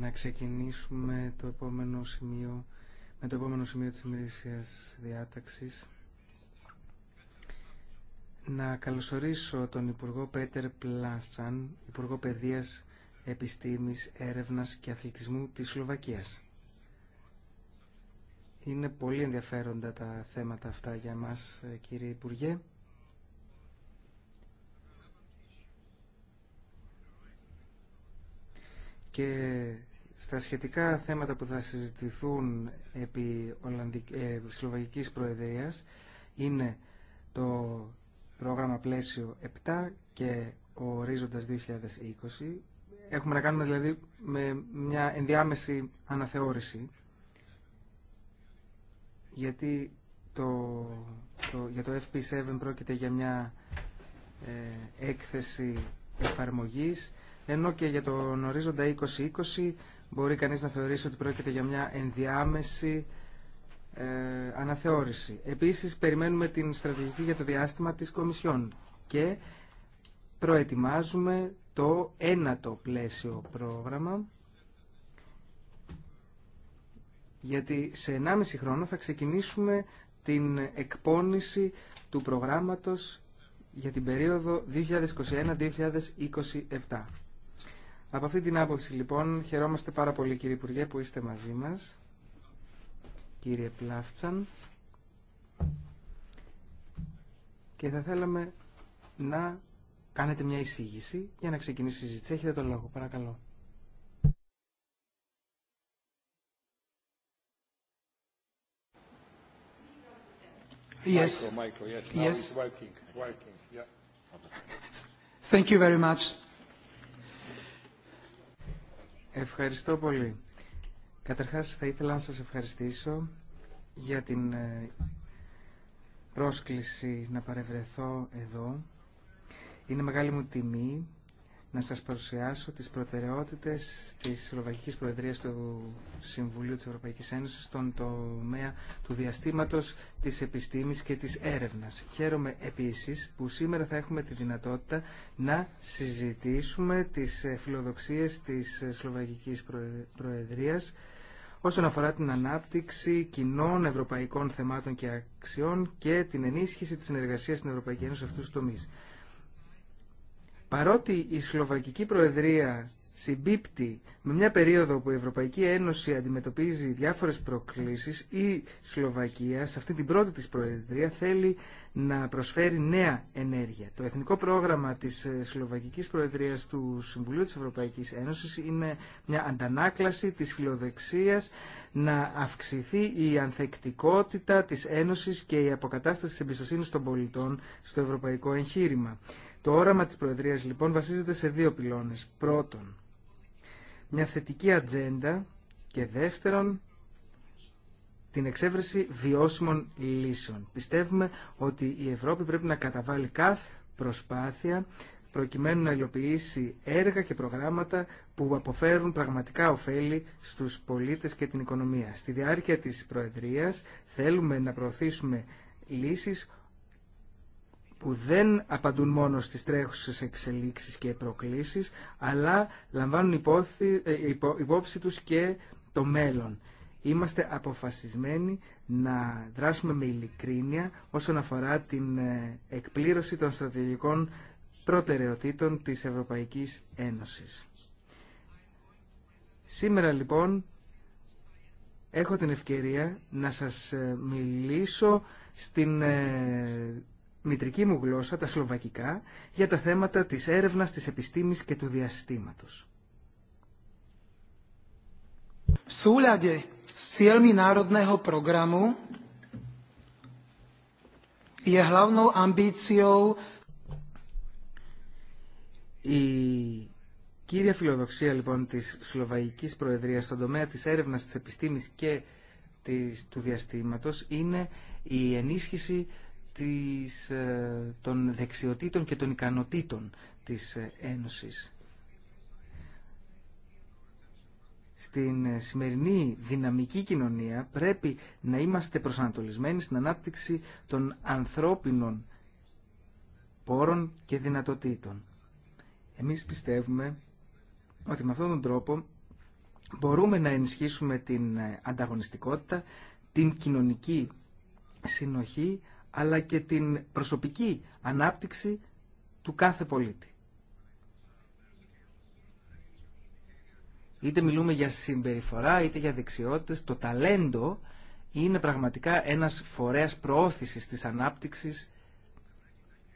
να ξεκινήσουμε το επόμενο σημείο, με το επόμενο σημείο της ημερήσιας διάταξης. Να καλωσορίσω τον Υπουργό Πέτερ Πλάσαν, Υπουργό Παιδείας, Επιστήμης, Έρευνας και Αθλητισμού της Σλοβακίας. Είναι πολύ ενδιαφέροντα τα θέματα αυτά για μας, κύριε Υπουργέ. και στα σχετικά θέματα που θα συζητηθούν επί Ολλανδικ... ε, Προεδρίας είναι το πρόγραμμα πλαίσιο 7 και ο ορίζοντας 2020. Έχουμε να κάνουμε δηλαδή με μια ενδιάμεση αναθεώρηση γιατί το, το, για το FP7 πρόκειται για μια ε, έκθεση εφαρμογής ενώ και για τον ορίζοντα 2020 μπορεί κανείς να θεωρήσει ότι πρόκειται για μια ενδιάμεση ε, αναθεώρηση. Επίσης, περιμένουμε την στρατηγική για το διάστημα της Κομισιόν και προετοιμάζουμε το ένατο πλαίσιο πρόγραμμα γιατί σε 1,5 χρόνο θα ξεκινήσουμε την εκπόνηση του προγράμματος για την περίοδο 2021-2027. Από αυτή την άποψη λοιπόν χαιρόμαστε πάρα πολύ κύριε Υπουργέ που είστε μαζί μας. Κύριε Πλάφτσαν. Και θα θέλαμε να κάνετε μια εισήγηση για να ξεκινήσει η συζήτηση. Έχετε τον λόγο, παρακαλώ. Yes. Yes. Thank you very much. Ευχαριστώ πολύ. Καταρχάς θα ήθελα να σας ευχαριστήσω για την ε, πρόσκληση να παρευρεθώ εδώ. Είναι μεγάλη μου τιμή να σας παρουσιάσω τις προτεραιότητες της Σλοβακικής Προεδρίας του Συμβουλίου της Ευρωπαϊκής Ένωσης στον τομέα του διαστήματος, της επιστήμης και της έρευνας. Χαίρομαι επίσης που σήμερα θα έχουμε τη δυνατότητα να συζητήσουμε τις φιλοδοξίες της Σλοβακικής Προεδρίας όσον αφορά την ανάπτυξη κοινών ευρωπαϊκών θεμάτων και αξιών και την ενίσχυση της συνεργασίας στην Ευρωπαϊκή Ένωση σε αυτούς τους τομείς. Παρότι η Σλοβακική Προεδρία συμπίπτει με μια περίοδο που η Ευρωπαϊκή Ένωση αντιμετωπίζει διάφορες προκλήσεις, η Σλοβακία σε αυτή την πρώτη της Προεδρία θέλει να προσφέρει νέα ενέργεια. Το Εθνικό Πρόγραμμα της Σλοβακικής Προεδρίας του Συμβουλίου της Ευρωπαϊκής Ένωσης είναι μια αντανάκλαση της φιλοδεξίας να αυξηθεί η ανθεκτικότητα της Ένωσης και η αποκατάσταση της εμπιστοσύνης των πολιτών στο ευρωπαϊκό εγχείρημα. Το όραμα της Προεδρίας λοιπόν βασίζεται σε δύο πυλώνες. Πρώτον, μια θετική ατζέντα και δεύτερον, την εξέβρεση βιώσιμων λύσεων. Πιστεύουμε ότι η Ευρώπη πρέπει να καταβάλει κάθε προσπάθεια προκειμένου να υλοποιήσει έργα και προγράμματα που αποφέρουν πραγματικά ωφέλη στους πολίτες και την οικονομία. Στη διάρκεια της Προεδρίας θέλουμε να προωθήσουμε λύσεις που δεν απαντούν μόνο στις τρέχουσες εξελίξεις και προκλήσεις, αλλά λαμβάνουν ε, υπόψη τους και το μέλλον. Είμαστε αποφασισμένοι να δράσουμε με ειλικρίνεια όσον αφορά την ε, εκπλήρωση των στρατηγικών προτεραιοτήτων της Ευρωπαϊκής Ένωσης. Σήμερα λοιπόν έχω την ευκαιρία να σας ε, μιλήσω στην μητρική μου γλώσσα, τα σλοβακικά, για τα θέματα της έρευνας, της επιστήμης και του διαστήματος. η κύρια φιλοδοξία λοιπόν της Σλοβαϊκής Προεδρίας στον τομέα της έρευνας, της επιστήμης και της, του διαστήματος είναι η ενίσχυση της, ε, των δεξιοτήτων και των ικανοτήτων της ε, Ένωσης. Στην ε, σημερινή δυναμική κοινωνία πρέπει να είμαστε προσανατολισμένοι στην ανάπτυξη των ανθρώπινων πόρων και δυνατοτήτων. Εμείς πιστεύουμε ότι με αυτόν τον τρόπο μπορούμε να ενισχύσουμε την ανταγωνιστικότητα, την κοινωνική συνοχή, αλλά και την προσωπική ανάπτυξη του κάθε πολίτη. Είτε μιλούμε για συμπεριφορά, είτε για δεξιότητες, το ταλέντο είναι πραγματικά ένας φορέας προώθησης της ανάπτυξης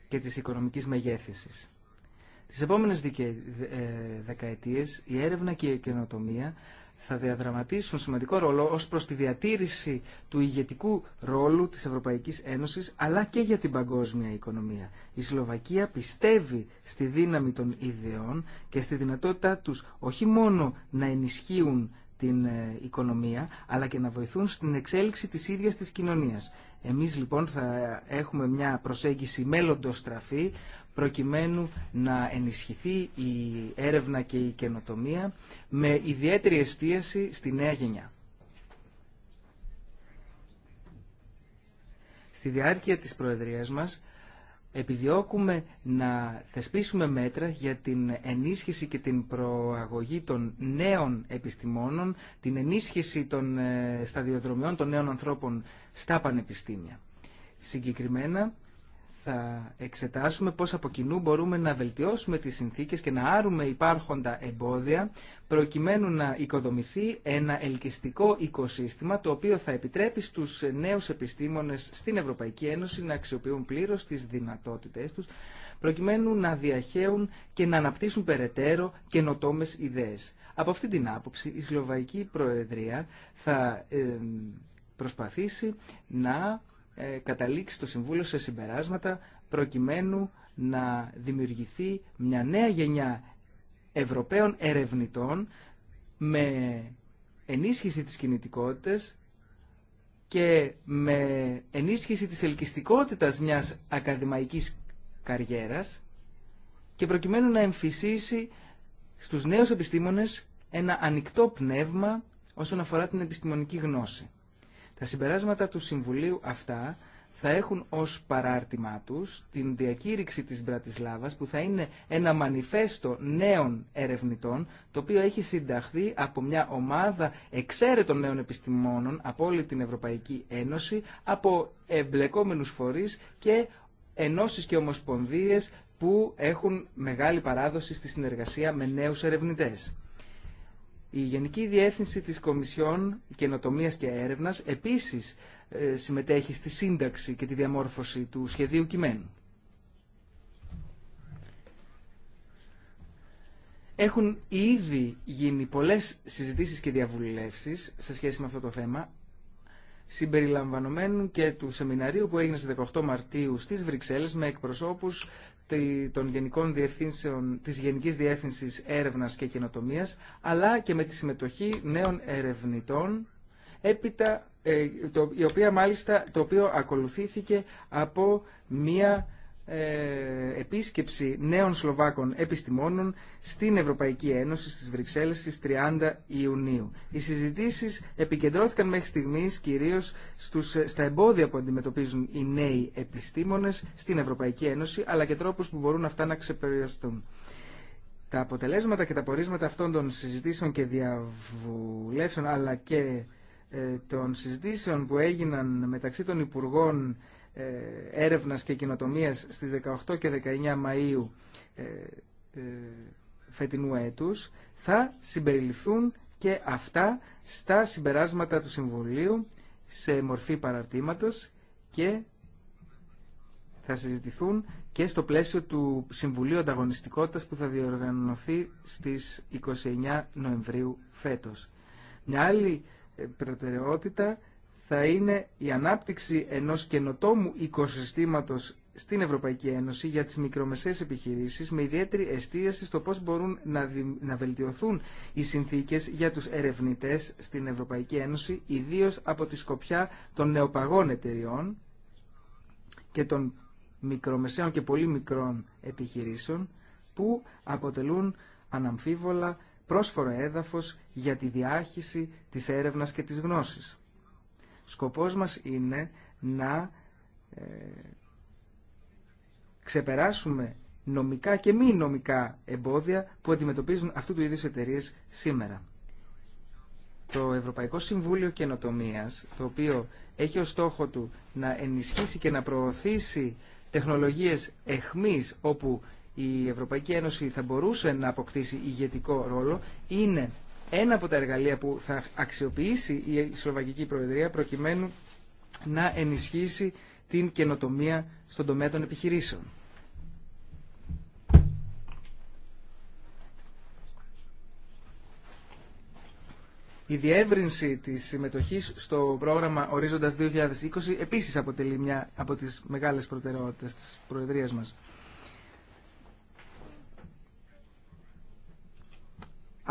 και της οικονομικής μεγέθυνσης. Τις επόμενες ε, δεκαετίες η έρευνα και η καινοτομία θα διαδραματίσουν σημαντικό ρόλο ως προς τη διατήρηση του ηγετικού ρόλου της Ευρωπαϊκής Ένωσης αλλά και για την παγκόσμια οικονομία. Η Σλοβακία πιστεύει στη δύναμη των ιδεών και στη δυνατότητά τους όχι μόνο να ενισχύουν την ε, οικονομία αλλά και να βοηθούν στην εξέλιξη της ίδιας της κοινωνίας. Εμείς λοιπόν θα έχουμε μια προσέγγιση μέλλοντος στραφή προκειμένου να ενισχυθεί η έρευνα και η καινοτομία με ιδιαίτερη εστίαση στη νέα γενιά. Στη διάρκεια της Προεδρίας μας επιδιώκουμε να θεσπίσουμε μέτρα για την ενίσχυση και την προαγωγή των νέων επιστημόνων, την ενίσχυση των ε, σταδιοδρομιών των νέων ανθρώπων στα πανεπιστήμια. Συγκεκριμένα, θα εξετάσουμε πώς από κοινού μπορούμε να βελτιώσουμε τις συνθήκες και να άρουμε υπάρχοντα εμπόδια προκειμένου να οικοδομηθεί ένα ελκυστικό οικοσύστημα το οποίο θα επιτρέπει στους νέους επιστήμονες στην Ευρωπαϊκή Ένωση να αξιοποιούν πλήρως τις δυνατότητές τους προκειμένου να διαχέουν και να αναπτύσσουν περαιτέρω καινοτόμες ιδέες. Από αυτή την άποψη η Σλοβαϊκή Προεδρία θα προσπαθήσει να ε, καταλήξει το Συμβούλιο σε συμπεράσματα προκειμένου να δημιουργηθεί μια νέα γενιά Ευρωπαίων ερευνητών με ενίσχυση της κινητικότητας και με ενίσχυση της ελκυστικότητας μιας ακαδημαϊκής καριέρας και προκειμένου να εμφυσίσει στους νέους επιστήμονες ένα ανοιχτό πνεύμα όσον αφορά την επιστημονική γνώση. Τα συμπεράσματα του Συμβουλίου αυτά θα έχουν ως παράρτημά τους την διακήρυξη της Μπρατισλάβας που θα είναι ένα μανιφέστο νέων ερευνητών το οποίο έχει συνταχθεί από μια ομάδα εξαίρετων νέων επιστημόνων από όλη την Ευρωπαϊκή Ένωση, από εμπλεκόμενους φορείς και ενώσεις και ομοσπονδίες που έχουν μεγάλη παράδοση στη συνεργασία με νέους ερευνητές. Η Γενική Διεύθυνση της Κομισιόν καινοτομία και Έρευνας επίσης ε, συμμετέχει στη σύνταξη και τη διαμόρφωση του σχεδίου κειμένου. Έχουν ήδη γίνει πολλές συζητήσεις και διαβουλεύσεις σε σχέση με αυτό το θέμα, συμπεριλαμβανομένου και του σεμιναρίου που έγινε στις 18 Μαρτίου στις Βρυξέλλες με εκπροσώπους των Γενικών Διευθύνσεων της Γενικής Διεύθυνσης Έρευνας και Καινοτομίας αλλά και με τη συμμετοχή νέων ερευνητών έπειτα, ε, η οποία μάλιστα, το οποίο ακολουθήθηκε από μία ε, επίσκεψη νέων Σλοβάκων επιστημόνων στην Ευρωπαϊκή Ένωση στις Βρυξέλλες στις 30 Ιουνίου. Οι συζητήσεις επικεντρώθηκαν μέχρι στιγμής κυρίως στους, ε, στα εμπόδια που αντιμετωπίζουν οι νέοι επιστήμονες στην Ευρωπαϊκή Ένωση αλλά και τρόπους που μπορούν αυτά να ξεπεριαστούν. Τα αποτελέσματα και τα πορίσματα αυτών των συζητήσεων και διαβουλεύσεων αλλά και ε, των συζητήσεων που έγιναν μεταξύ των Υπουργών ε, έρευνας και κοινοτομίας στις 18 και 19 Μαΐου ε, ε, φετινού έτους θα συμπεριληφθούν και αυτά στα συμπεράσματα του Συμβουλίου σε μορφή παραρτήματος και θα συζητηθούν και στο πλαίσιο του Συμβουλίου Ανταγωνιστικότητας που θα διοργανωθεί στις 29 Νοεμβρίου φέτος. Μια άλλη προτεραιότητα θα είναι η ανάπτυξη ενός καινοτόμου οικοσυστήματος στην Ευρωπαϊκή Ένωση για τις μικρομεσαίες επιχειρήσεις με ιδιαίτερη εστίαση στο πώς μπορούν να, να βελτιωθούν οι συνθήκες για τους ερευνητές στην Ευρωπαϊκή Ένωση ιδίως από τη σκοπιά των νεοπαγών εταιριών και των μικρομεσαίων και πολύ μικρών επιχειρήσεων που αποτελούν αναμφίβολα πρόσφορο έδαφος για τη διάχυση της έρευνας και της γνώσης. Σκοπός μας είναι να ε, ξεπεράσουμε νομικά και μη νομικά εμπόδια που αντιμετωπίζουν αυτού του είδους εταιρείε σήμερα. Το Ευρωπαϊκό Συμβούλιο Καινοτομίας, το οποίο έχει ως στόχο του να ενισχύσει και να προωθήσει τεχνολογίες εχμής όπου η Ευρωπαϊκή Ένωση θα μπορούσε να αποκτήσει ηγετικό ρόλο, είναι ένα από τα εργαλεία που θα αξιοποιήσει η Σλοβακική Προεδρία προκειμένου να ενισχύσει την καινοτομία στον τομέα των επιχειρήσεων. Η διεύρυνση της συμμετοχής στο πρόγραμμα Ορίζοντας 2020 επίσης αποτελεί μια από τις μεγάλες προτεραιότητες της Προεδρίας μας.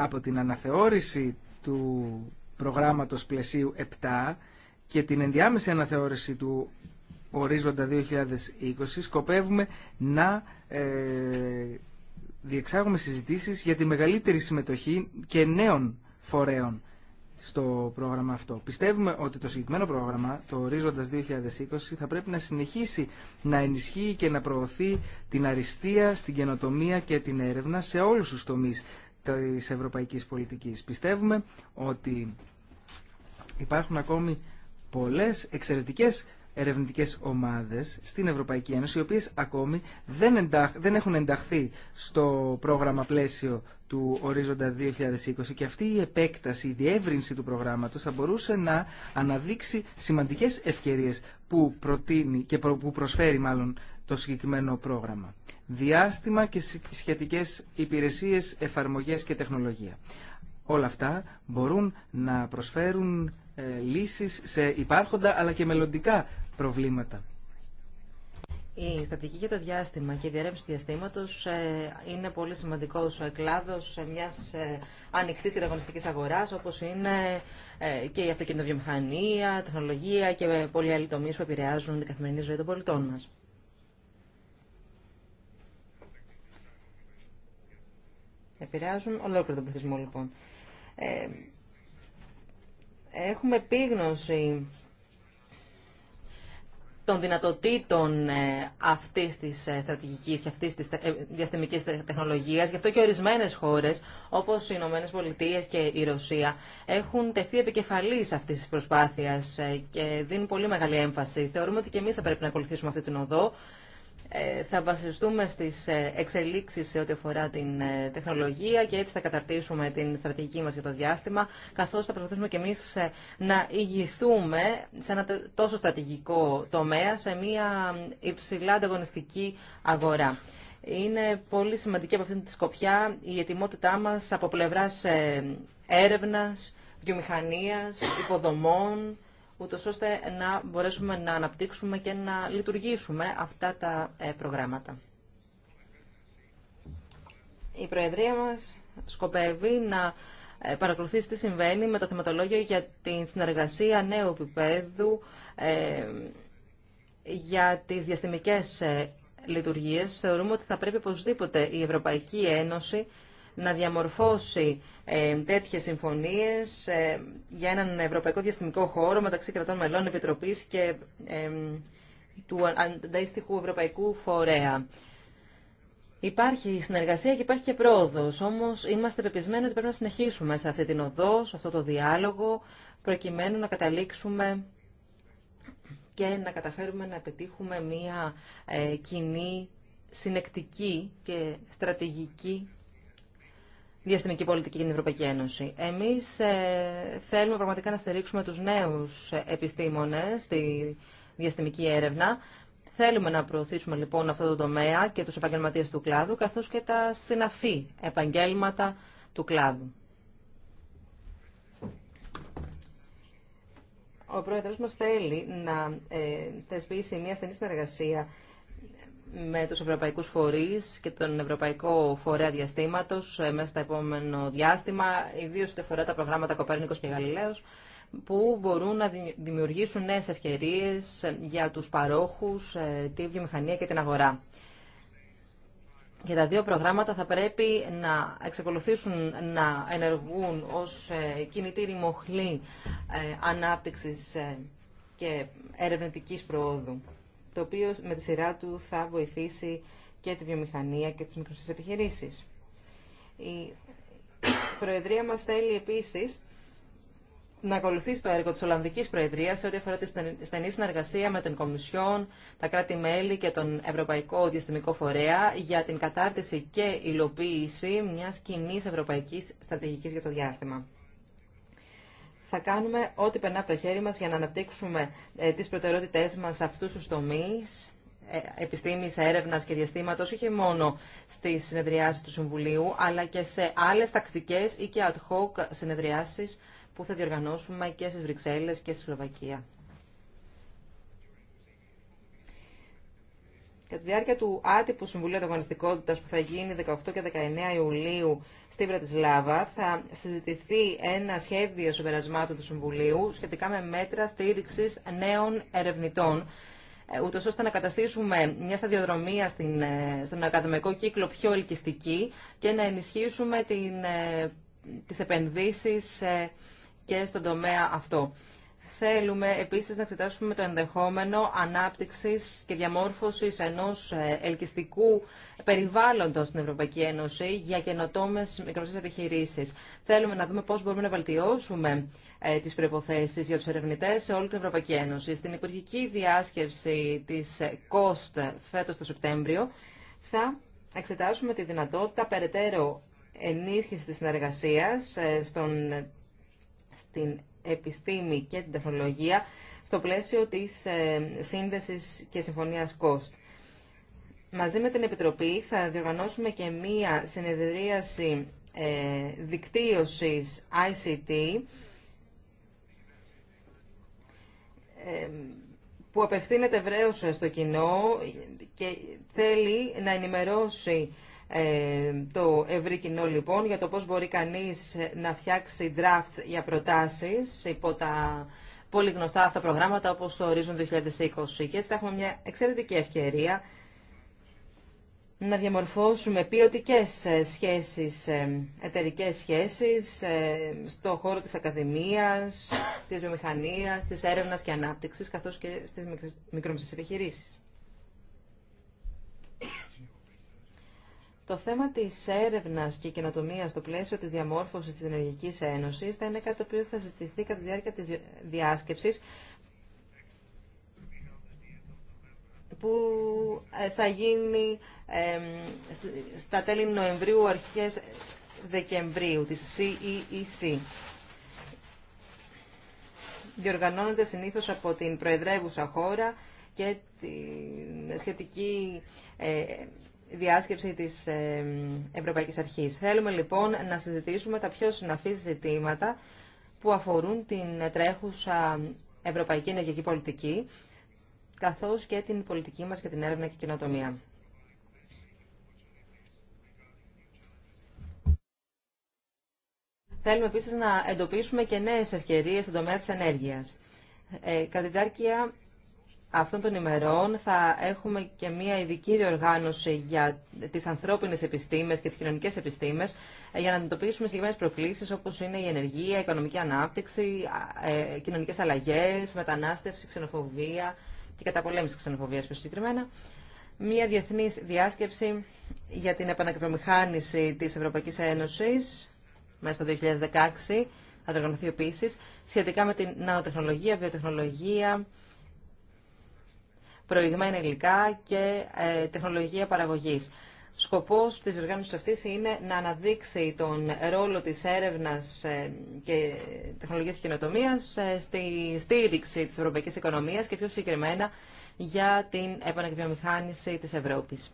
από την αναθεώρηση του προγράμματος πλαισίου 7 και την ενδιάμεση αναθεώρηση του ορίζοντα 2020 σκοπεύουμε να ε, διεξάγουμε συζητήσεις για τη μεγαλύτερη συμμετοχή και νέων φορέων στο πρόγραμμα αυτό. Πιστεύουμε ότι το συγκεκριμένο πρόγραμμα, το Ορίζοντας 2020, θα πρέπει να συνεχίσει να ενισχύει και να προωθεί την αριστεία, στην καινοτομία και την έρευνα σε όλους τους τομείς της ευρωπαϊκής πολιτικής. Πιστεύουμε ότι υπάρχουν ακόμη πολλές εξαιρετικές ερευνητικές ομάδες στην Ευρωπαϊκή Ένωση, οι οποίες ακόμη δεν, έχουν ενταχθεί στο πρόγραμμα πλαίσιο του Ορίζοντα 2020 και αυτή η επέκταση, η διεύρυνση του προγράμματος θα μπορούσε να αναδείξει σημαντικές ευκαιρίες που προτείνει και που προσφέρει μάλλον το συγκεκριμένο πρόγραμμα. Διάστημα και σχετικές υπηρεσίες, εφαρμογές και τεχνολογία. Όλα αυτά μπορούν να προσφέρουν ε, λύσεις σε υπάρχοντα αλλά και μελλοντικά προβλήματα. Η στατική για το διάστημα και η διαρρεύνηση του διαστήματο ε, είναι πολύ σημαντικό ο κλάδο μια ε, ανοιχτή και ανταγωνιστική αγορά, όπω είναι και η αυτοκινητοβιομηχανία, τεχνολογία και πολλοί άλλοι τομεί που επηρεάζουν την καθημερινή ζωή των πολιτών μα. Επηρεάζουν ολόκληρο τον πληθυσμό λοιπόν. Ε, έχουμε επίγνωση των δυνατοτήτων ε, αυτής της ε, στρατηγικής και αυτής της ε, διαστημικής τεχνολογίας. Γι' αυτό και ορισμένες χώρες, όπως οι Ηνωμένε Πολιτείε και η Ρωσία, έχουν τεθεί επικεφαλής αυτής της προσπάθειας και δίνουν πολύ μεγάλη έμφαση. Θεωρούμε ότι και εμείς θα πρέπει να ακολουθήσουμε αυτή την οδό ε, θα βασιστούμε στις ε, εξελίξεις σε ό,τι αφορά την ε, τεχνολογία και έτσι θα καταρτήσουμε την στρατηγική μας για το διάστημα, καθώς θα προσπαθήσουμε και εμείς να ηγηθούμε σε ένα τόσο στρατηγικό τομέα, σε μια υψηλά ανταγωνιστική αγορά. Είναι πολύ σημαντική από αυτήν τη σκοπιά η ετοιμότητά μας από πλευράς έρευνας, βιομηχανίας, υποδομών, ούτως ώστε να μπορέσουμε να αναπτύξουμε και να λειτουργήσουμε αυτά τα ε, προγράμματα. Η Προεδρία μας σκοπεύει να ε, παρακολουθήσει τι συμβαίνει με το θεματολόγιο για την συνεργασία νέου επίπεδου ε, για τις διαστημικές λειτουργίες. Θεωρούμε ότι θα πρέπει οπωσδήποτε η Ευρωπαϊκή Ένωση να διαμορφώσει ε, τέτοιες συμφωνίες ε, για έναν ευρωπαϊκό διαστημικό χώρο μεταξύ κρατών μελών επιτροπής και ε, του αντίστοιχου ευρωπαϊκού φορέα. Υπάρχει συνεργασία και υπάρχει και πρόοδος, όμως είμαστε πεπισμένοι ότι πρέπει να συνεχίσουμε σε αυτή την οδό, σε αυτό το διάλογο, προκειμένου να καταλήξουμε και να καταφέρουμε να πετύχουμε μία ε, κοινή συνεκτική και στρατηγική διαστημική πολιτική για την Ευρωπαϊκή Ένωση. Εμείς ε, θέλουμε πραγματικά να στηρίξουμε τους νέους επιστήμονες στη διαστημική έρευνα. Θέλουμε να προωθήσουμε λοιπόν αυτό το τομέα και τους επαγγελματίε του κλάδου, καθώς και τα συναφή επαγγέλματα του κλάδου. Ο Πρόεδρος μας θέλει να ε, θεσπίσει μια στενή συνεργασία με τους ευρωπαϊκούς φορείς και τον Ευρωπαϊκό Φορέα Διαστήματος ε, μέσα στα επόμενο διάστημα, ιδίως ότι αφορά τα προγράμματα Κοπέρνικος και Γαλιλαίος, που μπορούν να δημιουργήσουν νέες ευκαιρίες για τους παρόχους, ε, τη βιομηχανία και την αγορά. Και τα δύο προγράμματα θα πρέπει να εξακολουθήσουν να ενεργούν ως ε, κινητήρι μοχλή ανάπτυξης και ερευνητικής προόδου το οποίο με τη σειρά του θα βοηθήσει και τη βιομηχανία και τις μικρές επιχειρήσεις. Η Προεδρία μας θέλει επίσης να ακολουθήσει το έργο της Ολλανδικής Προεδρίας σε ό,τι αφορά τη στενή συνεργασία με τον Κομισιόν, τα κράτη-μέλη και τον Ευρωπαϊκό Διαστημικό Φορέα για την κατάρτιση και υλοποίηση μιας κοινή ευρωπαϊκής στρατηγικής για το διάστημα θα κάνουμε ό,τι περνά από το χέρι μας για να αναπτύξουμε ε, τις προτεραιότητές μας σε αυτούς τους τομείς ε, επιστήμης, έρευνας και διαστήματος, όχι μόνο στις συνεδριάσεις του Συμβουλίου, αλλά και σε άλλες τακτικές ή και ad hoc συνεδριάσεις που θα διοργανώσουμε και στις Βρυξέλλες και στη Σλοβακία. Κατά τη διάρκεια του άτυπου Συμβουλίου Ανταγωνιστικότητα που θα γίνει 18 και 19 Ιουλίου στην Βρατισλάβα θα συζητηθεί ένα σχέδιο συμπερασμάτων του Συμβουλίου σχετικά με μέτρα στήριξη νέων ερευνητών, ε, ούτω ώστε να καταστήσουμε μια σταδιοδρομία στην, ε, στον ακαδημαϊκό κύκλο πιο ελκυστική και να ενισχύσουμε την, ε, τις επενδύσεις και στον τομέα αυτό. Θέλουμε επίσης να εξετάσουμε το ενδεχόμενο ανάπτυξης και διαμόρφωσης ενός ε, ελκυστικού περιβάλλοντος στην Ευρωπαϊκή Ένωση για καινοτόμες μικρότερες επιχειρήσεις. Θέλουμε να δούμε πώς μπορούμε να βελτιώσουμε ε, τις προϋποθέσεις για τους ερευνητές σε όλη την Ευρωπαϊκή Ένωση. Στην υπουργική διάσκευση της COST φέτος το Σεπτέμβριο θα εξετάσουμε τη δυνατότητα περαιτέρω ενίσχυση της συνεργασίας ε, στον στην επιστήμη και την τεχνολογία στο πλαίσιο της ε, σύνδεσης και συμφωνίας COST. Μαζί με την Επιτροπή θα διοργανώσουμε και μία συνεδρίαση ε, δικτύωσης ICT ε, που απευθύνεται βρέως στο κοινό και θέλει να ενημερώσει ε, το ευρύ κοινό λοιπόν για το πώς μπορεί κανείς να φτιάξει drafts για προτάσεις υπό τα πολύ γνωστά αυτά προγράμματα όπως το ορίζουν το 2020 και έτσι θα έχουμε μια εξαιρετική ευκαιρία να διαμορφώσουμε ποιοτικέ ε, σχέσεις, ε, εταιρικέ σχέσεις στο χώρο της ακαδημίας, της βιομηχανίας, της έρευνας και ανάπτυξης, καθώς και στις μικρόμεσες επιχειρήσεις. Το θέμα της έρευνα και καινοτομία στο πλαίσιο της διαμόρφωσης της Ενεργικής Ένωσης θα είναι κάτι το οποίο θα συζητηθεί κατά τη διάρκεια της διάσκεψης που ε, θα γίνει στα τέλη Νοεμβρίου, αρχές Δεκεμβρίου, της CEEC. E e Διοργανώνεται συνήθως από την προεδρεύουσα χώρα και τη σχετική ε, διάσκεψη της ε, Ευρωπαϊκής Αρχής. Θέλουμε λοιπόν να συζητήσουμε τα πιο συναφή ζητήματα που αφορούν την τρέχουσα ευρωπαϊκή ενεργειακή πολιτική, καθώς και την πολιτική μας και την έρευνα και κοινοτομία. Θέλουμε επίσης να εντοπίσουμε και νέες ευκαιρίες στον τομέα της ενέργειας. Ε, κατά τη αυτών των ημερών θα έχουμε και μια ειδική διοργάνωση για τις ανθρώπινες επιστήμες και τις κοινωνικές επιστήμες ε, για να αντιμετωπίσουμε συγκεκριμένες προκλήσεις όπως είναι η ενεργία, η οικονομική ανάπτυξη, ε, κοινωνικές αλλαγές, μετανάστευση, ξενοφοβία και καταπολέμηση ξενοφοβίας πιο συγκεκριμένα. Μια διεθνής διάσκεψη για την επανακριβομηχάνηση της Ευρωπαϊκής Ένωσης μέσα στο 2016 θα διοργανωθεί επίση σχετικά με την νανοτεχνολογία, βιοτεχνολογία, προηγμένα υλικά και ε, τεχνολογία παραγωγής. Σκοπός της οργάνωσης αυτής είναι να αναδείξει τον ρόλο της έρευνας ε, και τεχνολογίας και καινοτομίας ε, στη στήριξη της ευρωπαϊκής οικονομίας και πιο συγκεκριμένα για την επανεκβιομηχάνηση της Ευρώπης.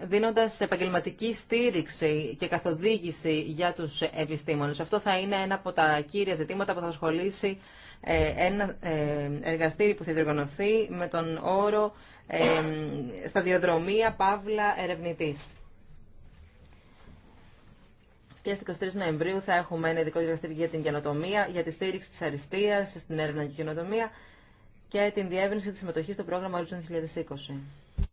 δίνοντας επαγγελματική στήριξη και καθοδήγηση για τους επιστήμονες. Αυτό θα είναι ένα από τα κύρια ζητήματα που θα ασχολήσει ε, ένα ε, εργαστήρι που θα διοργανωθεί με τον όρο ε, «Σταδιοδρομία Παύλα Ερευνητή. Και στις 23 Νοεμβρίου θα έχουμε ένα ειδικό εργαστήρι για την καινοτομία, για τη στήριξη τη αριστεία στην έρευνα και καινοτομία και την διεύρυνση της συμμετοχή στο πρόγραμμα Horizon 2020.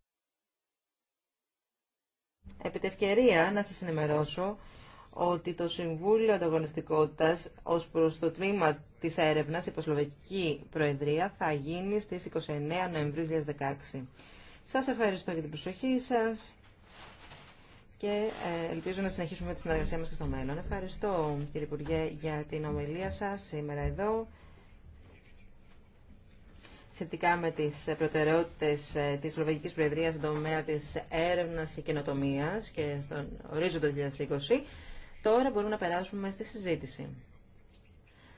Επί ευκαιρία να σας ενημερώσω ότι το Συμβούλιο Ανταγωνιστικότητα ω προ το τμήμα τη έρευνα, η Προσλοβική Προεδρία, θα γίνει στι 29 Νοεμβρίου 2016. Σα ευχαριστώ για την προσοχή σα και ε, ελπίζω να συνεχίσουμε με τη συνεργασία μα και στο μέλλον. Ευχαριστώ, κύριε Υπουργέ, για την ομιλία σα σήμερα εδώ σχετικά με τι προτεραιότητε ε, τη Σλοβακική Προεδρία στον τομέα τη έρευνα και καινοτομία και στον ορίζοντα 2020. Τώρα μπορούμε να περάσουμε στη συζήτηση.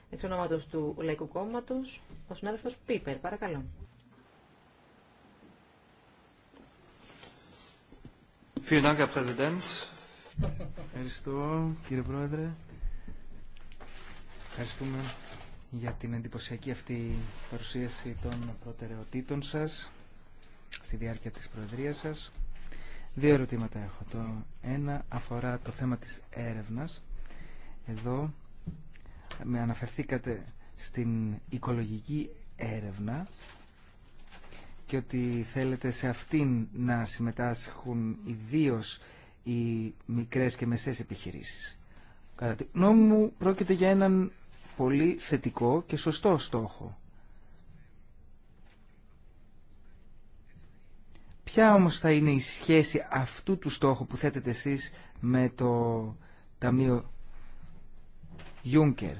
Εξ ονόματο του Λαϊκού κόμματο, ο συνάδελφο Πίπερ, παρακαλώ. Ευχαριστώ κύριε Πρόεδρε. Ευχαριστούμε για την εντυπωσιακή αυτή παρουσίαση των προτεραιοτήτων σας στη διάρκεια της Προεδρίας σας. Δύο ερωτήματα έχω. Το ένα αφορά το θέμα της έρευνας. Εδώ με αναφερθήκατε στην οικολογική έρευνα και ότι θέλετε σε αυτήν να συμμετάσχουν ιδίω οι μικρές και μεσές επιχειρήσεις. Κατά τη γνώμη μου πρόκειται για έναν πολύ θετικό και σωστό στόχο. Ποια όμως θα είναι η σχέση αυτού του στόχου που θέτετε εσείς με το Ταμείο Juncker.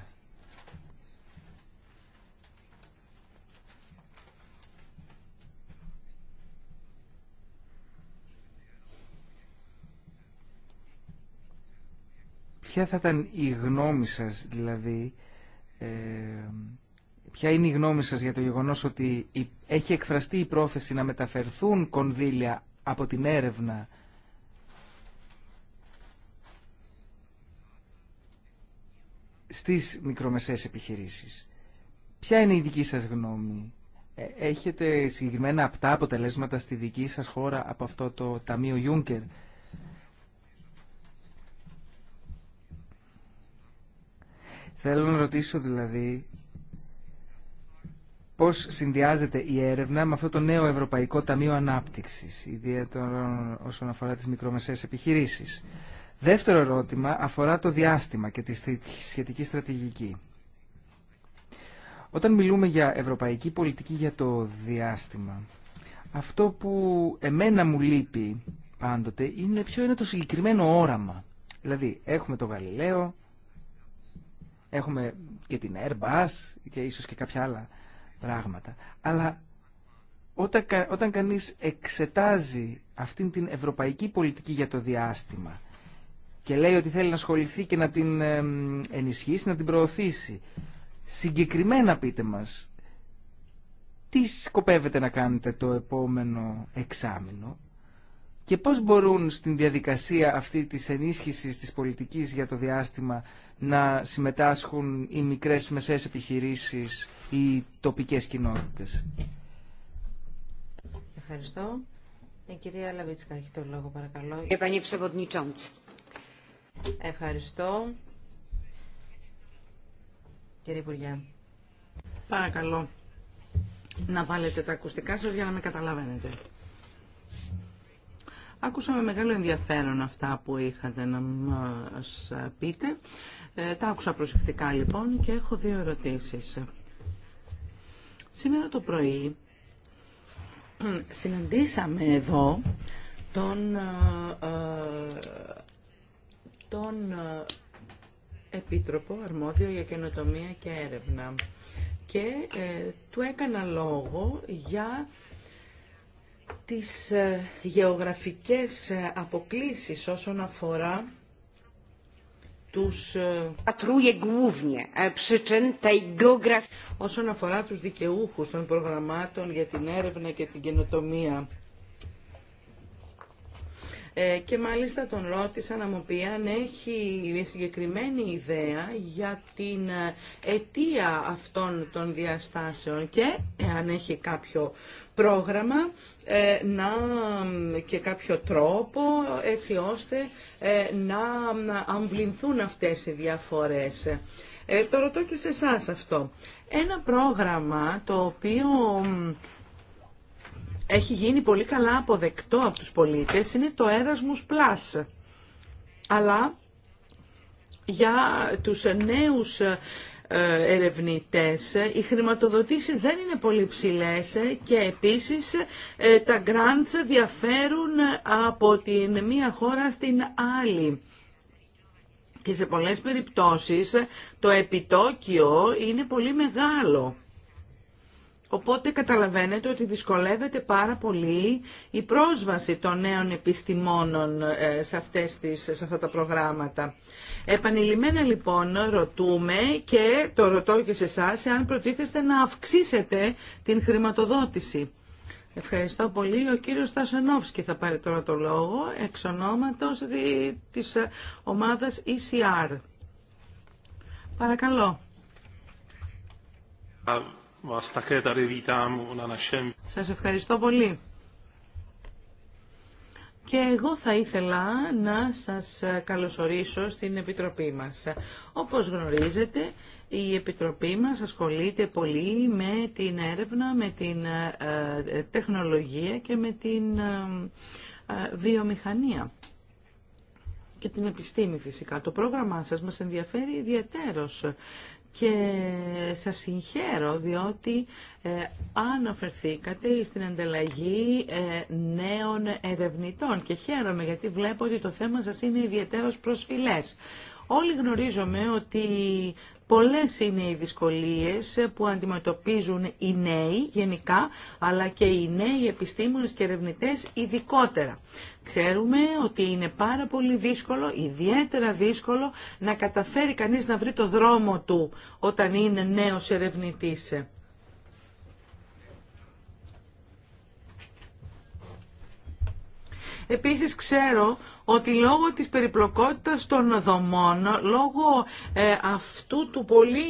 Ποια θα ήταν η γνώμη σας δηλαδή ε, ποια είναι η γνώμη σας για το γεγονός ότι έχει εκφραστεί η πρόθεση να μεταφερθούν κονδύλια από την έρευνα στις μικρομεσαίες επιχειρήσεις. Ποια είναι η δική σας γνώμη. Ε, έχετε συγκεκριμένα απτά αποτελέσματα στη δική σας χώρα από αυτό το Ταμείο Ιούνκερ. Θέλω να ρωτήσω δηλαδή πώς συνδυάζεται η έρευνα με αυτό το νέο Ευρωπαϊκό Ταμείο ανάπτυξη, ιδιαίτερα όσον αφορά τις μικρομεσαίες επιχειρήσεις. Δεύτερο ερώτημα αφορά το διάστημα και τη σχετική στρατηγική. Όταν μιλούμε για ευρωπαϊκή πολιτική για το διάστημα, αυτό που εμένα μου λείπει πάντοτε είναι ποιο είναι το συγκεκριμένο όραμα. Δηλαδή, έχουμε το Γαλιλαίο, έχουμε και την Airbus και ίσως και κάποια άλλα πράγματα. Αλλά όταν, όταν κανείς εξετάζει αυτήν την ευρωπαϊκή πολιτική για το διάστημα και λέει ότι θέλει να ασχοληθεί και να την ενισχύσει, να την προωθήσει, συγκεκριμένα πείτε μας, τι σκοπεύετε να κάνετε το επόμενο εξάμεινο και πώς μπορούν στην διαδικασία αυτή της ενίσχυσης της πολιτικής για το διάστημα να συμμετάσχουν οι μικρές μεσαίες επιχειρήσεις οι τοπικές κοινότητες. Ευχαριστώ. Η κυρία Λαβίτσκα έχει το λόγο, παρακαλώ. Ευχαριστώ. Κύριε Υπουργέ. Παρακαλώ να βάλετε τα ακουστικά σας για να με καταλαβαίνετε. Άκουσα με μεγάλο ενδιαφέρον αυτά που είχατε να μας πείτε. Ε, τα άκουσα προσεκτικά λοιπόν και έχω δύο ερωτήσεις. Σήμερα το πρωί συναντήσαμε εδώ τον, ε, ε, τον ε, Επίτροπο Αρμόδιο για Καινοτομία και Έρευνα και του έκανα λόγο για τις γεωγραφικές αποκλίσεις όσον αφορά ε, e, όσον αφορά τους δικαιούχους των προγραμμάτων για την έρευνα και την καινοτομία. Ε, και μάλιστα τον ρώτησα να μου πει αν έχει συγκεκριμένη ιδέα για την ε, αιτία αυτών των διαστάσεων και αν έχει κάποιο πρόγραμμα ε, να, και κάποιο τρόπο έτσι ώστε να αμβληθούν αυτές οι διαφορές. Ε, το ρωτώ και σε εσά αυτό. Ένα πρόγραμμα το οποίο έχει γίνει πολύ καλά αποδεκτό από τους πολίτες είναι το Erasmus Plus. Αλλά για τους νέους ε, ερευνητές, οι χρηματοδοτήσεις δεν είναι πολύ ψηλές και επίσης ε, τα grants διαφέρουν από την μία χώρα στην άλλη. Και σε πολλές περιπτώσεις το επιτόκιο είναι πολύ μεγάλο. Οπότε καταλαβαίνετε ότι δυσκολεύεται πάρα πολύ η πρόσβαση των νέων επιστημόνων ε, σε, αυτές τις, σε αυτά τα προγράμματα. Επανειλημμένα λοιπόν ρωτούμε και το ρωτώ και σε εσά αν προτίθεστε να αυξήσετε την χρηματοδότηση. Ευχαριστώ πολύ. Ο κύριος Στασενόφσκι θα πάρει τώρα το λόγο εξ ονόματος της ομάδας ECR. Παρακαλώ. Σας ευχαριστώ πολύ. Και εγώ θα ήθελα να σας καλωσορίσω στην Επιτροπή μας. Όπως γνωρίζετε, η Επιτροπή μας ασχολείται πολύ με την έρευνα, με την ε, τεχνολογία και με την ε, ε, βιομηχανία και την επιστήμη φυσικά. Το πρόγραμμά σας μας ενδιαφέρει ιδιαίτερος και σας συγχαίρω διότι ε, αναφερθήκατε στην ανταλλαγή ε, νέων ερευνητών και χαίρομαι γιατί βλέπω ότι το θέμα σας είναι ιδιαίτερος προσφυλές. Όλοι γνωρίζουμε ότι Πολλές είναι οι δυσκολίες που αντιμετωπίζουν οι νέοι γενικά, αλλά και οι νέοι επιστήμονες και ερευνητέ ειδικότερα. Ξέρουμε ότι είναι πάρα πολύ δύσκολο, ιδιαίτερα δύσκολο, να καταφέρει κανείς να βρει το δρόμο του όταν είναι νέος ερευνητής. Επίσης ξέρω ότι λόγω της περιπλοκότητας των δομών, λόγω ε, αυτού του πολύ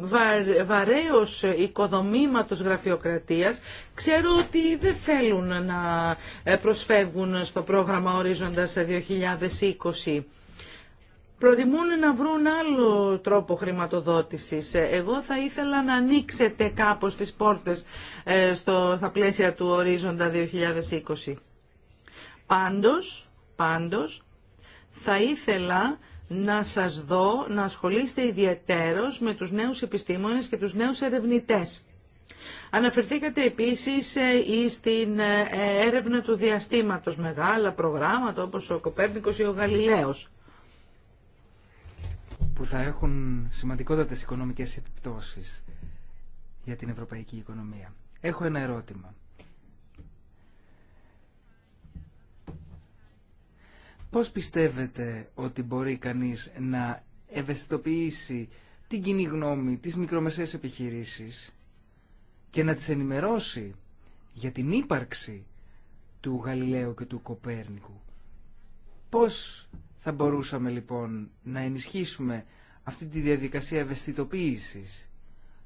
βα, βαρέως οικοδομήματος γραφειοκρατίας, ξέρω ότι δεν θέλουν να ε, προσφεύγουν στο πρόγραμμα Ορίζοντας 2020. Προτιμούν να βρουν άλλο τρόπο χρηματοδότησης. Εγώ θα ήθελα να ανοίξετε κάπως τις πόρτες ε, στο, στα πλαίσια του ορίζοντα 2020. Πάντως, Πάντως, θα ήθελα να σας δω να ασχολείστε ιδιαίτερος με τους νέους επιστήμονες και τους νέους ερευνητές. Αναφερθήκατε επίσης ε, στην ε, έρευνα του διαστήματος, μεγάλα προγράμματα όπως ο Κοπέρνικος ή ο Γαλιλαίος. Που θα έχουν σημαντικότατες οικονομικές επιπτώσεις για την ευρωπαϊκή οικονομία. Έχω ένα ερώτημα. Πώς πιστεύετε ότι μπορεί κανείς να ευαισθητοποιήσει την κοινή γνώμη, τις μικρομεσαίες επιχειρήσεις και να τις ενημερώσει για την ύπαρξη του Γαλιλαίου και του Κοπέρνικου. Πώς θα μπορούσαμε λοιπόν να ενισχύσουμε αυτή τη διαδικασία ευαισθητοποίησης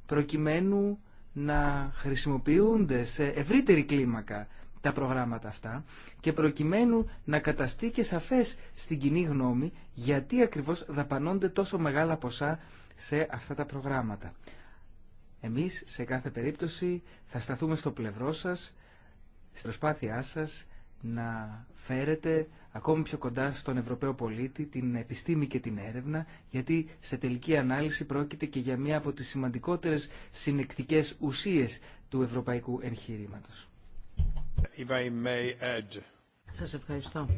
προκειμένου να χρησιμοποιούνται σε ευρύτερη κλίμακα τα προγράμματα αυτά και προκειμένου να καταστεί και σαφές στην κοινή γνώμη γιατί ακριβώς δαπανώνται τόσο μεγάλα ποσά σε αυτά τα προγράμματα. Εμείς σε κάθε περίπτωση θα σταθούμε στο πλευρό σας, στην προσπάθειά σας να φέρετε ακόμη πιο κοντά στον Ευρωπαίο πολίτη την επιστήμη και την έρευνα, γιατί σε τελική ανάλυση πρόκειται και για μία από τις σημαντικότερες συνεκτικές ουσίες του ευρωπαϊκού εγχειρήματος. If Σας ευχαριστώ.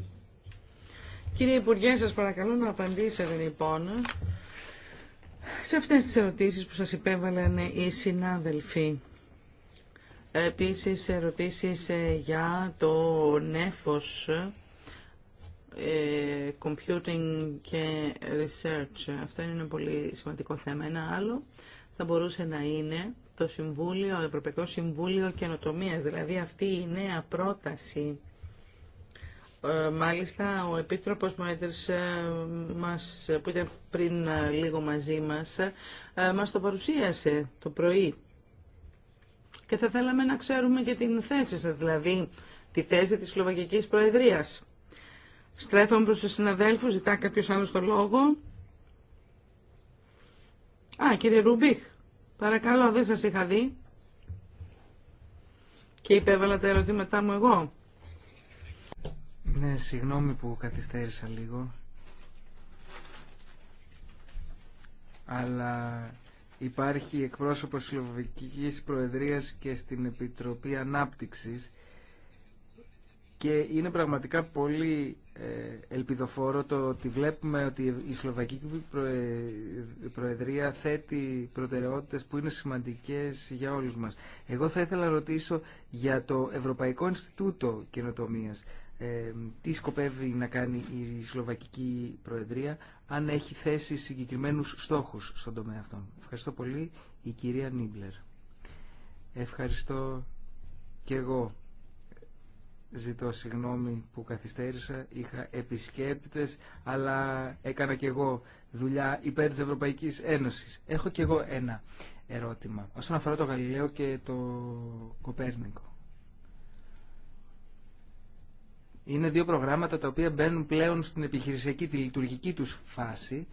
Κύριε Υπουργέ, σας παρακαλώ να απαντήσετε λοιπόν σε αυτές τις ερωτήσεις που σας υπέβαλαν οι συνάδελφοι. Επίσης ερωτήσεις ε, για το νέφος ε, computing και research. Αυτό είναι ένα πολύ σημαντικό θέμα. Ένα άλλο θα μπορούσε να είναι το Συμβούλιο, το Ευρωπαϊκό Συμβούλιο Καινοτομίας. Δηλαδή αυτή η νέα πρόταση. Ε, μάλιστα ο Επίτροπος ε, μας, που ήταν πριν ε, λίγο μαζί μας, ε, μας το παρουσίασε το πρωί. Και θα θέλαμε να ξέρουμε και την θέση σας, δηλαδή τη θέση της Σλοβακικής Προεδρίας. Στρέφαμε προς τους συναδέλφους, ζητά κάποιος άλλος το λόγο. Α, κύριε Ρουμπίχ. Παρακαλώ, δεν σας είχα δει. Και υπέβαλα τα ερωτήματά μου εγώ. Ναι, συγγνώμη που καθυστέρησα λίγο. Αλλά υπάρχει εκπρόσωπος Σλοβικής Προεδρίας και στην Επιτροπή Ανάπτυξης και είναι πραγματικά πολύ ε, ελπιδοφόρο το ότι βλέπουμε ότι η Σλοβακική Προεδρία θέτει προτεραιότητες που είναι σημαντικές για όλους μας. Εγώ θα ήθελα να ρωτήσω για το Ευρωπαϊκό Ινστιτούτο Καινοτομίας. Ε, τι σκοπεύει να κάνει η Σλοβακική Προεδρία αν έχει θέσει συγκεκριμένους στόχους στον τομέα αυτό. Ευχαριστώ πολύ η κυρία Νίμπλερ. Ευχαριστώ και εγώ Ζητώ συγγνώμη που καθυστέρησα, είχα επισκέπτες, αλλά έκανα και εγώ δουλειά υπέρ της Ευρωπαϊκής Ένωσης. Έχω και εγώ ένα ερώτημα, όσον αφορά το Γαλιλαίο και το Κοπέρνικο. Είναι δύο προγράμματα τα οποία μπαίνουν πλέον στην επιχειρησιακή, τη λειτουργική τους φάση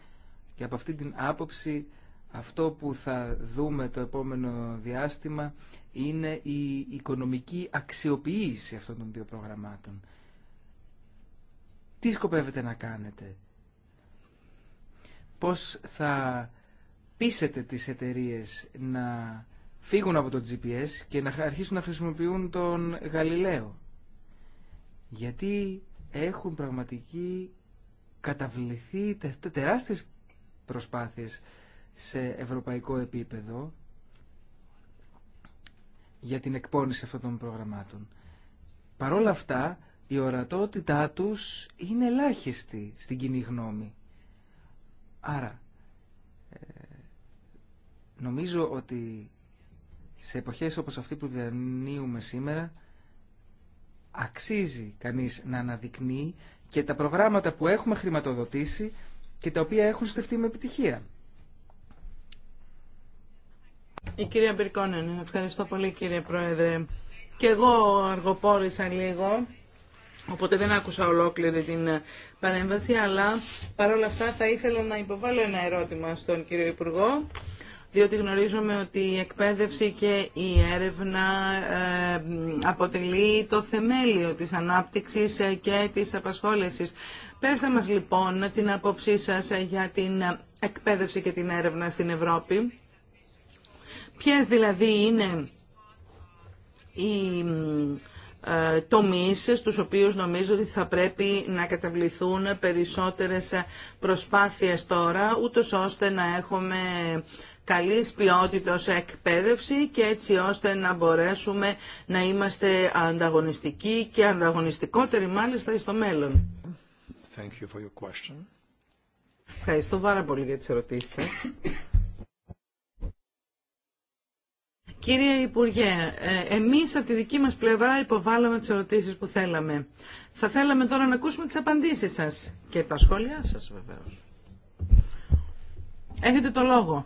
και από αυτή την άποψη αυτό που θα δούμε το επόμενο διάστημα είναι η οικονομική αξιοποίηση αυτών των δύο προγραμμάτων. Τι σκοπεύετε να κάνετε. Πώς θα πείσετε τις εταιρείες να φύγουν από το GPS και να αρχίσουν να χρησιμοποιούν τον Γαλιλαίο. Γιατί έχουν πραγματική καταβληθεί τε, τεράστιες προσπάθειες σε ευρωπαϊκό επίπεδο για την εκπόνηση αυτών των προγραμμάτων. Παρ' όλα αυτά, η ορατότητά τους είναι ελάχιστη στην κοινή γνώμη. Άρα, ε, νομίζω ότι σε εποχές όπως αυτή που διανύουμε σήμερα, αξίζει κανείς να αναδεικνύει και τα προγράμματα που έχουμε χρηματοδοτήσει και τα οποία έχουν στεφτεί με επιτυχία. Η κυρία Μπυρκόνεν, ευχαριστώ πολύ κύριε Πρόεδρε. Και εγώ αργοπόρησα λίγο, οπότε δεν άκουσα ολόκληρη την ε, παρέμβαση, αλλά παρόλα αυτά θα ήθελα να υποβάλω ένα ερώτημα στον κύριο Υπουργό διότι γνωρίζουμε ότι η εκπαίδευση και η έρευνα ε, αποτελεί το θεμέλιο της ανάπτυξης ε, και της απασχόλησης. Πέρασα μας λοιπόν την άποψή σας για την εκπαίδευση και την έρευνα στην Ευρώπη Ποιες δηλαδή είναι οι ε, τομείς στους οποίους νομίζω ότι θα πρέπει να καταβληθούν περισσότερες προσπάθειες τώρα, ούτως ώστε να έχουμε καλής ποιότητας εκπαίδευση και έτσι ώστε να μπορέσουμε να είμαστε ανταγωνιστικοί και ανταγωνιστικότεροι μάλιστα στο μέλλον. Thank you for your question. Ευχαριστώ πάρα πολύ για τις ερωτήσεις Κύριε Υπουργέ, ε, εμείς από τη δική μας πλευρά υποβάλαμε τις ερωτήσεις που θέλαμε. Θα θέλαμε τώρα να ακούσουμε τις απαντήσεις σας και τα σχόλιά σας βεβαίως. Έχετε το λόγο.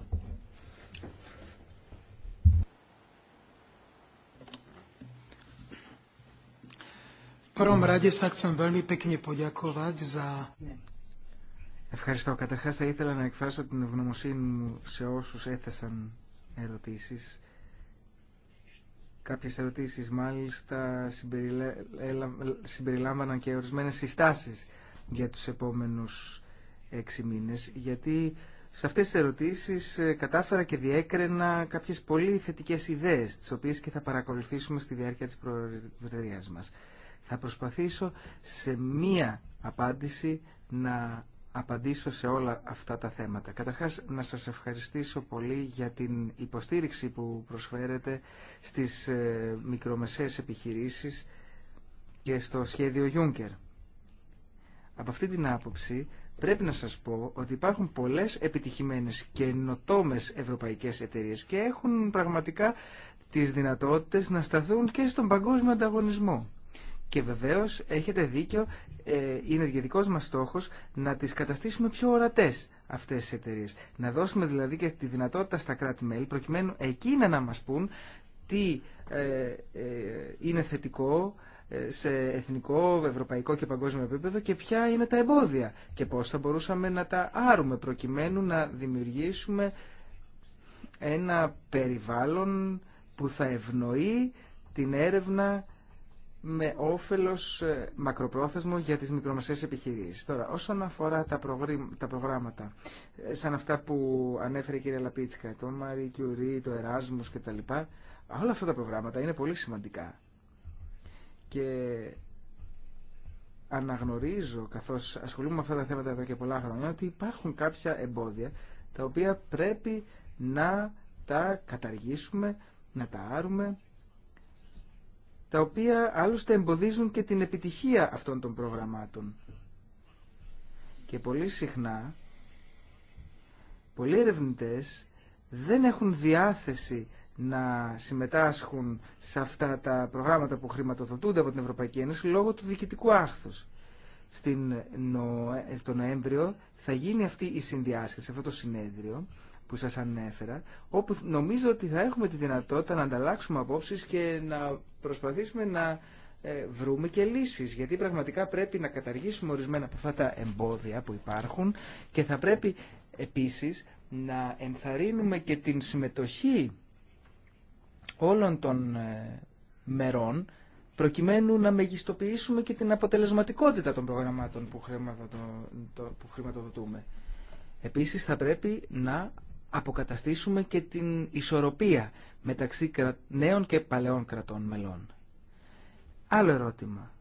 Ευχαριστώ. Καταρχάς θα ήθελα να εκφράσω την ευγνωμοσύνη μου σε όσους έθεσαν ερωτήσεις Κάποιες ερωτήσεις μάλιστα συμπεριλάμβαναν και ορισμένες συστάσεις για τους επόμενους έξι μήνες, γιατί σε αυτές τις ερωτήσεις ε, κατάφερα και διέκραινα κάποιες πολύ θετικές ιδέες, τις οποίες και θα παρακολουθήσουμε στη διάρκεια της προεδρίας μας. Θα προσπαθήσω σε μία απάντηση να απαντήσω σε όλα αυτά τα θέματα. Καταρχάς να σας ευχαριστήσω πολύ για την υποστήριξη που προσφέρετε στις ε, μικρομεσαίες επιχειρήσεις και στο σχέδιο Juncker. Από αυτή την άποψη πρέπει να σας πω ότι υπάρχουν πολλές επιτυχημένες και νοτόμες ευρωπαϊκές εταιρείες και έχουν πραγματικά τις δυνατότητες να σταθούν και στον παγκόσμιο ανταγωνισμό. Και βεβαίως έχετε δίκιο ε, είναι δικός μας στόχος να τις καταστήσουμε πιο ορατές αυτές τις εταιρείες. Να δώσουμε δηλαδή και τη δυνατότητα στα κράτη-μέλη προκειμένου εκείνα να μας πούν τι ε, ε, είναι θετικό σε εθνικό, ευρωπαϊκό και παγκόσμιο επίπεδο και ποια είναι τα εμπόδια και πώς θα μπορούσαμε να τα άρουμε προκειμένου να δημιουργήσουμε ένα περιβάλλον που θα ευνοεί την έρευνα με όφελος ε, μακροπρόθεσμο για τις μικρομεσαίε επιχειρήσεις. Τώρα, όσον αφορά τα, προγράμματα, ε, σαν αυτά που ανέφερε η κυρία Λαπίτσκα, το Μαρή Κιουρί, το τα κτλ, όλα αυτά τα προγράμματα είναι πολύ σημαντικά. Και αναγνωρίζω, καθώς ασχολούμαι με αυτά τα θέματα εδώ και πολλά χρόνια, ότι υπάρχουν κάποια εμπόδια τα οποία πρέπει να τα καταργήσουμε, να τα άρουμε τα οποία άλλωστε εμποδίζουν και την επιτυχία αυτών των προγραμμάτων. Και πολύ συχνά, πολλοί ερευνητέ δεν έχουν διάθεση να συμμετάσχουν σε αυτά τα προγράμματα που χρηματοδοτούνται από την Ευρωπαϊκή Ένωση λόγω του διοικητικού άχθους. Στην, στο Νοέμβριο θα γίνει αυτή η συνδιάσκεψη, αυτό το συνέδριο που σας ανέφερα, όπου νομίζω ότι θα έχουμε τη δυνατότητα να ανταλλάξουμε απόψεις και να προσπαθήσουμε να ε, βρούμε και λύσεις, γιατί πραγματικά πρέπει να καταργήσουμε ορισμένα από αυτά τα εμπόδια που υπάρχουν και θα πρέπει επίσης να ενθαρρύνουμε και την συμμετοχή όλων των ε, μερών προκειμένου να μεγιστοποιήσουμε και την αποτελεσματικότητα των προγραμμάτων που χρηματοδοτούμε. Επίσης θα πρέπει να αποκαταστήσουμε και την ισορροπία μεταξύ νέων και παλαιών κρατών μελών. Άλλο ερώτημα.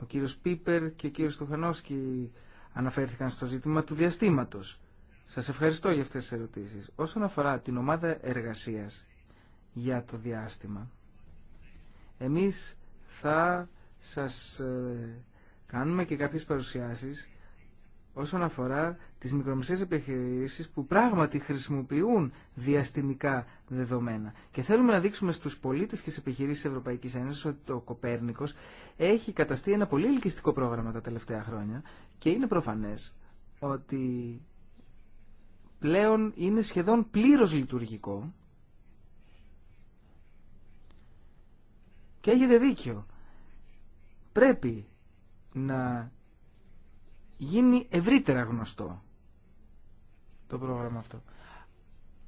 Ο κύριος Πίπερ και ο κύριος Τουχανόσκι αναφέρθηκαν στο ζήτημα του διαστήματος. Σας ευχαριστώ για αυτές τις ερωτήσεις. Όσον αφορά την ομάδα εργασίας για το διάστημα, εμείς θα σας ε, κάνουμε και κάποιες παρουσιάσεις όσον αφορά τις μικρομεσαίες επιχειρήσεις που πράγματι χρησιμοποιούν διαστημικά δεδομένα. Και θέλουμε να δείξουμε στους πολίτες και στις επιχειρήσεις της Ευρωπαϊκής Ένωσης ότι το Κοπέρνικος έχει καταστεί ένα πολύ ελκυστικό πρόγραμμα τα τελευταία χρόνια και είναι προφανές ότι πλέον είναι σχεδόν πλήρω λειτουργικό και έχετε δίκιο. Πρέπει να γίνει ευρύτερα γνωστό το πρόγραμμα αυτό.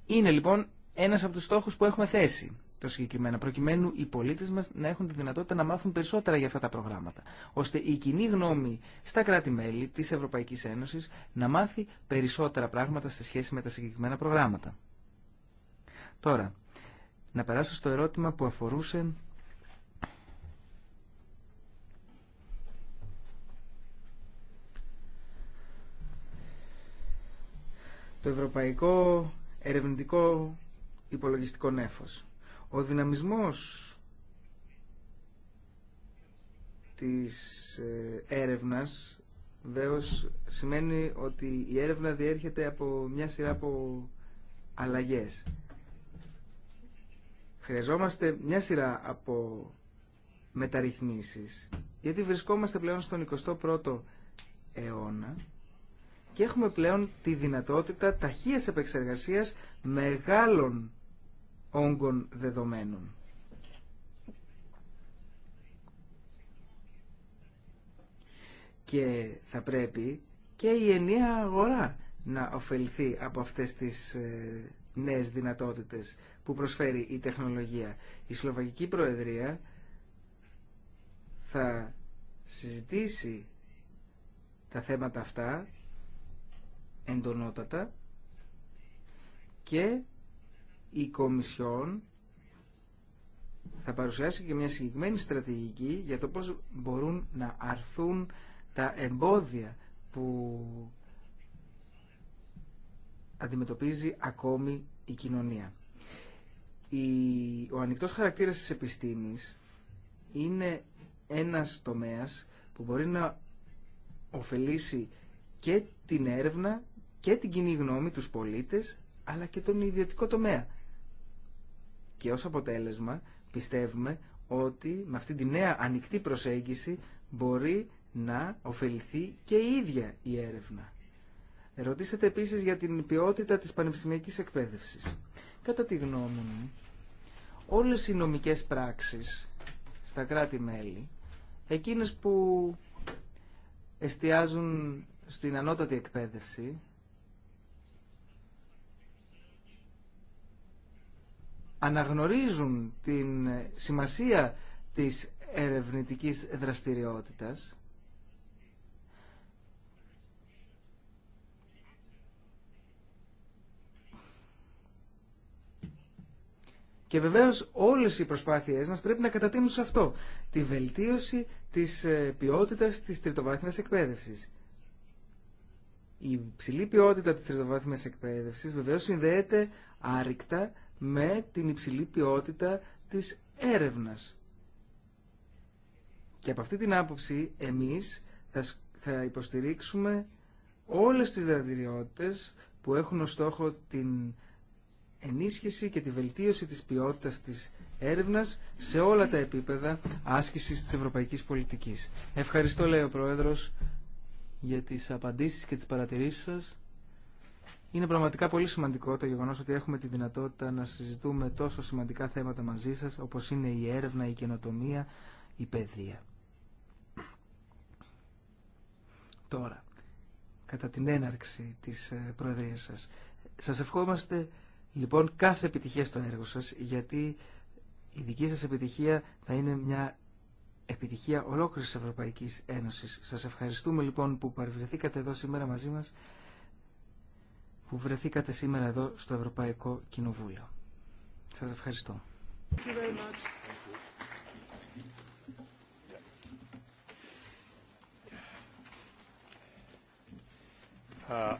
Είναι λοιπόν ένας από τους στόχους που έχουμε θέσει το συγκεκριμένα, προκειμένου οι πολίτες μας να έχουν τη δυνατότητα να μάθουν περισσότερα για αυτά τα προγράμματα, ώστε η κοινή γνώμη στα κράτη-μέλη της Ευρωπαϊκής Ένωσης να μάθει περισσότερα πράγματα σε σχέση με τα συγκεκριμένα προγράμματα. Τώρα, να περάσω στο ερώτημα που αφορούσε το ευρωπαϊκό ερευνητικό υπολογιστικό νέφος. Ο δυναμισμός της ε, έρευνας βέως σημαίνει ότι η έρευνα διέρχεται από μια σειρά από αλλαγές. Χρειαζόμαστε μια σειρά από μεταρρυθμίσεις γιατί βρισκόμαστε πλέον στον 21ο αιώνα και έχουμε πλέον τη δυνατότητα ταχείας επεξεργασίας μεγάλων όγκων δεδομένων. Και θα πρέπει και η ενιαία αγορά να ωφεληθεί από αυτές τις ε, νέες δυνατότητες που προσφέρει η τεχνολογία. Η Σλοβακική Προεδρία θα συζητήσει τα θέματα αυτά εντονότατα και η Κομισιόν θα παρουσιάσει και μια συγκεκριμένη στρατηγική για το πώς μπορούν να αρθούν τα εμπόδια που αντιμετωπίζει ακόμη η κοινωνία. Ο ανοιχτός χαρακτήρας της επιστήμης είναι ένας τομέας που μπορεί να ωφελήσει και την έρευνα και την κοινή γνώμη, τους πολίτες, αλλά και τον ιδιωτικό τομέα. Και ως αποτέλεσμα πιστεύουμε ότι με αυτή τη νέα ανοιχτή προσέγγιση μπορεί να ωφεληθεί και η ίδια η έρευνα. Ρωτήσατε επίσης για την ποιότητα της πανεπιστημιακής εκπαίδευσης. Κατά τη γνώμη μου, όλες οι νομικές πράξεις στα κράτη-μέλη, εκείνες που εστιάζουν στην ανώτατη εκπαίδευση, αναγνωρίζουν την σημασία της ερευνητικής δραστηριότητας Και βεβαίως όλες οι προσπάθειές μας πρέπει να κατατείνουν σε αυτό. Τη βελτίωση της ε, ποιότητας της τριτοβάθμιας εκπαίδευσης. Η ψηλή ποιότητα της τριτοβάθμιας εκπαίδευσης βεβαίως συνδέεται άρρηκτα με την υψηλή ποιότητα της έρευνας. Και από αυτή την άποψη εμείς θα υποστηρίξουμε όλες τις δραστηριότητες που έχουν ως στόχο την ενίσχυση και τη βελτίωση της ποιότητας της έρευνας σε όλα τα επίπεδα άσκησης της ευρωπαϊκής πολιτικής. Ευχαριστώ, λέει ο Πρόεδρος, για τις απαντήσεις και τις παρατηρήσεις σας. Είναι πραγματικά πολύ σημαντικό το γεγονός ότι έχουμε τη δυνατότητα να συζητούμε τόσο σημαντικά θέματα μαζί σας, όπως είναι η έρευνα, η καινοτομία, η παιδεία. Τώρα, κατά την έναρξη της ε, Προεδρίας σας, σας ευχόμαστε λοιπόν κάθε επιτυχία στο έργο σας, γιατί η δική σας επιτυχία θα είναι μια επιτυχία ολόκληρης της Ευρωπαϊκής Ένωσης. Σας ευχαριστούμε λοιπόν που παρευρεθήκατε εδώ σήμερα μαζί μας που βρεθήκατε σήμερα εδώ στο Ευρωπαϊκό Κοινοβούλιο. Σας ευχαριστώ. Uh,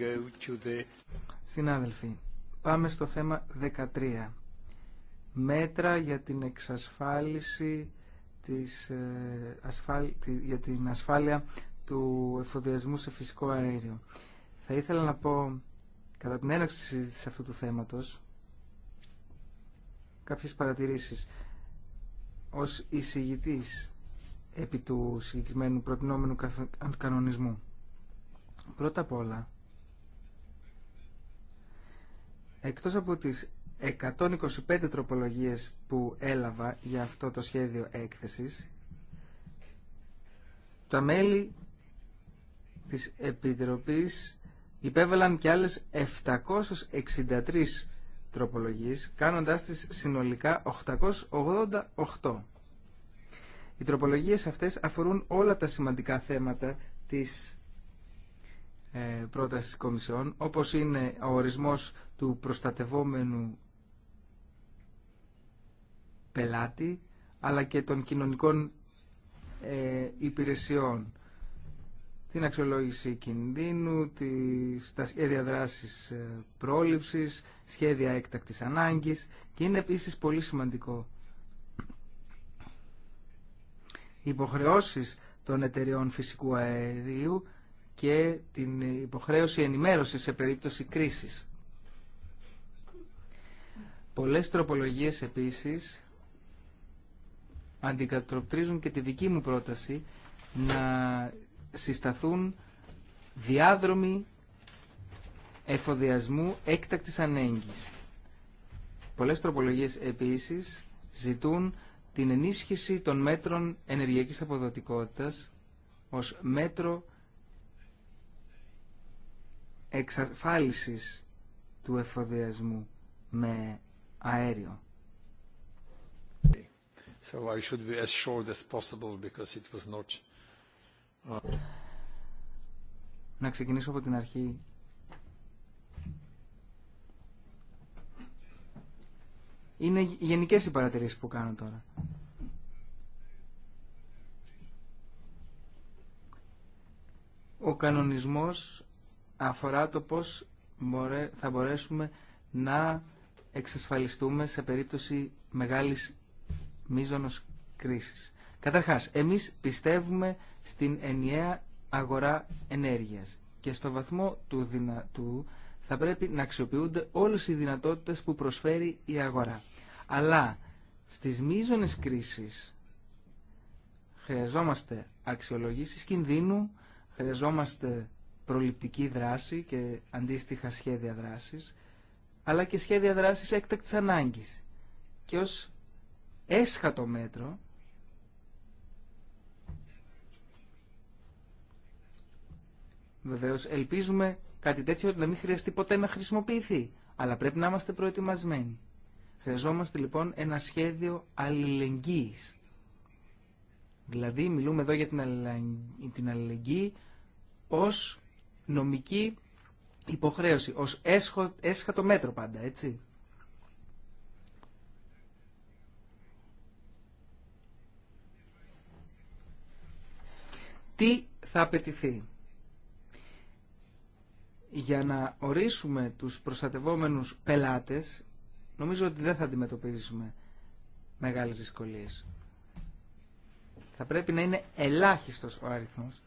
uh, Συνάδελφοι, πάμε στο θέμα 13. Μέτρα για την εξασφάλιση της, ε, για την ασφάλεια του εφοδιασμού σε φυσικό αέριο. Θα ήθελα να πω, κατά την έναρξη της αυτού του θέματος, κάποιες παρατηρήσεις. Ως εισηγητής επί του συγκεκριμένου προτινόμενου κανονισμού. Πρώτα απ' όλα, εκτός από τις 125 τροπολογίες που έλαβα για αυτό το σχέδιο έκθεσης, τα μέλη της Επιτροπής υπέβαλαν και άλλες 763 τροπολογίες, κάνοντάς τις συνολικά 888. Οι τροπολογίες αυτές αφορούν όλα τα σημαντικά θέματα της ε, πρότασης Κομισιόν, όπως είναι ο ορισμός του προστατευόμενου πελάτη, αλλά και των κοινωνικών ε, υπηρεσιών την αξιολόγηση κινδύνου, τις, τα σχέδια δράσης ε, πρόληψης, σχέδια έκτακτης ανάγκης και είναι επίσης πολύ σημαντικό. υποχρεώσεις των εταιριών φυσικού αερίου και την υποχρέωση ενημέρωσης σε περίπτωση κρίσης. Πολλές τροπολογίες επίσης αντικατροπτρίζουν και τη δική μου πρόταση να συσταθούν διάδρομοι εφοδιασμού έκτακτης ανάγκης. Πολλές τροπολογίες επίσης ζητούν την ενίσχυση των μέτρων ενεργειακής αποδοτικότητας ως μέτρο εξασφάλισης του εφοδιασμού με αέριο. So I should να ξεκινήσω από την αρχή. Είναι γενικές οι παρατηρήσεις που κάνω τώρα. Ο κανονισμός αφορά το πώς θα μπορέσουμε να εξασφαλιστούμε σε περίπτωση μεγάλης μίζωνος κρίσης. Καταρχάς, εμείς πιστεύουμε στην ενιαία αγορά ενέργειας και στο βαθμό του δυνατού θα πρέπει να αξιοποιούνται όλες οι δυνατότητες που προσφέρει η αγορά. Αλλά στις μείζονες κρίσεις χρειαζόμαστε αξιολογήσεις κινδύνου, χρειαζόμαστε προληπτική δράση και αντίστοιχα σχέδια δράσης, αλλά και σχέδια δράσης έκτακτης ανάγκης. Και ως έσχατο μέτρο Βεβαίως ελπίζουμε κάτι τέτοιο να μην χρειαστεί ποτέ να χρησιμοποιηθεί, αλλά πρέπει να είμαστε προετοιμασμένοι. Χρειαζόμαστε λοιπόν ένα σχέδιο αλληλεγγύη. Δηλαδή μιλούμε εδώ για την αλληλεγγύη ως νομική υποχρέωση, ως έσχατο μέτρο πάντα, έτσι. Τι θα απαιτηθεί για να ορίσουμε τους προστατευόμενους πελάτες νομίζω ότι δεν θα αντιμετωπίσουμε μεγάλες δυσκολίες. Θα πρέπει να είναι ελάχιστος ο αριθμός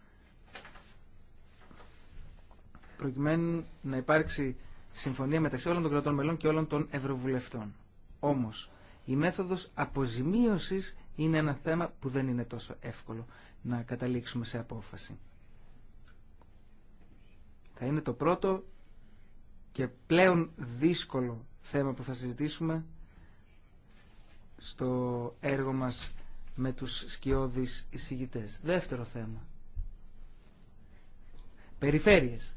προκειμένου να υπάρξει συμφωνία μεταξύ όλων των κρατών μελών και όλων των ευρωβουλευτών. Όμως, η μέθοδος αποζημίωσης είναι ένα θέμα που δεν είναι τόσο εύκολο να καταλήξουμε σε απόφαση. Θα είναι το πρώτο και πλέον δύσκολο θέμα που θα συζητήσουμε στο έργο μας με τους σκιώδεις εισηγητές. Δεύτερο θέμα. Περιφέρειες.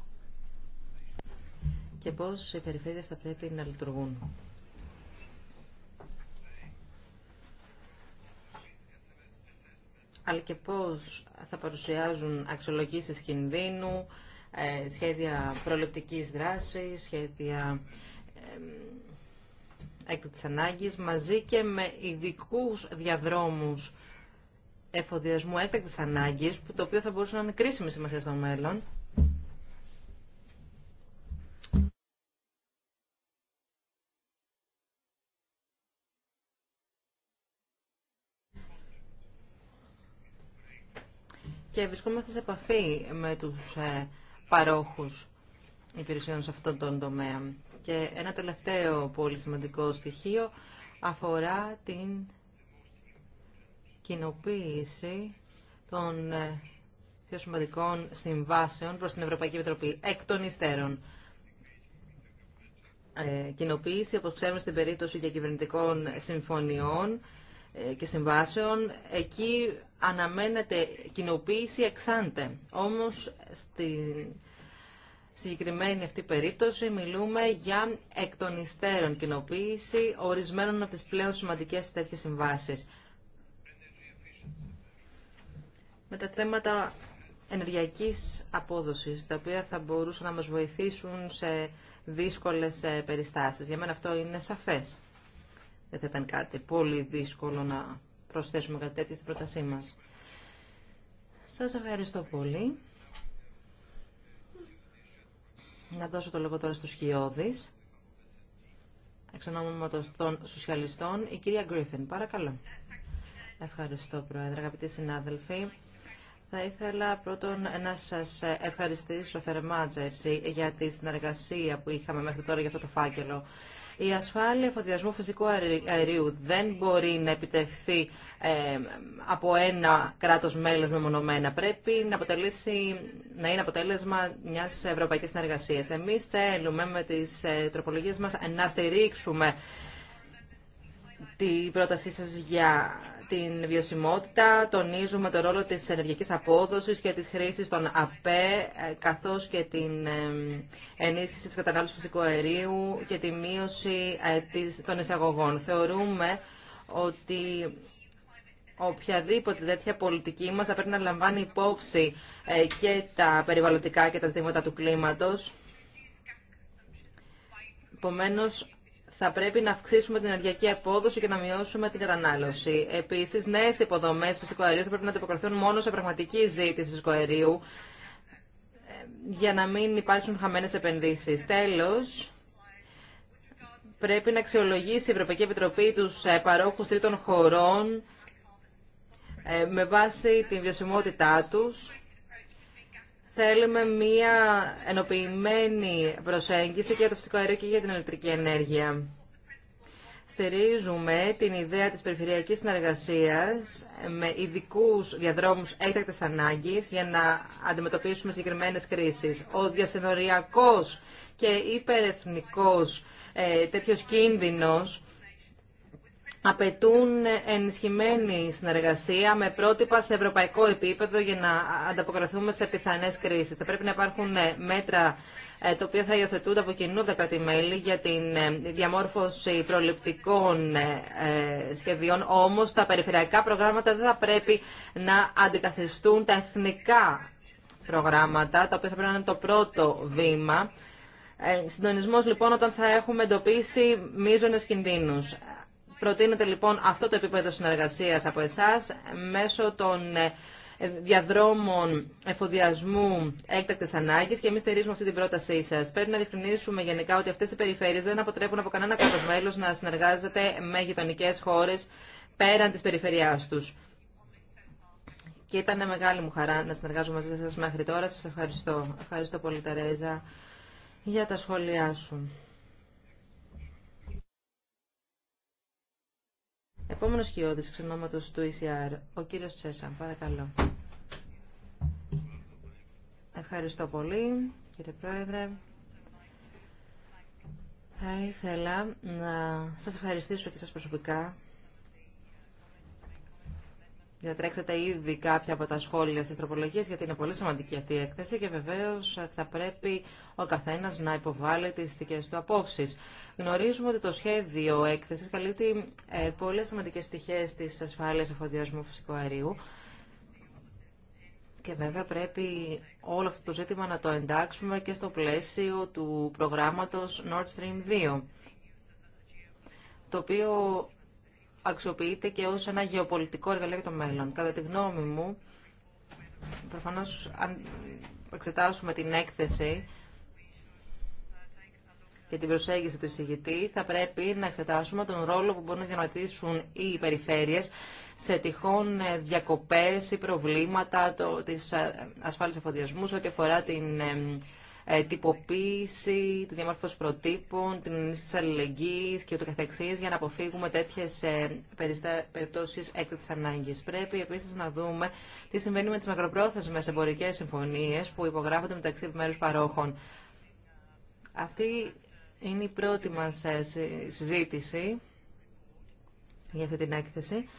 Και πώς οι περιφέρειες θα πρέπει να λειτουργούν. αλλά και πώς θα παρουσιάζουν αξιολογήσεις κινδύνου, ε, σχέδια προληπτικής δράσης, σχέδια της ανάγκης, μαζί και με ειδικού διαδρόμους εφοδιασμού έκτακτης ανάγκης, που το οποίο θα μπορούσε να είναι κρίσιμη σημασία στο μέλλον. Και βρισκόμαστε σε επαφή με τους ε, παρόχους υπηρεσιών σε αυτόν τον τομέα. Και ένα τελευταίο πολύ σημαντικό στοιχείο αφορά την κοινοποίηση των ε, πιο σημαντικών συμβάσεων προς την Ευρωπαϊκή Επιτροπή, εκ των υστέρων. Ε, κοινοποίηση, όπως ξέρουμε, στην περίπτωση διακυβερνητικών συμφωνιών, ε, και συμβάσεων, εκεί αναμένεται κοινοποίηση εξάντε. Όμως στη συγκεκριμένη αυτή περίπτωση μιλούμε για εκ των υστέρων κοινοποίηση ορισμένων από τις πλέον σημαντικές τέτοιες συμβάσεις. Με τα θέματα ενεργειακής απόδοσης, τα οποία θα μπορούσαν να μας βοηθήσουν σε δύσκολες ε, περιστάσεις. Για μένα αυτό είναι σαφές. Ε, δεν θα ήταν κάτι πολύ δύσκολο να προσθέσουμε κάτι τέτοιο στην πρότασή μας. Σας ευχαριστώ πολύ. Να δώσω το λόγο τώρα στους Χιόδης. Εξ των Σοσιαλιστών, η κυρία Γκρίφιν. Παρακαλώ. Ευχαριστώ, Πρόεδρε, αγαπητοί συνάδελφοι. Θα ήθελα πρώτον να σας ευχαριστήσω θερμά, Τζέρση, για τη συνεργασία που είχαμε μέχρι τώρα για αυτό το φάκελο. Η ασφάλεια φωτιασμού φυσικού αερίου δεν μπορεί να επιτευχθεί ε, από ένα κράτος μέλος μεμονωμένα. Πρέπει να, να είναι αποτέλεσμα μιας ευρωπαϊκής συνεργασίας. Εμείς θέλουμε με τις ε, τροπολογίες μας να στηρίξουμε την πρότασή σας για την βιωσιμότητα. Τονίζουμε το ρόλο της ενεργειακής απόδοσης και της χρήσης των ΑΠΕ, ε, καθώς και την ε, ενίσχυση της κατανάλωσης φυσικού αερίου και τη μείωση ε, των εισαγωγών. Θεωρούμε ότι οποιαδήποτε τέτοια πολιτική μας θα πρέπει να λαμβάνει υπόψη και τα περιβαλλοντικά και τα ζητήματα του κλίματος. Επομένως, θα πρέπει να αυξήσουμε την ενεργειακή απόδοση και να μειώσουμε την κατανάλωση. Επίση, νέε υποδομέ φυσικού αερίου θα πρέπει να αντιποκριθούν μόνο σε πραγματική ζήτηση φυσικού αερίου ε, για να μην υπάρξουν χαμένε επενδύσει. Τέλο, πρέπει να αξιολογήσει η Ευρωπαϊκή Επιτροπή του ε, παρόχου τρίτων χωρών ε, με βάση την βιωσιμότητά του θέλουμε μία ενοποιημένη προσέγγιση και για το φυσικό αέριο και για την ηλεκτρική ενέργεια. Στηρίζουμε την ιδέα της περιφερειακής συνεργασίας με ειδικούς διαδρόμους έκτακτες ανάγκης για να αντιμετωπίσουμε συγκεκριμένες κρίσεις. Ο διασυνοριακός και υπερεθνικός ε, τέτοιος κίνδυνος απαιτούν ενισχυμένη συνεργασία με πρότυπα σε ευρωπαϊκό επίπεδο για να ανταποκριθούμε σε πιθανές κρίσεις. Θα πρέπει να υπάρχουν ε, μέτρα ε, τα οποία θα υιοθετούνται από κοινού τα κρατη για τη ε, διαμόρφωση προληπτικών σχεδίων. Όμως τα περιφερειακά προγράμματα δεν θα πρέπει να αντικαθιστούν τα εθνικά προγράμματα, τα οποία θα πρέπει να είναι το πρώτο βήμα. Συντονισμός λοιπόν όταν θα έχουμε εντοπίσει μείζονες κινδύνους. Προτείνεται λοιπόν αυτό το επίπεδο συνεργασίας από εσάς μέσω των ε, διαδρόμων εφοδιασμού έκτακτη ανάγκη και εμεί στηρίζουμε αυτή την πρότασή σα. Πρέπει να διευκρινίσουμε γενικά ότι αυτές οι περιφέρειες δεν αποτρέπουν από κανένα κράτο μέλο να συνεργάζεται με γειτονικέ χώρε πέραν της περιφερειάς τους. Και ήταν μεγάλη μου χαρά να συνεργάζομαι μαζί σα μέχρι τώρα. Σας ευχαριστώ. Ευχαριστώ πολύ, Ταρέζα, για τα σχόλιά σου. Επόμενο χειώδη εξ ονόματο του ECR, ο κύριο Τσέσα. Παρακαλώ. Ευχαριστώ πολύ, κύριε Πρόεδρε. Θα ήθελα να σας ευχαριστήσω και σας προσωπικά Διατρέξατε ήδη κάποια από τα σχόλια στις τροπολογίες γιατί είναι πολύ σημαντική αυτή η έκθεση και βεβαίως θα πρέπει ο καθένας να υποβάλλει τις δικές του απόψεις. Γνωρίζουμε ότι το σχέδιο έκθεσης καλύπτει ε, πολλές σημαντικές πτυχές της ασφάλειας εφοδιασμού φυσικού αερίου και βέβαια πρέπει όλο αυτό το ζήτημα να το εντάξουμε και στο πλαίσιο του προγράμματος Nord Stream 2 το οποίο αξιοποιείται και ως ένα γεωπολιτικό εργαλείο για το μέλλον. Κατά τη γνώμη μου, προφανώς αν εξετάσουμε την έκθεση και την προσέγγιση του εισηγητή, θα πρέπει να εξετάσουμε τον ρόλο που μπορούν να διαματήσουν οι περιφέρειες σε τυχόν ε, διακοπές ή προβλήματα το, της ε, ασφάλισης εφοδιασμού ό,τι αφορά την ε, ε, τυποποίηση, τη διαμόρφωση προτύπων, την ενίσχυση αλληλεγγύη και ούτω καθεξής για να αποφύγουμε τέτοιε ε, περιπτώσει έκτακτη ανάγκη. Πρέπει επίση να δούμε τι συμβαίνει με τι μακροπρόθεσμε εμπορικέ συμφωνίε που υπογράφονται μεταξύ επιμέρου παρόχων. Αυτή είναι η πρώτη μας ε, συζήτηση για αυτή την έκθεση.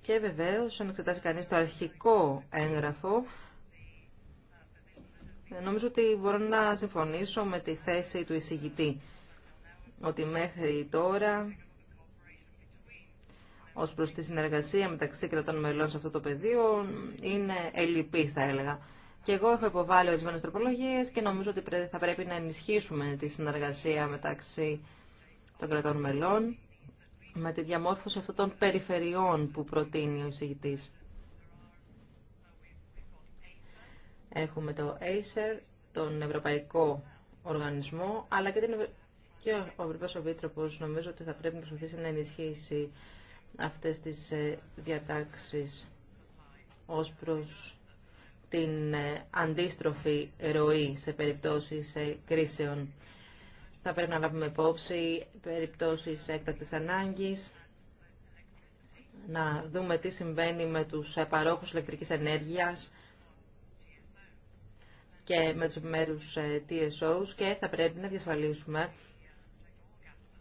Και βεβαίως, αν εξετάσει κανείς το αρχικό έγγραφο, Νομίζω ότι μπορώ να συμφωνήσω με τη θέση του εισηγητή ότι μέχρι τώρα ως προς τη συνεργασία μεταξύ κρατών μελών σε αυτό το πεδίο είναι ελλειπή θα έλεγα. Και εγώ έχω υποβάλει ορισμένε τροπολογίε και νομίζω ότι θα πρέπει να ενισχύσουμε τη συνεργασία μεταξύ των κρατών μελών με τη διαμόρφωση αυτών των περιφερειών που προτείνει ο εισηγητής. Έχουμε το Acer, τον Ευρωπαϊκό Οργανισμό, αλλά και, την και ο Ευρωπαϊκός νομίζω ότι θα πρέπει να προσπαθήσει να ενισχύσει αυτές τις ε, διατάξεις ως προς την ε, αντίστροφη ροή σε περιπτώσεις ε, κρίσεων. Θα πρέπει να λάβουμε υπόψη περιπτώσεις έκτακτης ανάγκης, να δούμε τι συμβαίνει με τους παρόχους ηλεκτρικής ενέργειας, και με τους επιμέρους ε, TSOs και θα πρέπει να διασφαλίσουμε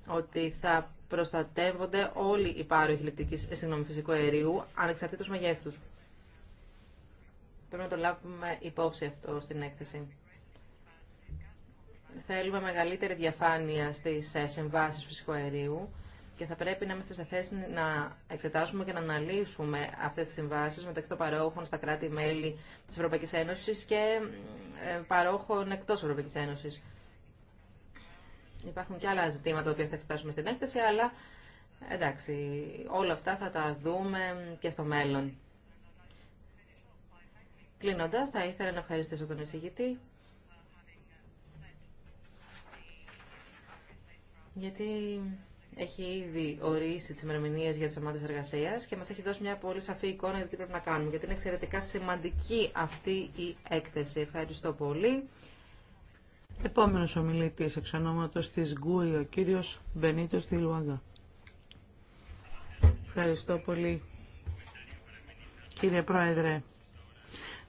ότι θα προστατεύονται όλοι οι πάροχοι ηλεκτρικής, ε, συγγνώμη, φυσικού αερίου, ανεξαρτήτως μεγέθους. Πρέπει να το λάβουμε υπόψη αυτό στην έκθεση. Θέλουμε μεγαλύτερη διαφάνεια στις ε, συμβάσεις φυσικού αερίου και θα πρέπει να είμαστε σε θέση να εξετάσουμε και να αναλύσουμε αυτές τις συμβάσει μεταξύ των παρόχων στα κράτη-μέλη της Ευρωπαϊκής Ένωσης και ε, παρόχων εκτός Ευρωπαϊκής Ένωσης. Υπάρχουν και άλλα ζητήματα που θα εξετάσουμε στην έκθεση, αλλά εντάξει, όλα αυτά θα τα δούμε και στο μέλλον. Κλείνοντα, θα ήθελα να ευχαριστήσω τον εισηγητή. Γιατί έχει ήδη ορίσει τι ημερομηνίε για τι ομάδε εργασία και μα έχει δώσει μια πολύ σαφή εικόνα για τι πρέπει να κάνουμε. Γιατί είναι εξαιρετικά σημαντική αυτή η έκθεση. Ευχαριστώ πολύ. Επόμενος ομιλητής εξ ονόματο της Γκούι, ο κύριος Μπενίτος Τιλουάγκα. Ευχαριστώ πολύ. Κύριε Πρόεδρε,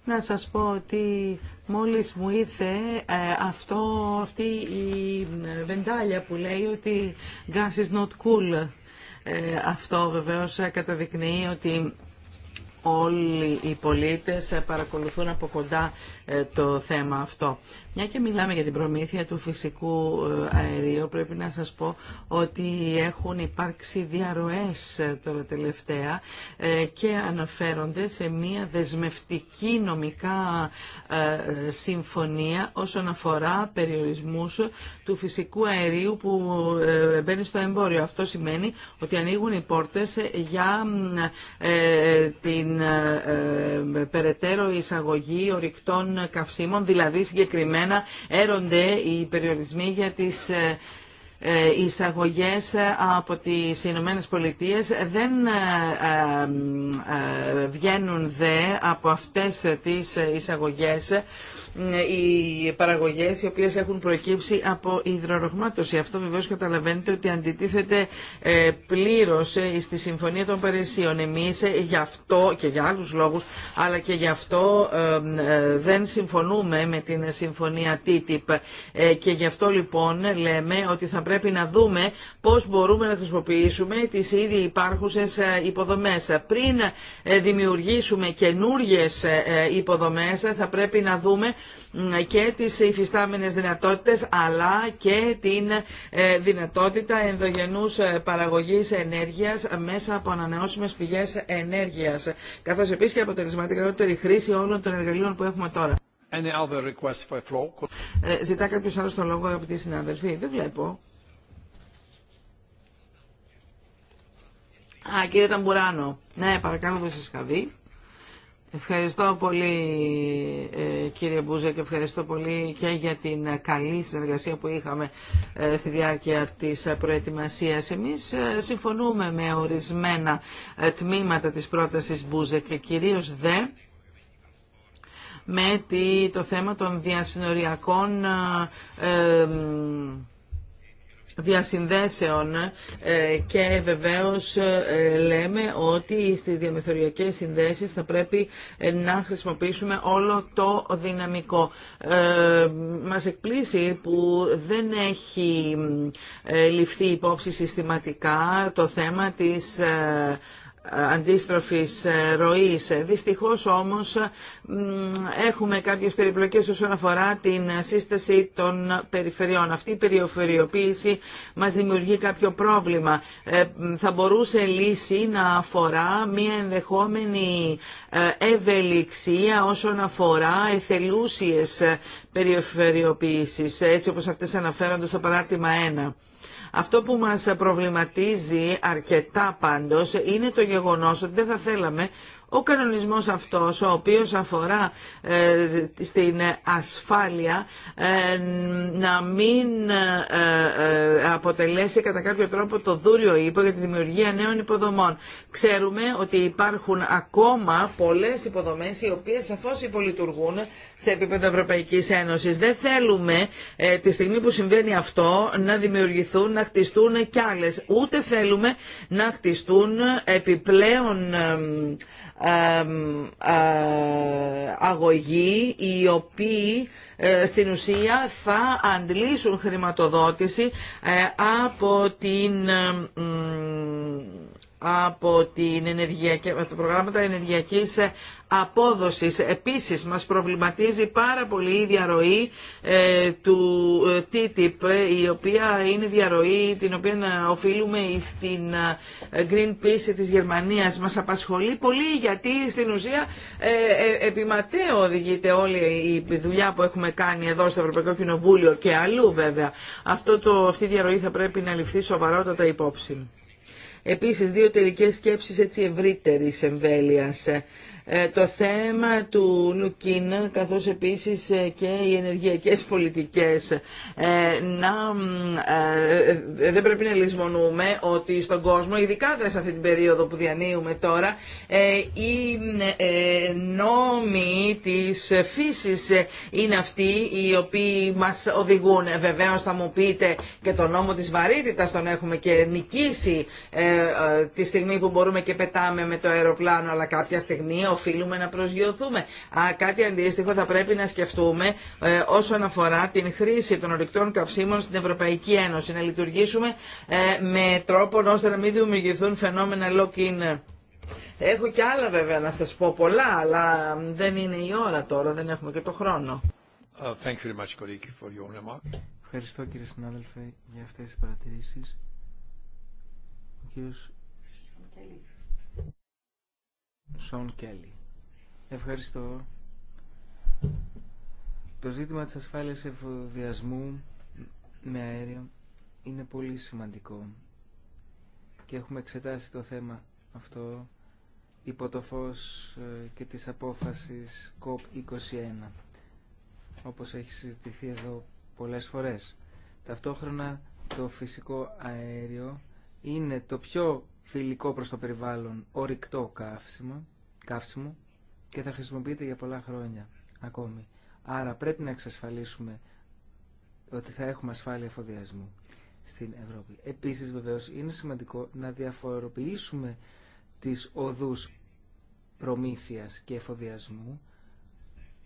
να σας πω ότι μόλις μου ήρθε ε, αυτό, αυτή η ε, βεντάλια που λέει ότι gas is not cool. Ε, αυτό βεβαίως καταδεικνύει ότι όλοι οι πολίτες παρακολουθούν από κοντά το θέμα αυτό. Μια και μιλάμε για την προμήθεια του φυσικού ε, αερίου, πρέπει να σας πω ότι έχουν υπάρξει διαρροές ε, τώρα τελευταία ε, και αναφέρονται σε μια δεσμευτική νομικά συμφωνία όσον αφορά περιορισμούς του φυσικού αερίου που μπαίνει στο εμπόριο. Αυτό σημαίνει ότι ανοίγουν οι πόρτες για την περαιτέρω εισαγωγή ορυκτών καυσίμων, δηλαδή συγκεκριμένα έρονται οι περιορισμοί για τις ε, ε, εισαγωγές ε, από τις Ηνωμένε Πολιτείε δεν βγαίνουν δε από αυτές τις εισαγωγές οι παραγωγέ οι οποίε έχουν προκύψει από υδρορογμάτωση. Αυτό βεβαίω καταλαβαίνετε ότι αντιτίθεται ε, πλήρως ε, στη Συμφωνία των Παρισίων. Εμεί ε, γι' αυτό και για άλλου λόγους, αλλά και γι' αυτό δεν συμφωνούμε με την Συμφωνία TTIP και γι' αυτό λοιπόν λέμε ότι θα πρέπει να δούμε πώς μπορούμε να χρησιμοποιήσουμε τι ήδη υπάρχουσες υποδομές. Πριν δημιουργήσουμε καινούριε υποδομέ θα πρέπει να δούμε και τις υφιστάμενες δυνατότητες αλλά και την ε, δυνατότητα ενδογενούς ε, παραγωγής ενέργειας μέσα από ανανεώσιμες πηγές ενέργειας καθώς επίσης και αποτελεσματικότερη χρήση όλων των εργαλείων που έχουμε τώρα. Any other request for floor? Ε, ζητά κάποιος άλλος τον λόγο από τη συνάδελφη. Δεν βλέπω. Α, κύριε Ταμπουράνο. Ναι, παρακαλώ, δεν σας Ευχαριστώ πολύ ε, κύριε Μπουζέ και ευχαριστώ πολύ και για την καλή συνεργασία που είχαμε ε, στη διάρκεια της προετοιμασίας. Εμείς ε, συμφωνούμε με ορισμένα τμήματα της πρότασης Μπουζέ και κυρίως δε με το θέμα των διασυνοριακών διασυνδέσεων ε, και βεβαίως ε, λέμε ότι στις διαμεθοριακές συνδέσεις θα πρέπει ε, να χρησιμοποιήσουμε όλο το δυναμικό. Μας εκπλήσει που δεν έχει ληφθεί υπόψη συστηματικά το θέμα της αντίστροφης ε, ροής. Δυστυχώς όμως έχουμε κάποιες περιπλοκές όσον αφορά την σύσταση των περιφερειών. Αυτή η περιφερειοποίηση μας δημιουργεί κάποιο πρόβλημα. Ε, θα μπορούσε λύση να αφορά μια ενδεχόμενη ε, ευελιξία όσον αφορά εθελούσιες περιφερειοποίησης. έτσι όπως αυτές αναφέρονται στο παράρτημα 1. Αυτό που μας προβληματίζει αρκετά πάντως είναι το γεγονός ότι δεν θα θέλαμε ο κανονισμός αυτός, ο οποίος αφορά ε, στην ασφάλεια, ε, να μην ε, αποτελέσει κατά κάποιο τρόπο το δούριο ύπο για τη δημιουργία νέων υποδομών. Ξέρουμε ότι υπάρχουν ακόμα πολλές υποδομές οι οποίες σαφώς υπολειτουργούν σε επίπεδο Ευρωπαϊκής Ένωσης. Δεν θέλουμε τη στιγμή που συμβαίνει αυτό να δημιουργηθούν, να χτιστούν κι άλλες. Ούτε θέλουμε να χτιστούν επιπλέον ε, αγωγοί οι οποίοι ε, στην ουσία θα αντλήσουν χρηματοδότηση ε, από την από, την ενεργειακή, από τα προγράμματα ενεργειακής απόδοσης. Επίσης μας προβληματίζει πάρα πολύ η διαρροή ε, του ε, TTIP, ε, η οποία είναι διαρροή την οποία οφείλουμε στην ε, Greenpeace της Γερμανίας. Μας απασχολεί πολύ γιατί στην ουσία ε, επιματέω οδηγείται όλη η δουλειά που έχουμε κάνει εδώ στο Ευρωπαϊκό Κοινοβούλιο και αλλού βέβαια. Αυτό το, αυτή η διαρροή θα πρέπει να ληφθεί σοβαρότατα υπόψη. Επίσης, δύο τελικές σκέψεις έτσι ευρύτερης εμβέλειας. Ε, το θέμα του Λουκίν καθώς επίσης ε, και οι ενεργειακές πολιτικές ε, να, δεν πρέπει να λησμονούμε ότι στον κόσμο, ειδικά δε σε αυτή την περίοδο που διανύουμε τώρα, οι νόμοι της φύσης είναι αυτοί οι οποίοι μας οδηγούν. Βεβαίως θα μου πείτε και τον νόμο της βαρύτητας τον έχουμε και νικήσει τη στιγμή που μπορούμε και πετάμε με το αεροπλάνο, αλλά κάποια στιγμή οφείλουμε να προσγειωθούμε. Α, κάτι αντίστοιχο θα πρέπει να σκεφτούμε ε, όσον αφορά την χρήση των ορυκτών καυσίμων στην Ευρωπαϊκή Ένωση. Να λειτουργήσουμε ε, με τρόπο ώστε να μην δημιουργηθούν φαινόμενα lock-in. Έχω και άλλα βέβαια να σας πω πολλά, αλλά δεν είναι η ώρα τώρα, δεν έχουμε και το χρόνο. Uh, Ευχαριστώ κύριε συνάδελφε για αυτές τις παρατηρήσεις. Ο κύριος Σον Κέλλη. Ευχαριστώ. Το ζήτημα της ασφάλειας εφοδιασμού με αέριο είναι πολύ σημαντικό και έχουμε εξετάσει το θέμα αυτό υπό το φως ε, και της απόφασης COP21 όπως έχει συζητηθεί εδώ πολλές φορές. Ταυτόχρονα το φυσικό αέριο είναι το πιο φιλικό προς το περιβάλλον ορυκτό καύσιμο, καύσιμο και θα χρησιμοποιείται για πολλά χρόνια ακόμη. Άρα πρέπει να εξασφαλίσουμε ότι θα έχουμε ασφάλεια εφοδιασμού στην Ευρώπη. Επίσης βεβαίως είναι σημαντικό να διαφοροποιήσουμε τις οδούς προμήθειας και εφοδιασμού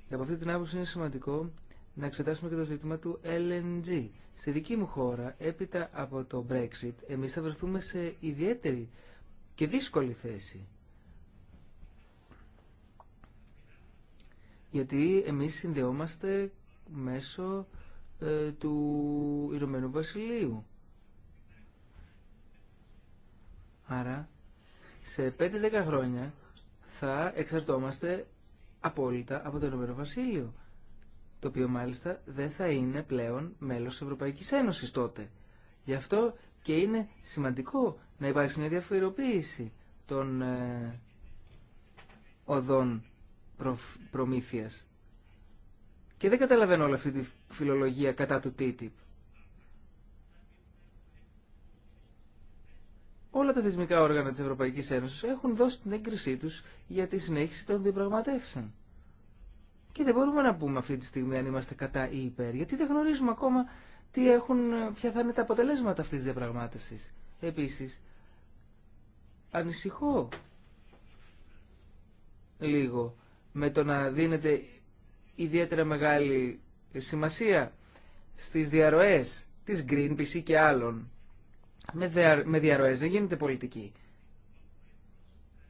και από αυτή την άποψη είναι σημαντικό να εξετάσουμε και το ζήτημα του LNG. Στη δική μου χώρα, έπειτα από το Brexit, εμείς θα βρεθούμε σε ιδιαίτερη και δύσκολη θέση. Γιατί εμείς συνδεόμαστε μέσω ε, του Ηνωμένου Βασιλείου. Άρα, σε 5-10 χρόνια θα εξαρτώμαστε απόλυτα από το Ηνωμένο Βασίλειο το οποίο μάλιστα δεν θα είναι πλέον μέλος της Ευρωπαϊκής Ένωσης τότε. Γι' αυτό και είναι σημαντικό να υπάρξει μια διαφοροποίηση των ε, οδών προμήθειας. Και δεν καταλαβαίνω όλη αυτή τη φιλολογία κατά του TTIP. Όλα τα θεσμικά όργανα της Ευρωπαϊκής Ένωσης έχουν δώσει την έγκρισή τους για τη συνέχιση των διαπραγματεύσεων. Και δεν μπορούμε να πούμε αυτή τη στιγμή αν είμαστε κατά ή υπέρ, γιατί δεν γνωρίζουμε ακόμα τι έχουν, ποια θα είναι τα αποτελέσματα αυτής της διαπραγμάτευσης. Επίσης, ανησυχώ λίγο με το να δίνεται ιδιαίτερα μεγάλη σημασία στις διαρροές της Greenpeace και άλλων. Με, με διαρροές δεν γίνεται πολιτική.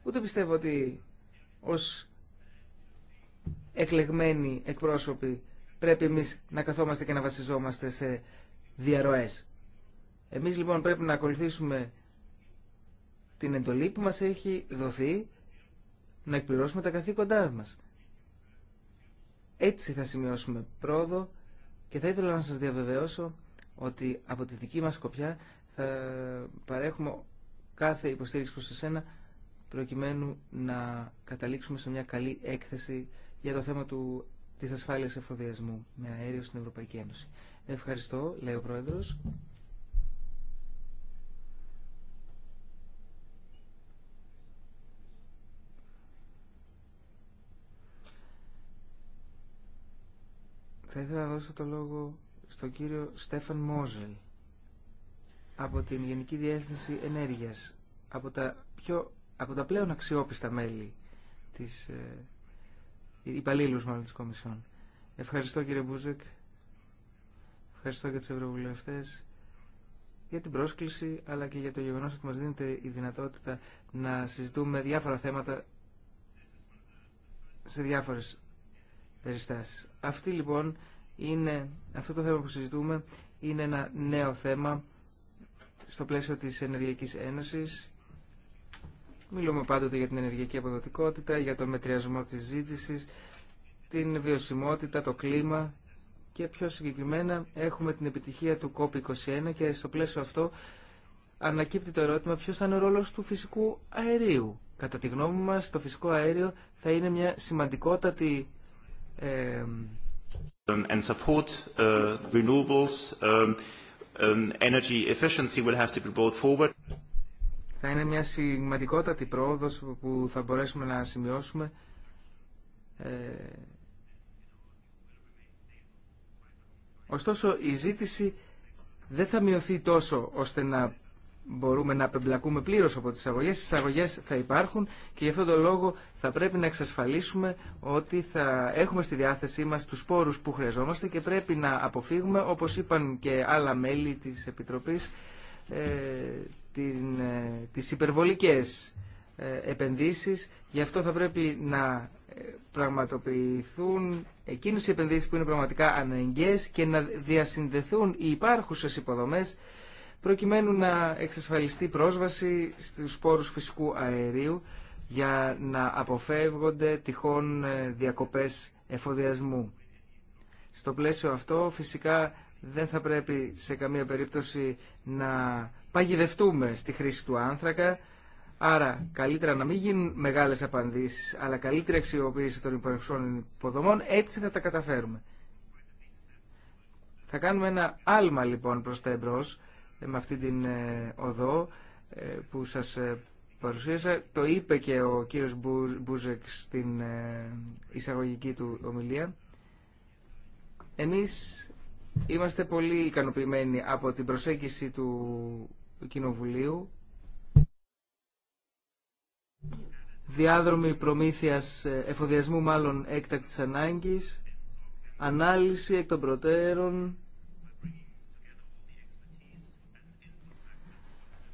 Ούτε πιστεύω ότι ως εκλεγμένοι εκπρόσωποι πρέπει εμείς να καθόμαστε και να βασιζόμαστε σε διαρροές. Εμείς λοιπόν πρέπει να ακολουθήσουμε την εντολή που μας έχει δοθεί να εκπληρώσουμε τα καθήκοντά μας. Έτσι θα σημειώσουμε πρόοδο και θα ήθελα να σας διαβεβαιώσω ότι από τη δική μας κοπιά θα παρέχουμε κάθε υποστήριξη προς εσένα προκειμένου να καταλήξουμε σε μια καλή έκθεση για το θέμα του, της ασφάλειας εφοδιασμού με αέριο στην Ευρωπαϊκή Ένωση. Ευχαριστώ, λέει ο Πρόεδρος. Θα ήθελα να δώσω το λόγο στον κύριο Στέφαν Μόζελ από την Γενική Διεύθυνση Ενέργειας, από τα, πιο, από τα πλέον αξιόπιστα μέλη της ε, υπαλλήλου μάλλον της Κομισιόν. Ευχαριστώ κύριε Μπούζεκ, ευχαριστώ και του ευρωβουλευτές για την πρόσκληση αλλά και για το γεγονός ότι μας δίνεται η δυνατότητα να συζητούμε διάφορα θέματα σε διάφορες περιστάσεις. Αυτή λοιπόν είναι, αυτό το θέμα που συζητούμε είναι ένα νέο θέμα στο πλαίσιο της Ενεργειακής Ένωσης Μιλούμε πάντοτε για την ενεργειακή αποδοτικότητα, για τον μετριασμό της ζήτησης, την βιωσιμότητα, το κλίμα και πιο συγκεκριμένα έχουμε την επιτυχία του COP21 και στο πλαίσιο αυτό ανακύπτει το ερώτημα ποιος θα είναι ο ρόλος του φυσικού αερίου. Κατά τη γνώμη μας το φυσικό αέριο θα είναι μια σημαντικότατη support uh, renewables um, um, energy efficiency will have to forward θα είναι μια σημαντικότατη πρόοδος που θα μπορέσουμε να σημειώσουμε ε, Ωστόσο η ζήτηση δεν θα μειωθεί τόσο ώστε να μπορούμε να απεμπλακούμε πλήρως από τις αγωγέ. Οι αγωγέ θα υπάρχουν και γι' αυτόν τον λόγο θα πρέπει να εξασφαλίσουμε ότι θα έχουμε στη διάθεσή μα τους πόρου που χρειαζόμαστε και πρέπει να αποφύγουμε, όπω είπαν και άλλα μέλη της ε, την, ε, τις υπερβολικές ε, επενδύσεις. Γι' αυτό θα πρέπει να ε, πραγματοποιηθούν εκείνες οι επενδύσεις που είναι πραγματικά αναγκαίες και να διασυνδεθούν οι υπάρχουσες υποδομές προκειμένου να εξασφαλιστεί πρόσβαση στους πόρους φυσικού αερίου για να αποφεύγονται τυχόν διακοπές εφοδιασμού. Στο πλαίσιο αυτό φυσικά δεν θα πρέπει σε καμία περίπτωση να παγιδευτούμε στη χρήση του άνθρακα. Άρα καλύτερα να μην γίνουν μεγάλες απαντήσεις, αλλά καλύτερη αξιοποίηση των υποδομών, έτσι θα τα καταφέρουμε. Θα κάνουμε ένα άλμα λοιπόν προς τα εμπρός, ε, με αυτή την ε, οδό ε, που σας παρουσίασα. Το είπε και ο κύριος Μπούζεκ στην εισαγωγική του ομιλία. Εμείς Είμαστε πολύ ικανοποιημένοι από την προσέγγιση του Κοινοβουλίου. Διάδρομη προμήθειας ε, εφοδιασμού μάλλον έκτακτης ανάγκης. Ανάλυση εκ των προτέρων.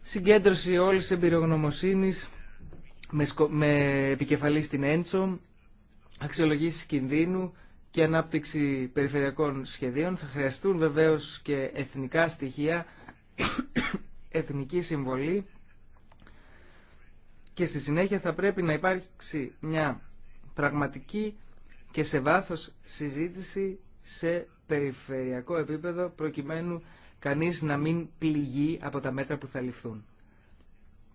Συγκέντρωση όλης της εμπειρογνωμοσύνης με επικεφαλή την Έντσο. αξιολογήσει κινδύνου και ανάπτυξη περιφερειακών σχεδίων θα χρειαστούν βεβαίως και εθνικά στοιχεία, εθνική συμβολή και στη συνέχεια θα πρέπει να υπάρξει μια πραγματική και σε βάθος συζήτηση σε περιφερειακό επίπεδο προκειμένου κανείς να μην πληγεί από τα μέτρα που θα ληφθούν.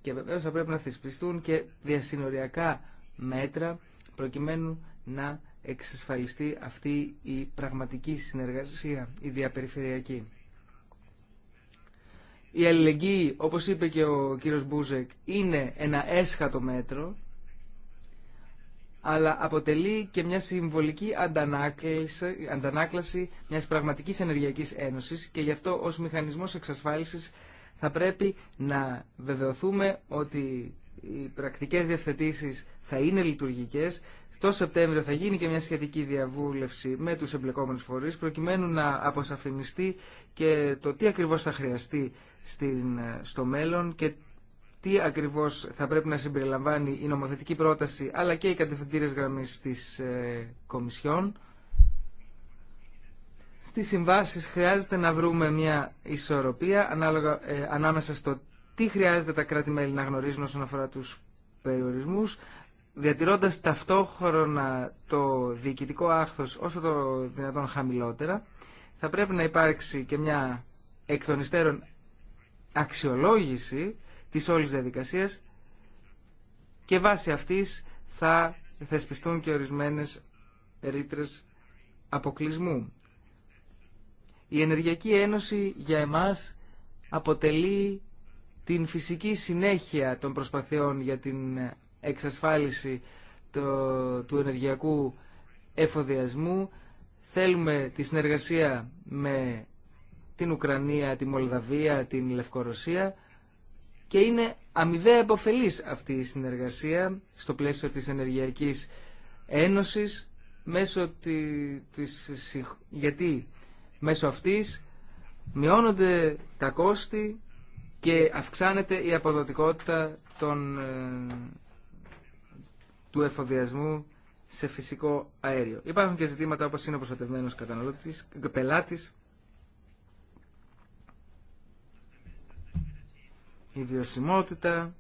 Και βεβαίως θα πρέπει να θυσπιστούν και διασυνοριακά μέτρα προκειμένου να εξασφαλιστεί αυτή η πραγματική συνεργασία, η διαπεριφερειακή. Η αλληλεγγύη, όπως είπε και ο κύριος Μπούζεκ, είναι ένα έσχατο μέτρο, αλλά αποτελεί και μια συμβολική αντανάκλαση, αντανάκλαση μιας πραγματικής ενεργειακής ένωσης και γι' αυτό ως μηχανισμός εξασφάλισης θα πρέπει να βεβαιωθούμε ότι οι πρακτικές διευθετήσεις θα είναι λειτουργικές το Σεπτέμβριο θα γίνει και μια σχετική διαβούλευση με τους εμπλεκόμενους φορείς προκειμένου να αποσαφινιστεί και το τι ακριβώς θα χρειαστεί στην, στο μέλλον και τι ακριβώς θα πρέπει να συμπεριλαμβάνει η νομοθετική πρόταση αλλά και οι κατευθυντήρες γραμμές της ε, Κομισιόν. Στις συμβάσεις χρειάζεται να βρούμε μια ισορροπία ανάλογα, ε, ανάμεσα στο τι χρειάζεται τα κράτη-μέλη να γνωρίζουν όσον αφορά τους περιορισμούς διατηρώντας ταυτόχρονα το διοικητικό άχθος όσο το δυνατόν χαμηλότερα, θα πρέπει να υπάρξει και μια εκ των υστέρων αξιολόγηση της όλης διαδικασίας και βάσει αυτής θα θεσπιστούν και ορισμένες ρήτρες αποκλεισμού. Η Ενεργειακή Ένωση για εμάς αποτελεί την φυσική συνέχεια των προσπαθειών για την εξασφάλιση του ενεργειακού εφοδιασμού. Θέλουμε τη συνεργασία με την Ουκρανία, τη Μολδαβία, την Λευκορωσία και είναι αμοιβαία επωφελής αυτή η συνεργασία στο πλαίσιο της Ενεργειακής Ένωσης μέσω της, γιατί μέσω αυτής μειώνονται τα κόστη και αυξάνεται η αποδοτικότητα των ε, του εφοδιασμού σε φυσικό αέριο. Υπάρχουν και ζητήματα όπως είναι ο προστατευμένος καταναλώτης, πελάτης, η βιωσιμότητα,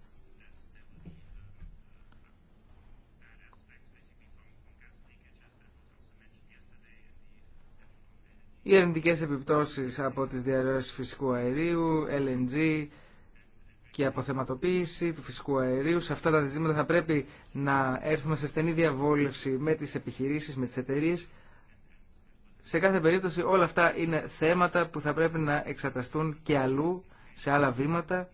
οι ερευνητικέ επιπτώσεις από τις διαρροές φυσικού αερίου, LNG, και αποθεματοποίηση του φυσικού αερίου. Σε αυτά τα ζητήματα θα πρέπει να έρθουμε σε στενή διαβόλευση με τις επιχειρήσεις, με τις εταιρείε. Σε κάθε περίπτωση όλα αυτά είναι θέματα που θα πρέπει να εξαταστούν και αλλού, σε άλλα βήματα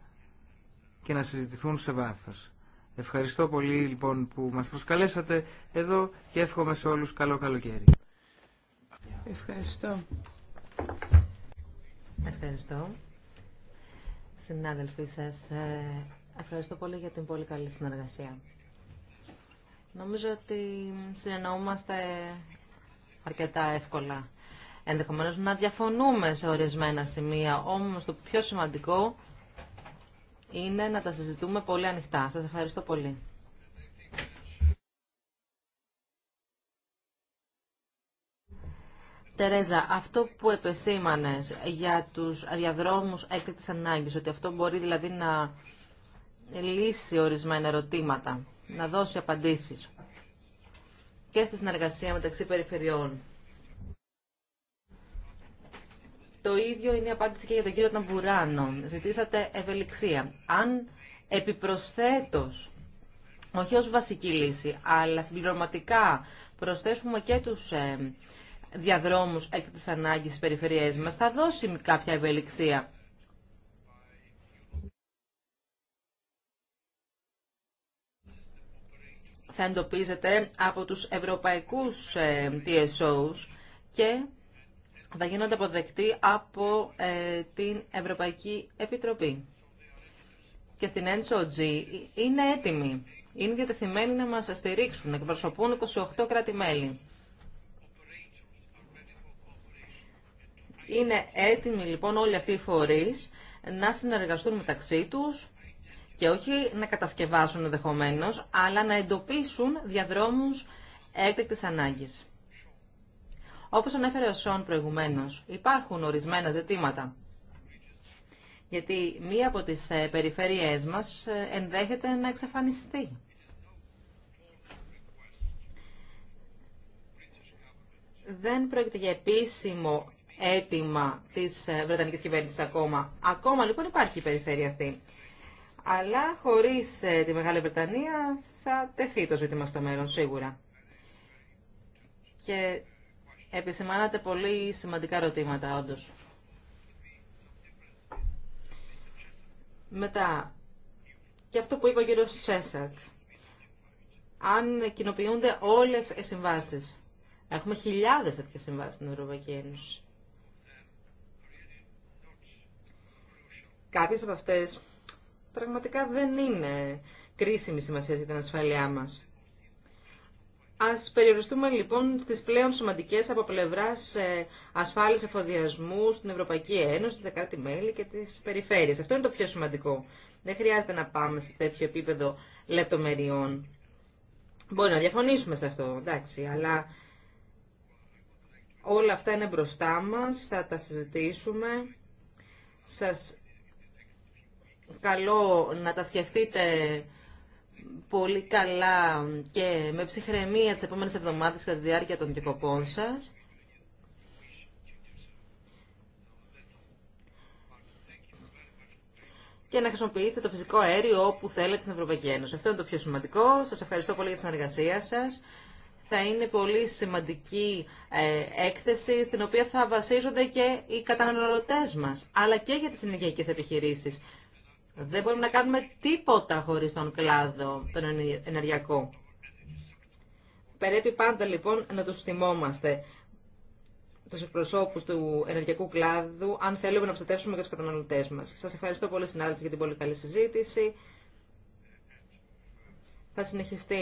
και να συζητηθούν σε βάθος. Ευχαριστώ πολύ λοιπόν που μας προσκαλέσατε εδώ και εύχομαι σε όλους καλό καλοκαίρι. Ευχαριστώ. Ευχαριστώ συνάδελφοι σας. Ε, ευχαριστώ πολύ για την πολύ καλή συνεργασία. Νομίζω ότι συνεννοούμαστε αρκετά εύκολα. Ενδεχομένως να διαφωνούμε σε ορισμένα σημεία, όμως το πιο σημαντικό είναι να τα συζητούμε πολύ ανοιχτά. Σας ευχαριστώ πολύ. Τερέζα, αυτό που επεσήμανες για τους διαδρόμους έκτακτη ανάγκης, ότι αυτό μπορεί δηλαδή να λύσει ορισμένα ερωτήματα, να δώσει απαντήσεις και στη συνεργασία μεταξύ περιφερειών. Το ίδιο είναι η απάντηση και για τον κύριο Ταμπουράνο. Ζητήσατε ευελιξία. Αν επιπροσθέτως, όχι ως βασική λύση, αλλά συμπληρωματικά προσθέσουμε και τους ε, διαδρόμους της ανάγκης στις περιφερειές μας, θα δώσει κάποια ευελιξία. θα εντοπίζεται από τους ευρωπαϊκούς ε, TSOs και θα γίνονται αποδεκτοί από ε, την Ευρωπαϊκή Επιτροπή. Και στην NSOG είναι έτοιμοι, είναι διατεθειμένοι να μας στηρίξουν, εκπροσωπούν 28 κράτη-μέλη. Είναι έτοιμοι λοιπόν όλοι αυτοί οι φορείς να συνεργαστούν μεταξύ τους και όχι να κατασκευάσουν ενδεχομένω, αλλά να εντοπίσουν διαδρόμους έκτακτη ανάγκης. Όπως ανέφερε ο Σον προηγουμένως, υπάρχουν ορισμένα ζητήματα. Γιατί μία από τις ε, περιφέρειές μας ε, ενδέχεται να εξαφανιστεί. Δεν πρόκειται για επίσημο αίτημα της ε, Βρετανικής κυβέρνησης ακόμα. Ακόμα λοιπόν υπάρχει η περιφέρεια αυτή. Αλλά χωρίς ε, τη Μεγάλη Βρετανία θα τεθεί το ζήτημα στο μέλλον σίγουρα. Και επισημάνατε πολύ σημαντικά ερωτήματα όντω. Μετά, και αυτό που είπε ο κύριο Τσέσακ, αν κοινοποιούνται όλες οι συμβάσεις. Έχουμε χιλιάδες τέτοιε συμβάσει στην Ευρωπαϊκή Ένωση. Κάποιε από αυτές πραγματικά δεν είναι κρίσιμη σημασία για την ασφαλειά μας. Ας περιοριστούμε λοιπόν στις πλέον σημαντικέ από πλευράς ε, ασφάλεια εφοδιασμού στην Ευρωπαϊκή Ένωση, τα κράτη-μέλη και τις περιφέρειες. Αυτό είναι το πιο σημαντικό. Δεν χρειάζεται να πάμε σε τέτοιο επίπεδο λεπτομεριών. Μπορεί να διαφωνήσουμε σε αυτό, εντάξει, αλλά όλα αυτά είναι μπροστά μας, θα τα συζητήσουμε. Σας καλό να τα σκεφτείτε πολύ καλά και με ψυχραιμία τις επόμενες εβδομάδες κατά τη διάρκεια των δικοπών σας. και να χρησιμοποιήσετε το φυσικό αέριο όπου θέλετε στην Ευρωπαϊκή Ένωση. Αυτό είναι το πιο σημαντικό. Σας ευχαριστώ πολύ για τη συνεργασία σας. Θα είναι πολύ σημαντική ε, έκθεση στην οποία θα βασίζονται και οι καταναλωτές μας, αλλά και για τις ενεργειακές επιχειρήσεις. Δεν μπορούμε να κάνουμε τίποτα χωρίς τον κλάδο, τον ενεργειακό. Πρέπει πάντα λοιπόν να τους θυμόμαστε τους εκπροσώπους του ενεργειακού κλάδου, αν θέλουμε να προστατεύσουμε και τους καταναλωτές μας. Σας ευχαριστώ πολύ συνάδελφοι για την πολύ καλή συζήτηση. Θα συνεχιστεί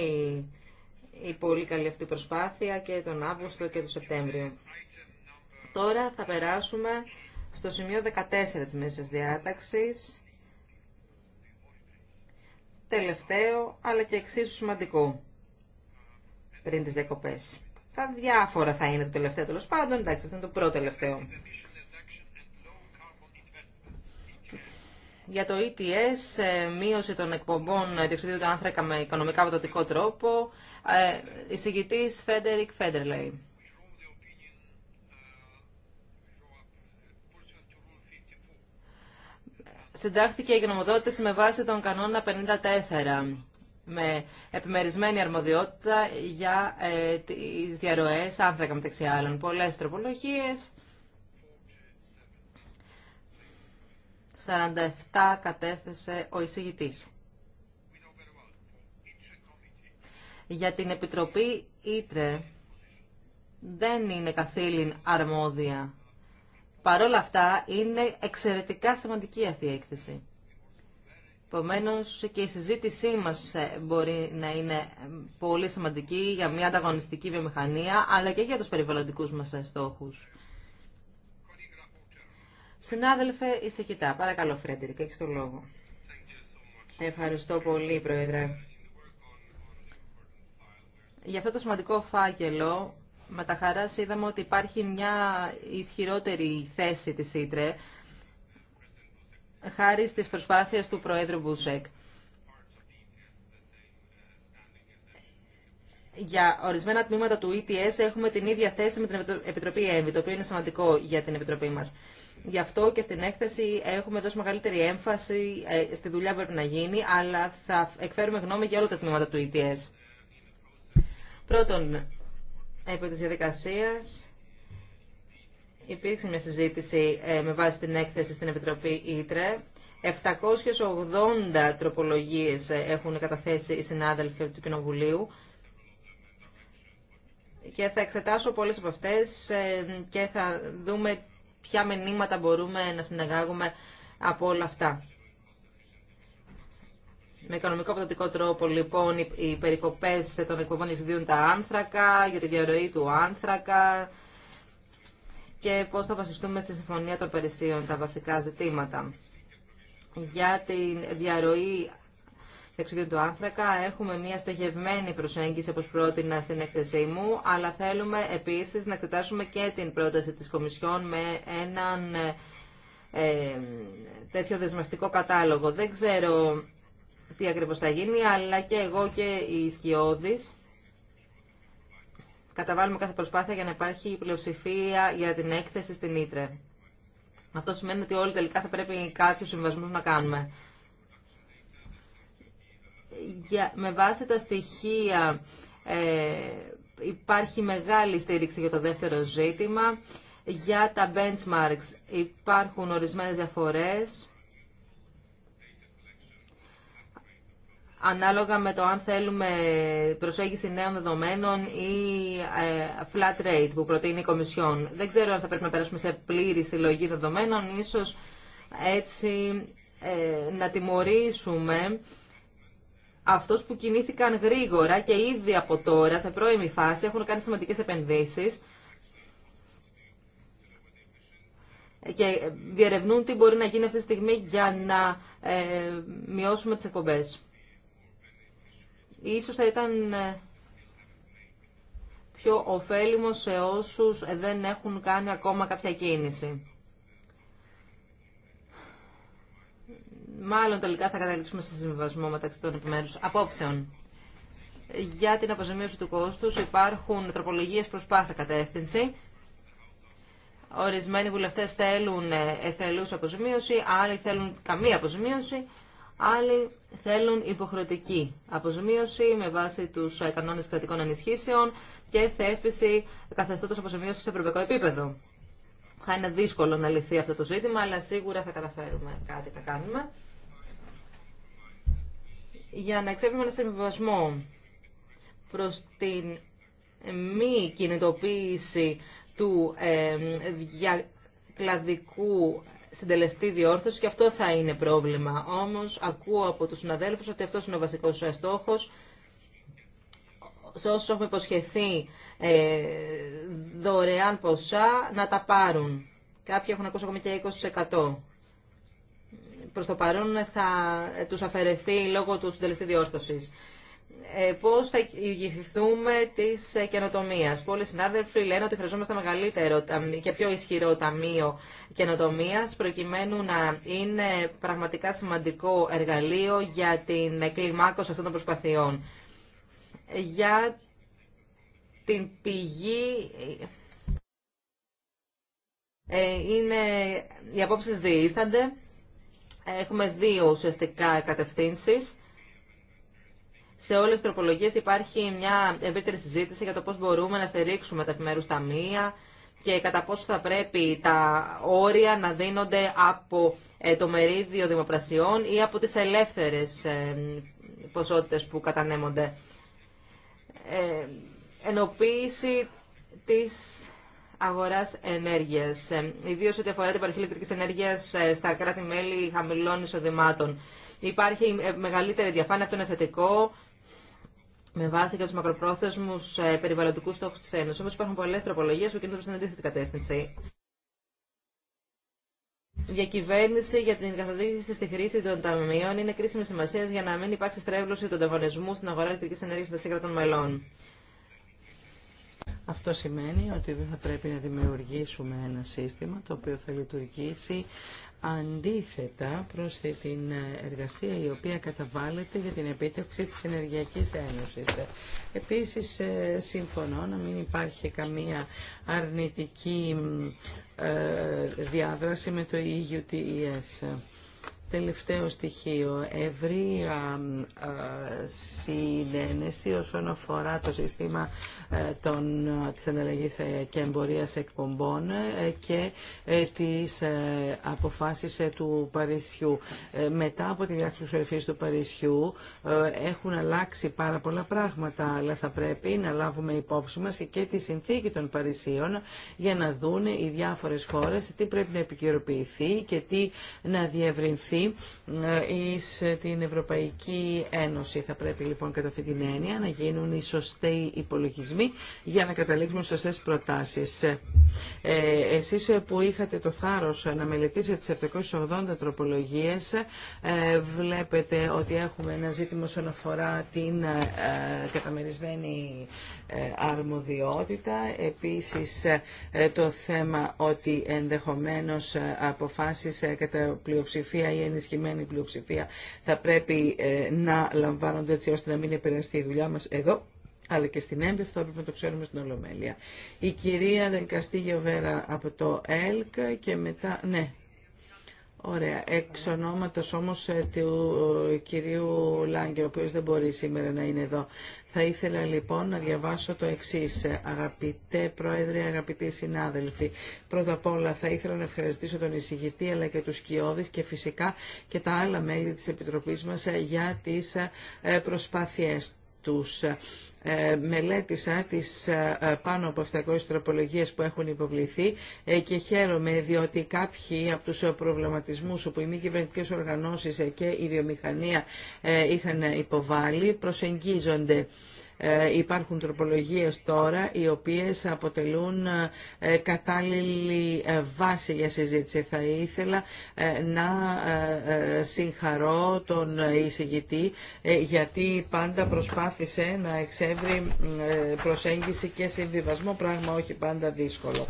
η πολύ καλή αυτή προσπάθεια και τον Αύγουστο και τον Σεπτέμβριο. Τώρα θα περάσουμε στο σημείο 14 της μέσης διάταξης τελευταίο αλλά και εξίσου σημαντικό πριν τις διακοπές. Τα διάφορα θα είναι το τελευταίο τέλο πάντων, εντάξει αυτό είναι το πρώτο τελευταίο. Για το ETS, ε, μείωση των εκπομπών διοξιδίου του άνθρακα με οικονομικά αποδοτικό τρόπο, ε, εισηγητής Φέντερικ Φέντερλεϊ. συντάχθηκε η γνωμοδότηση με βάση τον κανόνα 54 με επιμερισμένη αρμοδιότητα για ε, τις διαρροές άνθρακα μεταξύ άλλων. Πολλές τροπολογίες, 47 κατέθεσε ο εισηγητής. Για την Επιτροπή Ήτρε δεν είναι καθήλυν αρμόδια Παρ' όλα αυτά, είναι εξαιρετικά σημαντική αυτή η έκθεση. Επομένω και η συζήτησή μα ε, μπορεί να είναι ε, πολύ σημαντική για μια ανταγωνιστική βιομηχανία, αλλά και για του περιβαλλοντικού μα ε, στόχου. Συνάδελφε κοιτά. παρακαλώ Φρέντερικ, έχει το λόγο. Ευχαριστώ πολύ, Πρόεδρε. Για αυτό το σημαντικό φάκελο με τα είδαμε ότι υπάρχει μια ισχυρότερη θέση της ΙΤΡΕ χάρη στις προσπάθειες του Προέδρου Μπουσέκ. Για ορισμένα τμήματα του ETS έχουμε την ίδια θέση με την Επιτροπή ΕΜΒΗ, το οποίο είναι σημαντικό για την Επιτροπή μας. Γι' αυτό και στην έκθεση έχουμε δώσει μεγαλύτερη έμφαση ε, στη δουλειά που πρέπει να γίνει, αλλά θα εκφέρουμε γνώμη για όλα τα τμήματα του ETS. Πρώτον, Επί της διαδικασίας υπήρξε μια συζήτηση ε, με βάση την έκθεση στην Επιτροπή Ήτρε. 780 τροπολογίες ε, έχουν καταθέσει οι συνάδελφοι του Κοινοβουλίου και θα εξετάσω πολλές από αυτές ε, και θα δούμε ποια μηνύματα μπορούμε να συνεγάγουμε από όλα αυτά. Με οικονομικό αποδοτικό τρόπο λοιπόν οι περικοπέ των εκπομπών εξουδίων τα άνθρακα, για τη διαρροή του άνθρακα και πώ θα βασιστούμε στη Συμφωνία των Περισσίων, τα βασικά ζητήματα. Για τη διαρροή εξουδίων του άνθρακα έχουμε μια στοχευμένη προσέγγιση όπω πρότεινα στην έκθεσή μου, αλλά θέλουμε επίση να εξετάσουμε και την πρόταση τη Κομισιόν με έναν ε, τέτοιο δεσμευτικό κατάλογο. Δεν ξέρω τι ακριβώς θα γίνει, αλλά και εγώ και οι Σκιώδης καταβάλουμε κάθε προσπάθεια για να υπάρχει πλειοψηφία για την έκθεση στην Ήτρε. Αυτό σημαίνει ότι όλοι τελικά θα πρέπει κάποιους συμβασμούς να κάνουμε. Για, με βάση τα στοιχεία ε, υπάρχει μεγάλη στήριξη για το δεύτερο ζήτημα. Για τα benchmarks υπάρχουν ορισμένες διαφορές. ανάλογα με το αν θέλουμε προσέγγιση νέων δεδομένων ή ε, flat rate που προτείνει η Κομισιόν. Δεν ξέρω αν θα πρέπει να περάσουμε σε πλήρη συλλογή δεδομένων, ίσως έτσι ε, να τιμωρήσουμε αυτούς που κινήθηκαν γρήγορα και ήδη από τώρα, σε πρώιμη φάση, έχουν κάνει σημαντικές επενδύσεις και διερευνούν τι μπορεί να γίνει αυτή τη στιγμή για να ε, μειώσουμε τις εκπομπές. Ίσως θα ήταν ε, πιο ωφέλιμο σε όσους δεν έχουν κάνει ακόμα κάποια κίνηση. Μάλλον τελικά θα καταλήξουμε σε συμβιβασμό μεταξύ των επιμέρους απόψεων. Για την αποζημίωση του κόστους υπάρχουν τροπολογίες προς πάσα κατεύθυνση. Ορισμένοι βουλευτές θέλουν ε, εθελούς αποζημίωση, άλλοι θέλουν καμία αποζημίωση. Άλλοι θέλουν υποχρεωτική αποζημίωση με βάση τους κανόνες κρατικών ενισχύσεων και θέσπιση καθεστώτος αποζημίωσης σε ευρωπαϊκό επίπεδο. Θα είναι δύσκολο να λυθεί αυτό το ζήτημα, αλλά σίγουρα θα καταφέρουμε κάτι να κάνουμε. Για να εξεύρουμε ένα συμβιβασμό προς την μη κινητοποίηση του ε, διακλαδικού συντελεστή διόρθωση και αυτό θα είναι πρόβλημα. Όμως ακούω από τους συναδέλφου ότι αυτό είναι ο βασικός στόχος. Σε όσου έχουμε υποσχεθεί ε, δωρεάν ποσά να τα πάρουν. Κάποιοι έχουν ακούσει ακόμη και 20%. Προς το παρόν θα τους αφαιρεθεί λόγω του συντελεστή διόρθωσης. Ε, Πώ θα ηγηθούμε της ε, καινοτομία. Πολλοί συνάδελφοι λένε ότι χρειαζόμαστε μεγαλύτερο και πιο ισχυρό ταμείο καινοτομία, προκειμένου να είναι πραγματικά σημαντικό εργαλείο για την κλιμάκωση αυτών των προσπαθειών. Για την πηγή ε, είναι, οι απόψεις διήστανται. Έχουμε δύο ουσιαστικά κατευθύνσεις σε όλες τι τροπολογίες υπάρχει μια ευρύτερη συζήτηση για το πώς μπορούμε να στηρίξουμε τα επιμέρου ταμεία και κατά πόσο θα πρέπει τα όρια να δίνονται από ε, το μερίδιο δημοπρασιών ή από τις ελεύθερες ε, ποσότητες που κατανέμονται. Ε, ενοποίηση της αγοράς ενέργειας, ε, ιδίως ό,τι αφορά την παροχή ηλεκτρικής ενέργειας ε, στα κράτη-μέλη χαμηλών εισοδημάτων. Υπάρχει μεγαλύτερη διαφάνεια, αυτό είναι θετικό με βάση και του μακροπρόθεσμου ε, περιβαλλοντικού στόχου τη Ένωση. Όμω υπάρχουν πολλέ τροπολογίε που κινούνται στην την αντίθετη κατεύθυνση. Η διακυβέρνηση για την καθοδήγηση στη χρήση των ταμείων είναι κρίσιμη σημασία για να μην υπάρξει στρέβλωση του ανταγωνισμού στην αγορά ηλεκτρική ενέργεια των σύγκρατων μελών. Αυτό σημαίνει ότι δεν θα πρέπει να δημιουργήσουμε ένα σύστημα το οποίο θα λειτουργήσει αντίθετα προς την εργασία η οποία καταβάλλεται για την επίτευξη της Ενεργειακής Ένωσης. Επίσης, ε, συμφωνώ να μην υπάρχει καμία αρνητική ε, διάδραση με το EUTES. Τελευταίο στοιχείο, ευρία ε, συνένεση όσον αφορά το σύστημα ε, των, ε, της ανταλλαγής και εμπορίας εκπομπών και τις αποφάσεις του Παρισιού. Μετά από τη διάσκεψη του Παρισιού έχουν αλλάξει πάρα πολλά πράγματα, αλλά θα πρέπει να λάβουμε υπόψη μας και τη συνθήκη των Παρισίων για να δουν οι διάφορες χώρες τι πρέπει να επικαιροποιηθεί και τι να διευρυνθεί εισαχθεί ε, ε, την Ευρωπαϊκή Ένωση. Θα πρέπει λοιπόν κατά αυτή την έννοια να γίνουν οι σωστοί υπολογισμοί για να καταλήξουμε σωστέ προτάσεις. Ε, ε εσείς που είχατε το θάρρος να μελετήσετε τις 780 τροπολογίες ε, βλέπετε ότι έχουμε ένα ζήτημα όσον αφορά την καταμερισμένη αρμοδιότητα. Επίσης το θέμα ότι ενδεχομένως αποφάσεις κατά πλειοψηφία ενισχυμένη πλειοψηφία θα πρέπει ε, να λαμβάνονται έτσι ώστε να μην επηρεαστεί η δουλειά μας εδώ αλλά και στην ΕΜΠΕ, αυτό πρέπει να το ξέρουμε στην Ολομέλεια. Η κυρία Καστίγιο Βέρα από το ΕΛΚ και μετά... Ναι, Ωραία. Εξ ονόματο όμως ε, του ε, κυρίου Λάγκε, ο οποίο δεν μπορεί σήμερα να είναι εδώ. Θα ήθελα λοιπόν να διαβάσω το εξή, Αγαπητέ Πρόεδρε, αγαπητοί συνάδελφοι, πρώτα απ' όλα θα ήθελα να ευχαριστήσω τον εισηγητή αλλά και τους κοιόδης και φυσικά και τα άλλα μέλη της Επιτροπής μας ε, για τις προσπάθειές τους. Ε, μελέτησα τις ε, ε, πάνω από 700 τροπολογίες που έχουν υποβληθεί και χαίρομαι διότι κάποιοι από τους προβληματισμούς που οι μη κυβερνητικέ οργανώσεις και η βιομηχανία είχαν υποβάλει προσεγγίζονται. Ε, υπάρχουν τροπολογίες τώρα οι οποίες αποτελούν ε, κατάλληλη ε, βάση για συζήτηση. Θα ήθελα να συγχαρώ τον εισηγητή γιατί πάντα προσπάθησε να εξεύρει προσέγγιση και συμβιβασμό, πράγμα όχι πάντα δύσκολο.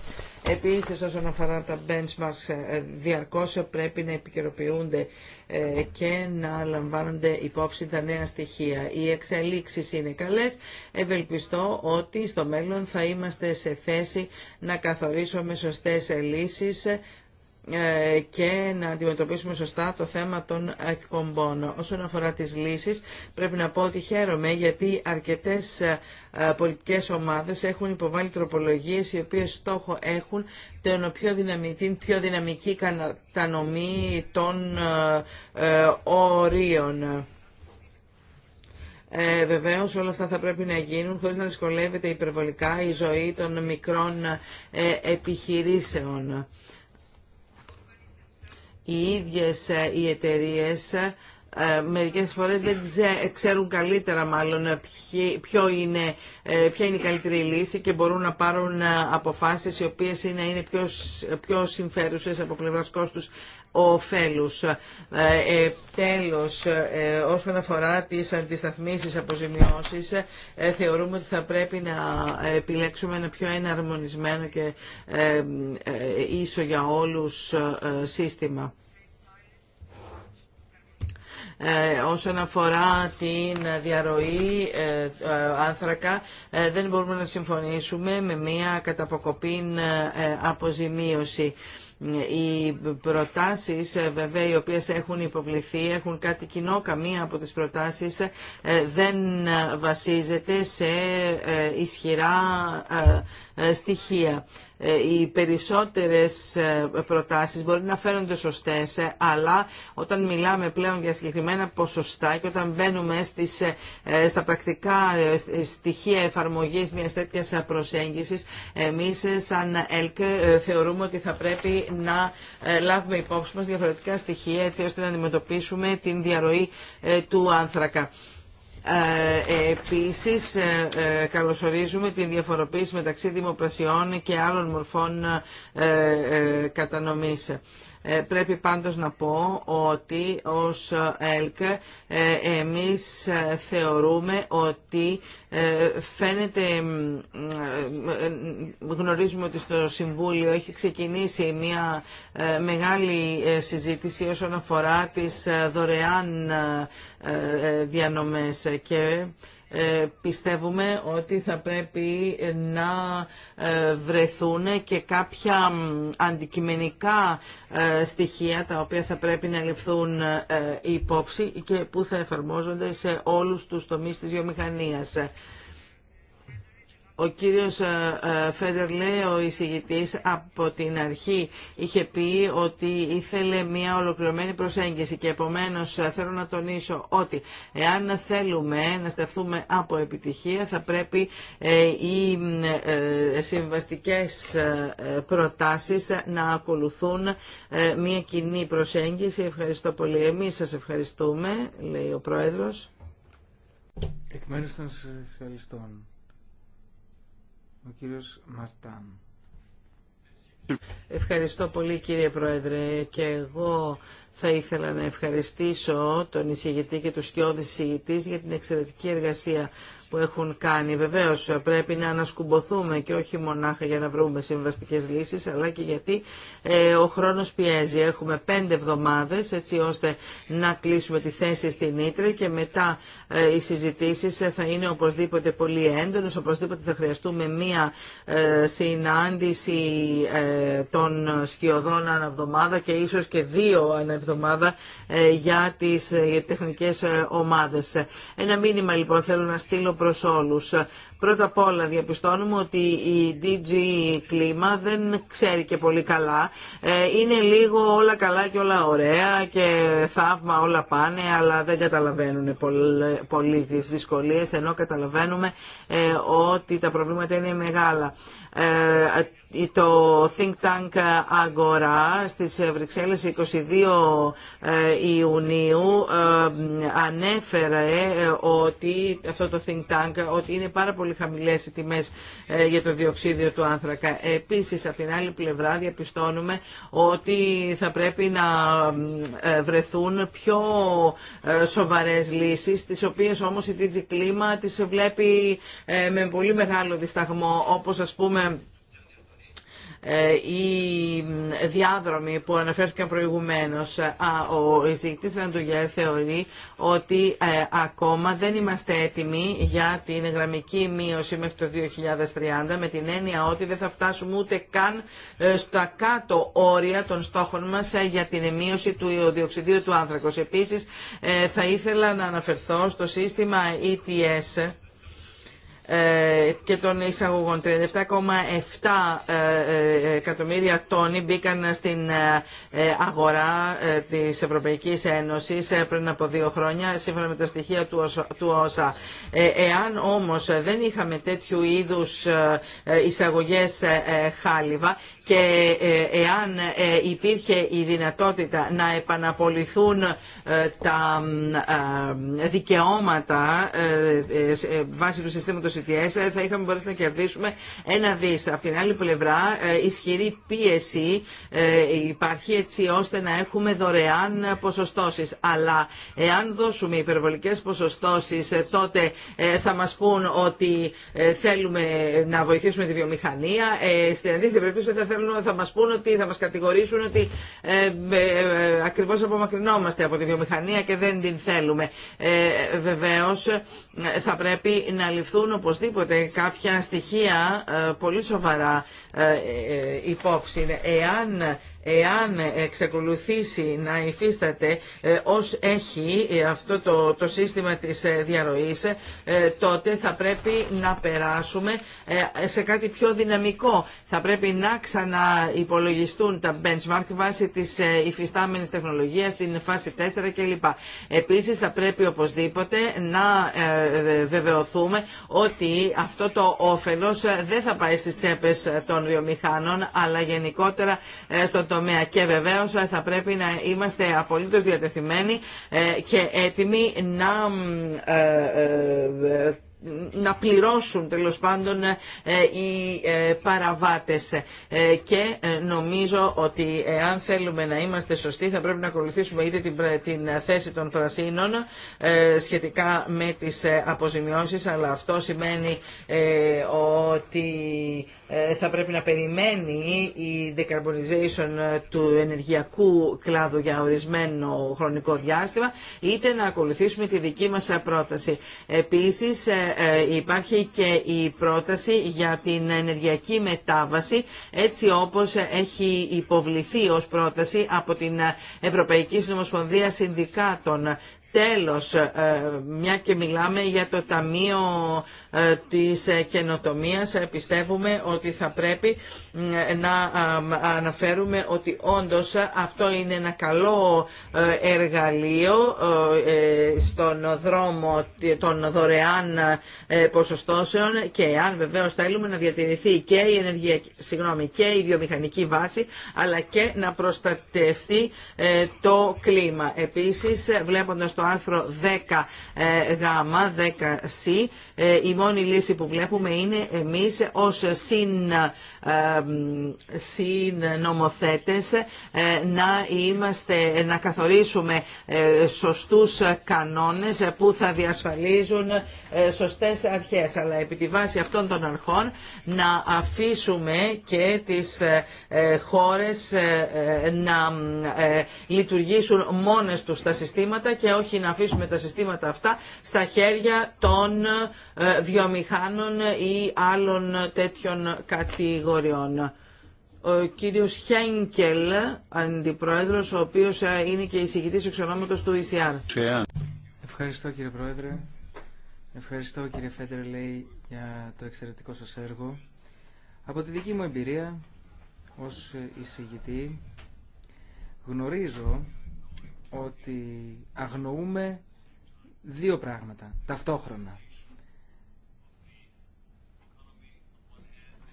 Επίσης όσον αφορά τα benchmarks διαρκώς πρέπει να επικαιροποιούνται ε, και να λαμβάνονται υπόψη τα νέα στοιχεία. Οι εξελίξεις είναι καλές. Ευελπιστώ ότι στο μέλλον θα είμαστε σε θέση να καθορίσουμε σωστές λύσεις ε, και να αντιμετωπίσουμε σωστά το θέμα των εκπομπών. Όσον αφορά τις λύσεις, πρέπει να πω ότι χαίρομαι γιατί αρκετές ε, πολιτικές ομάδες έχουν υποβάλει τροπολογίες οι οποίες στόχο έχουν την πιο δυναμική, πιο δυναμική κατανομή των ε, ορίων. Ε, Βεβαίω όλα αυτά θα πρέπει να γίνουν χωρίς να δυσκολεύεται υπερβολικά η ζωή των μικρών επιχειρήσεων οι ίδιες ε, οι εταιρείες ε, μερικές φορές δεν ξέρουν καλύτερα μάλλον ε, είναι, ε, ποια είναι η καλύτερη λύση και μπορούν να πάρουν ε, αποφάσεις οι οποίες είναι, είναι πιο, πιο συμφέρουσες από πλευράς κόστους οφέλους. Ε, τέλος, όσον αφορά τις αντισταθμίσεις αποζημιώσεις, θεωρούμε ότι θα πρέπει να επιλέξουμε ένα πιο εναρμονισμένο και ίσο για όλους σύστημα. Ε, όσον αφορά την διαρροή ε, ε, άνθρακα δεν μπορούμε να συμφωνήσουμε με μια καταποκοπήν αποζημίωση. Οι προτάσεις βέβαια οι οποίες έχουν υποβληθεί έχουν κάτι κοινό. Καμία από τις προτάσεις δεν βασίζεται σε ισχυρά ε, στοιχεία. Ε, οι περισσότερες ε, προτάσεις μπορεί να φαίνονται σωστές, αλλά όταν μιλάμε πλέον για συγκεκριμένα ποσοστά και όταν μπαίνουμε στις, στα πρακτικά στοιχεία εφαρμογής μιας τέτοιας προσέγγισης, εμείς σαν ΕΛΚ θεωρούμε ότι θα πρέπει να λάβουμε υπόψη μας διαφορετικά στοιχεία έτσι ώστε να αντιμετωπίσουμε την διαρροή του άνθρακα. Ε, επίσης, ε, ε, καλωσορίζουμε τη διαφοροποίηση μεταξύ δημοπρασιών και άλλων μορφών κατανομής. Ε, πρέπει πάντως να πω ότι ως ε, ΕΛΚ ε, εμείς θεωρούμε ότι φαίνεται, γνωρίζουμε ότι στο Συμβούλιο έχει ξεκινήσει μια μεγάλη συζήτηση όσον αφορά τις δωρεάν διανομές και ε, πιστεύουμε ότι θα πρέπει να ε, βρεθούν και κάποια αντικειμενικά ε, στοιχεία τα οποία θα πρέπει να ληφθούν υπόψη και που θα εφαρμόζονται σε όλους τους τομείς της βιομηχανίας. Ο κύριος ε, ε, λέει, ο εισηγητής, από την αρχή είχε πει ότι ήθελε μια ολοκληρωμένη προσέγγιση και επομένως ε, θέλω να τονίσω ότι εάν θέλουμε να στεφθούμε από επιτυχία θα πρέπει οι συμβαστικές προτάσεις να ακολουθούν μια κοινή προσέγγιση. Ευχαριστώ πολύ. Εμείς σας ευχαριστούμε, λέει ο Πρόεδρος. Ευχαριστώ πολύ κύριε Πρόεδρε και εγώ θα ήθελα να ευχαριστήσω τον εισηγητή και τους σκιώδης εισηγητής για την εξαιρετική εργασία που έχουν κάνει. Βεβαίω πρέπει να ανασκουμποθούμε και όχι μονάχα για να βρούμε συμβαστικέ λύσεις, αλλά και γιατί ε, ο χρόνος πιέζει. Έχουμε πέντε εβδομάδες έτσι ώστε να κλείσουμε τη θέση στην Ήτρε και μετά ε, οι συζητήσει θα είναι οπωσδήποτε πολύ έντονε. οπωσδήποτε θα χρειαστούμε μία ε, συνάντηση των σκιωδών ανά εβδομάδα και ίσω και δύο ανά εβδομάδα για τις τεχνικές ομάδε. Ένα μήνυμα λοιπόν θέλω να στείλω προς όλους. Πρώτα απ' όλα διαπιστώνουμε ότι η DG κλίμα δεν ξέρει και πολύ καλά. Ε, είναι λίγο όλα καλά και όλα ωραία και θαύμα όλα πάνε, αλλά δεν καταλαβαίνουν πολύ τις δυσκολίες, ενώ καταλαβαίνουμε ε, ότι τα προβλήματα είναι μεγάλα. Ε, το Think Tank Αγορά στις Βρυξέλλες 22 ε, Ιουνίου ε, ανέφερε ότι αυτό το Think Tank ότι είναι πάρα πολύ χαμηλές οι τιμές για το διοξίδιο του άνθρακα. Επίσης από την άλλη πλευρά διαπιστώνουμε ότι θα πρέπει να βρεθούν πιο σοβαρές λύσεις τις οποίες όμως η DG Κλίμα τις βλέπει με πολύ μεγάλο δισταγμό όπως ας πούμε ε, οι διάδρομοι που αναφέρθηκαν προηγουμένως ο εισηγητής Ραντουγιέρ θεωρεί ότι ε, ακόμα δεν είμαστε έτοιμοι για την γραμμική μείωση μέχρι το 2030 με την έννοια ότι δεν θα φτάσουμε ούτε καν ε, στα κάτω όρια των στόχων μας για την μείωση του διοξιδίου του άνθρακος. Επίσης θα ήθελα να αναφερθώ στο σύστημα ETS ε, και των εισαγωγών. 37,7 ε, ε, εκατομμύρια τόνοι μπήκαν στην αγορά της Ευρωπαϊκής Ένωσης πριν από δύο χρόνια, σύμφωνα με τα στοιχεία του ΩΣΑ. Εάν όμως δεν είχαμε τέτοιου είδους εισαγωγές χάλιβα, και ε, εάν ε, υπήρχε η δυνατότητα να επαναποληθούν ε, τα δικαιώματα βάσει του συστήματος ETS θα είχαμε μπορέσει να κερδίσουμε ένα δις. Από την άλλη πλευρά ισχυρή πίεση υπάρχει έτσι ώστε να έχουμε δωρεάν ποσοστώσεις. Αλλά εάν δώσουμε υπερβολικές ποσοστώσεις τότε θα μας πούν ότι θέλουμε να βοηθήσουμε τη βιομηχανία. Στην αντίθετη περίπτωση θα ε, θα μας πούν ότι θα μας κατηγορήσουν ότι ε, ε, ε, ακριβώς απομακρυνόμαστε από τη βιομηχανία και δεν την θέλουμε. Ε, θα πρέπει να ληφθούν οπωσδήποτε κάποια στοιχεία πολύ σοβαρά υπόψη. Εάν εάν εξακολουθήσει να υφίσταται ε, ως έχει ε, αυτό το, το σύστημα της ε, διαρροής, τότε θα πρέπει να περάσουμε σε κάτι πιο δυναμικό. Θα πρέπει να ξαναυπολογιστούν τα benchmark βάσει της υφιστάμενης τεχνολογίας την φάση 4 κλπ. Επίσης θα πρέπει οπωσδήποτε να βεβαιωθούμε ότι αυτό το όφελος δεν θα πάει στις τσέπες των βιομηχάνων, αλλά γενικότερα στον τομέα και βεβαίως ε, θα πρέπει να είμαστε απολύτως διατεθειμένοι ε, και έτοιμοι να ε, να πληρώσουν τέλος πάντων ε, οι ε, παραβάτες ε, και νομίζω ότι αν θέλουμε να είμαστε σωστοί θα πρέπει να ακολουθήσουμε είτε την θέση των πρασίνων σχετικά με τις αποζημιώσεις αλλά αυτό σημαίνει ότι θα πρέπει να περιμένει η decarbonization του ενεργειακού κλάδου για ορισμένο χρονικό διάστημα είτε να ακολουθήσουμε τη δική μας πρόταση. Επίσης ε, υπάρχει και η πρόταση για την ενεργειακή μετάβαση έτσι όπως έχει υποβληθεί ως πρόταση από την Ευρωπαϊκή Συνομοσπονδία Συνδικάτων. Τέλος, ε, μια και μιλάμε για το Ταμείο ε, της ε, Καινοτομίας, πιστεύουμε ότι θα πρέπει να αναφέρουμε ότι όντως αυτό είναι ένα καλό εργαλείο στον δρόμο των δωρεάν ποσοστώσεων και αν βεβαίως θέλουμε να διατηρηθεί και η, ενεργεια, συγγνώμη, και η βιομηχανική βάση αλλά και να προστατευτεί το κλίμα. Επίσης, βλέποντας στο άρθρο 10 ε, γάμα, 10 C. Ε, η μόνη λύση που βλέπουμε είναι εμείς ως συν συνομοθέτες ε, να, είμαστε, να καθορίσουμε ε, σωστούς κανόνες που θα διασφαλίζουν ε, σωστές αρχές. Αλλά επί τη βάση αυτών των αρχών να αφήσουμε και τις χώρες να λειτουργήσουν μόνες τους τα συστήματα και όχι να αφήσουμε τα συστήματα αυτά στα χέρια των βιομηχάνων ή άλλων τέτοιων κατηγοριών ο κύριος Χένκελ, αντιπρόεδρος, ο οποίος ε, είναι και εισηγητής εξονόματος του ECR. Ευχαριστώ κύριε Πρόεδρε. Ευχαριστώ κύριε Φέντερ για το εξαιρετικό σας έργο. Από τη δική μου εμπειρία ως εισηγητή γνωρίζω ότι αγνοούμε δύο πράγματα ταυτόχρονα.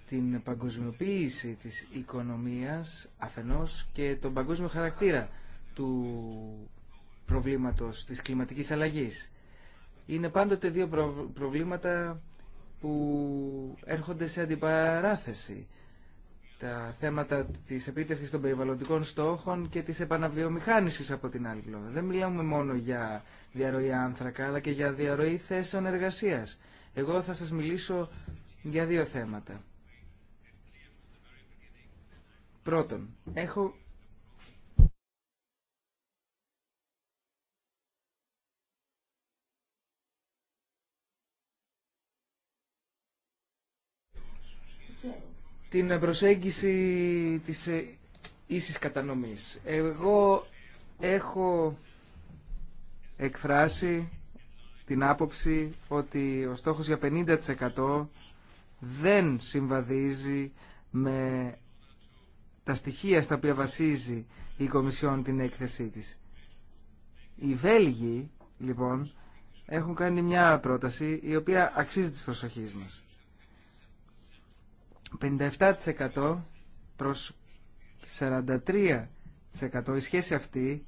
την παγκοσμιοποίηση της οικονομίας αφενός και τον παγκόσμιο χαρακτήρα του προβλήματος της κλιματικής αλλαγής. Είναι πάντοτε δύο προβλήματα που έρχονται σε αντιπαράθεση. Τα θέματα της επίτευξης των περιβαλλοντικών στόχων και της επαναβιομηχάνησης από την άλλη πλευρά. Δεν μιλάμε μόνο για διαρροή άνθρακα, αλλά και για διαρροή θέσεων εργασίας. Εγώ θα σας μιλήσω για δύο θέματα. Πρώτον, έχω την προσέγγιση της ε, ίσης κατανομής. Εγώ έχω εκφράσει την άποψη ότι ο στόχος για 50% δεν συμβαδίζει με τα στοιχεία στα οποία βασίζει η Κομισιόν την έκθεσή της. Οι Βέλγοι, λοιπόν, έχουν κάνει μια πρόταση η οποία αξίζει της προσοχής μας. 57% προς 43% η σχέση αυτή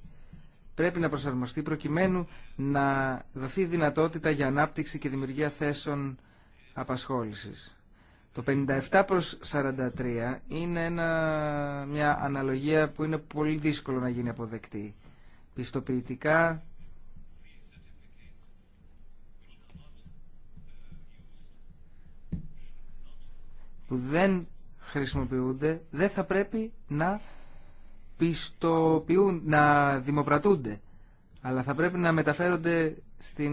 πρέπει να προσαρμοστεί προκειμένου να δοθεί δυνατότητα για ανάπτυξη και δημιουργία θέσεων απασχόλησης. Το 57 προς 43 είναι μια αναλογία που είναι πολύ δύσκολο να γίνει αποδεκτή. Πιστοποιητικά που δεν χρησιμοποιούνται δεν θα πρέπει να πιστοποιούν, να δημοπρατούνται αλλά θα πρέπει να μεταφέρονται στην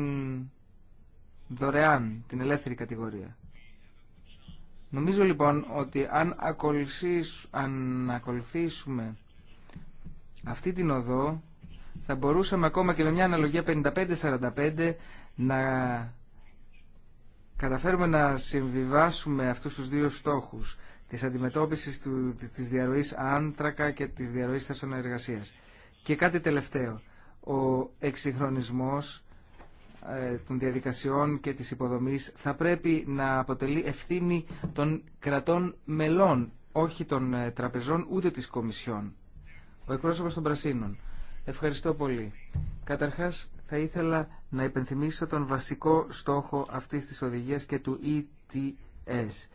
δωρεάν, την ελεύθερη κατηγορία. Νομίζω λοιπόν ότι αν, ακολουθήσουμε αυτή την οδό θα μπορούσαμε ακόμα και με μια αναλογία 55-45 να καταφέρουμε να συμβιβάσουμε αυτούς τους δύο στόχους της αντιμετώπισης του, της διαρροής άντρακα και της διαρροής θέσεων εργασίας. Και κάτι τελευταίο, ο εξυγχρονισμός ε, των διαδικασιών και της υποδομής θα πρέπει να αποτελεί ευθύνη των κρατών μελών, όχι των ε, τραπεζών ούτε της Κομισιόν. Ο εκπρόσωπος των Πρασίνων. Ευχαριστώ πολύ. Καταρχάς θα ήθελα να υπενθυμίσω τον βασικό στόχο αυτής της οδηγίας και του ETS.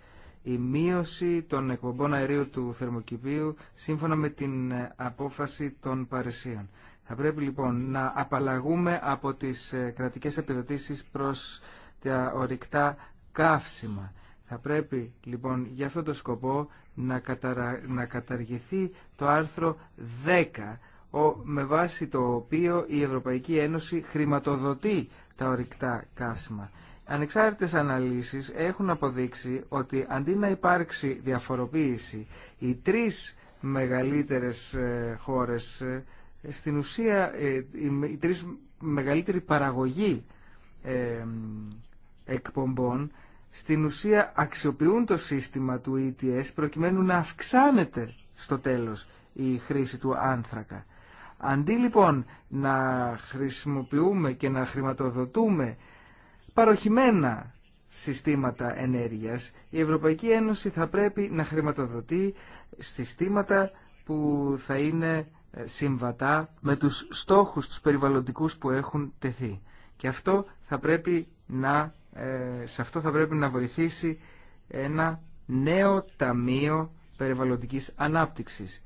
Η μείωση των εκπομπών αερίου του θερμοκηπίου σύμφωνα με την ε, απόφαση των Παρισίων. Θα πρέπει λοιπόν να απαλλαγούμε από τις ε, κρατικές επιδοτήσεις προς τα ορυκτά καύσιμα. Θα πρέπει λοιπόν για αυτό το σκοπό να, καταργηθεί το άρθρο 10 ο, με βάση το οποίο η Ευρωπαϊκή Ένωση χρηματοδοτεί τα ορυκτά καύσιμα. Ανεξάρτητες αναλύσεις έχουν αποδείξει ότι αντί να υπάρξει διαφοροποίηση, οι τρεις μεγαλύτερες ε, χώρες ε, στην ουσία ε, οι τρεις μεγαλύτεροι παραγωγοί ε, εκπομπών στην ουσία αξιοποιούν το σύστημα του ETS προκειμένου να αυξάνεται στο τέλος η χρήση του άνθρακα. Αντί λοιπόν να χρησιμοποιούμε και να χρηματοδοτούμε παροχημένα συστήματα ενέργειας, η Ευρωπαϊκή Ένωση θα πρέπει να χρηματοδοτεί συστήματα που θα είναι ε, συμβατά με τους στόχους τους περιβαλλοντικούς που έχουν τεθεί. Και αυτό θα πρέπει να, ε, σε αυτό θα πρέπει να βοηθήσει ένα νέο ταμείο περιβαλλοντικής ανάπτυξης,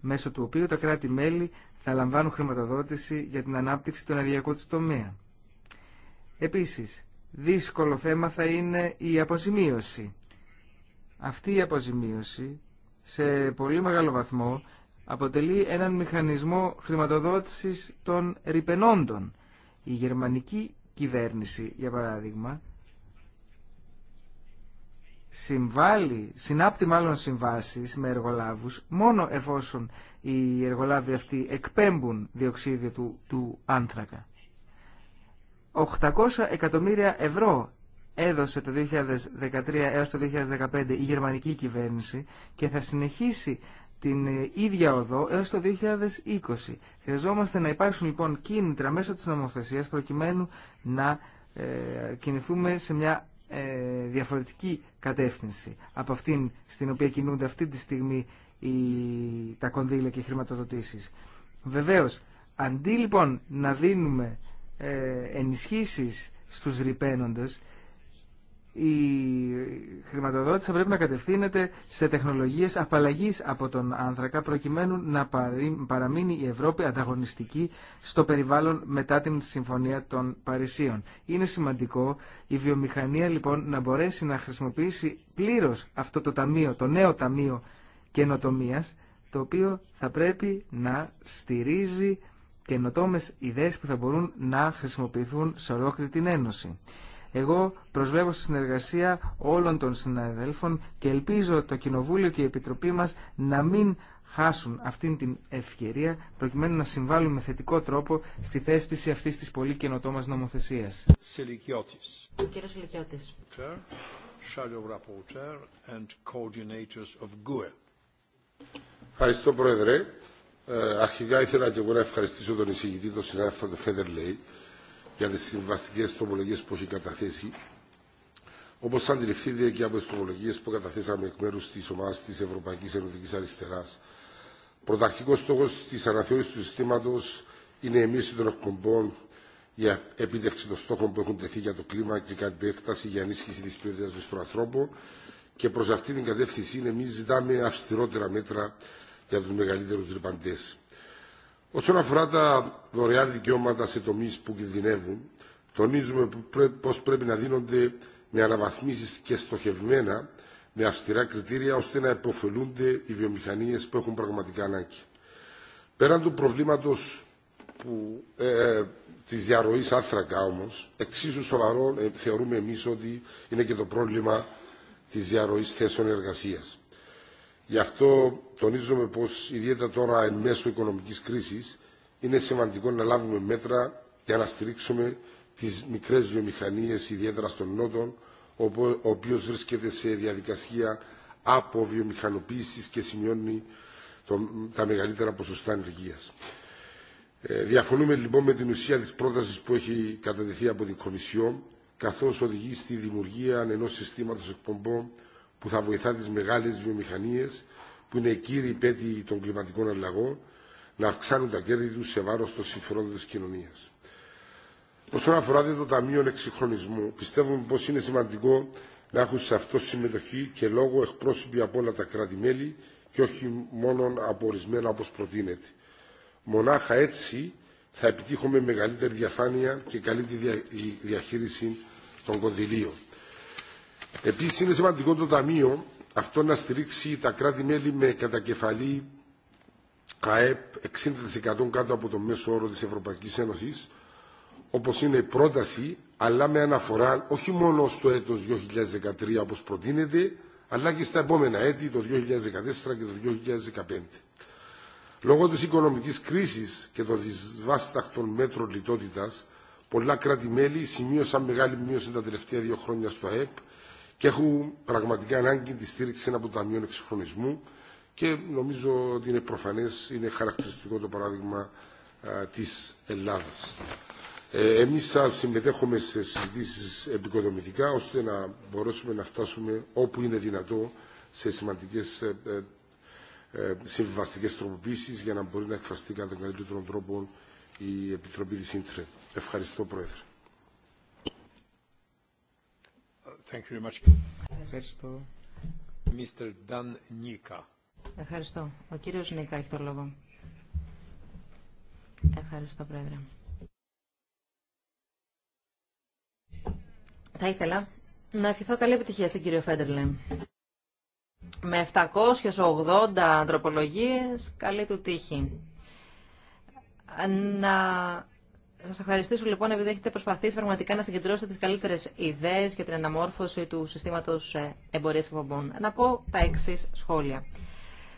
μέσω του οποίου τα κράτη-μέλη θα λαμβάνουν χρηματοδότηση για την ανάπτυξη του ενεργειακού του τομέα. Επίσης, δύσκολο θέμα θα είναι η αποζημίωση. Αυτή η αποζημίωση σε πολύ μεγάλο βαθμό αποτελεί έναν μηχανισμό χρηματοδότησης των ρηπενόντων. Η γερμανική κυβέρνηση, για παράδειγμα, συμβάλλει, συνάπτει μάλλον συμβάσεις με εργολάβους μόνο εφόσον οι εργολάβοι αυτοί εκπέμπουν διοξίδιο του, του άνθρακα. 800 εκατομμύρια ευρώ έδωσε το 2013 έως το 2015 η γερμανική κυβέρνηση και θα συνεχίσει την ε, ίδια οδό έως το 2020. Χρειαζόμαστε να υπάρξουν λοιπόν κίνητρα μέσω της νομοθεσίας προκειμένου να ε, κινηθούμε σε μια ε, διαφορετική κατεύθυνση από αυτήν στην οποία κινούνται αυτή τη στιγμή οι, τα κονδύλια και οι χρηματοδοτήσεις. Βεβαίως, αντί λοιπόν να δίνουμε ε, ενισχύσεις στους ρηπαίνοντες, η χρηματοδότηση θα πρέπει να κατευθύνεται σε τεχνολογίες απαλλαγής από τον άνθρακα προκειμένου να παραμείνει η Ευρώπη ανταγωνιστική στο περιβάλλον μετά την Συμφωνία των Παρισίων. Είναι σημαντικό η βιομηχανία λοιπόν να μπορέσει να χρησιμοποιήσει πλήρως αυτό το ταμείο, το νέο ταμείο καινοτομία το οποίο θα πρέπει να στηρίζει καινοτόμες ιδέες που θα μπορούν να χρησιμοποιηθούν σε ολόκληρη την Ένωση. Εγώ προσβλέπω στη συνεργασία όλων των συναδέλφων και ελπίζω το Κοινοβούλιο και η Επιτροπή μας να μην χάσουν αυτήν την ευκαιρία προκειμένου να συμβάλλουν με θετικό τρόπο στη θέσπιση αυτής της πολύ καινοτόμας νομοθεσίας. Ο κύριος Ευχαριστώ Πρόεδρε. Ε, αρχικά ήθελα και εγώ να ευχαριστήσω τον εισηγητή, τον συνάδελφο του Φέντερ Λέι για τις συμβαστικές τροπολογίες που έχει καταθέσει. Όπως αντιληφθείτε και από τις τροπολογίες που καταθέσαμε εκ μέρους της ομάδα της Ευρωπαϊκής Ενωτικής Αριστεράς, πρωταρχικός στόχος της αναθεώρησης του συστήματος είναι η μίση των εκπομπών για επίτευξη των στόχων που έχουν τεθεί για το κλίμα και κατ' έκταση για ενίσχυση τη ποιότητα του των ανθρώπων. Και προ αυτή την κατεύθυνση είναι εμεί ζητάμε αυστηρότερα μέτρα για του μεγαλύτερου ρηπαντέ. Όσον αφορά τα δωρεάν δικαιώματα σε τομεί που κινδυνεύουν, τονίζουμε πω πρέπει να δίνονται με αναβαθμίσει και στοχευμένα με αυστηρά κριτήρια ώστε να υποφελούνται οι βιομηχανίε που έχουν πραγματικά ανάγκη. Πέραν του προβλήματο ε, ε τη διαρροή άνθρακα όμω, εξίσου σοβαρό ε, θεωρούμε εμεί ότι είναι και το πρόβλημα τη διαρροή θέσεων εργασία. Γι' αυτό τονίζομαι πως ιδιαίτερα τώρα εν μέσω οικονομικής κρίσης είναι σημαντικό να λάβουμε μέτρα για να στηρίξουμε τις μικρές βιομηχανίες, ιδιαίτερα στον Νότο, ο οποίος βρίσκεται σε διαδικασία από και σημειώνει τα μεγαλύτερα ποσοστά ενεργείας. Ε, διαφωνούμε λοιπόν με την ουσία της πρότασης που έχει κατατεθεί από την Κομισιό, καθώς οδηγεί στη δημιουργία ενός συστήματος εκπομπών που θα βοηθά τις μεγάλες βιομηχανίες που είναι κύριοι πέτοι των κλιματικών αλλαγών να αυξάνουν τα κέρδη τους σε βάρος των συμφερόντων της κοινωνίας. Όσον αφορά το Ταμείο Εξυγχρονισμού, πιστεύουμε πως είναι σημαντικό να έχουν σε αυτό συμμετοχή και λόγο εκπρόσωποι από όλα τα κράτη-μέλη και όχι μόνο από ορισμένα όπως προτείνεται. Μονάχα έτσι θα επιτύχουμε μεγαλύτερη διαφάνεια και καλύτερη διαχείριση των κονδυλίων. Επίση, είναι σημαντικό το Ταμείο αυτό να στηρίξει τα κράτη-μέλη με κατακεφαλή ΑΕΠ 60% κάτω από το μέσο όρο της Ευρωπαϊκής Ένωσης, όπως είναι η πρόταση, αλλά με αναφορά όχι μόνο στο έτος 2013 όπως προτείνεται, αλλά και στα επόμενα έτη, το 2014 και το 2015. Λόγω της οικονομικής κρίσης και των δυσβάσταχτων μέτρων λιτότητας, πολλά κράτη-μέλη σημείωσαν μεγάλη μείωση τα τελευταία δύο χρόνια στο ΑΕΠ, και έχουν πραγματικά ανάγκη τη στήριξη από το Ταμείο Εξυγχρονισμού και νομίζω ότι είναι προφανές, είναι χαρακτηριστικό το παράδειγμα τη της Ελλάδας. Ε, εμείς θα συμμετέχουμε σε συζητήσεις επικοδομητικά ώστε να μπορέσουμε να φτάσουμε όπου είναι δυνατό σε σημαντικές ε, ε, ε τροποποίησεις για να μπορεί να εκφραστεί κατά τον καλύτερο τρόπο η Επιτροπή της Ίντρε. Ευχαριστώ Πρόεδρε. Thank you very much. Ευχαριστώ. Mr. Dan Ευχαριστώ. Ο κύριος Νίκα έχει το λόγο. Ευχαριστώ, Πρόεδρε. Θα ήθελα να ευχηθώ καλή επιτυχία στον κύριο Φέντερλε. Με 780 ανθρωπολογίες, καλή του τύχη. Να Σα ευχαριστήσω λοιπόν επειδή έχετε προσπαθήσει πραγματικά να συγκεντρώσετε τι καλύτερε ιδέε για την αναμόρφωση του συστήματος ε, εμπορία εκπομπών. Να πω τα εξή σχόλια.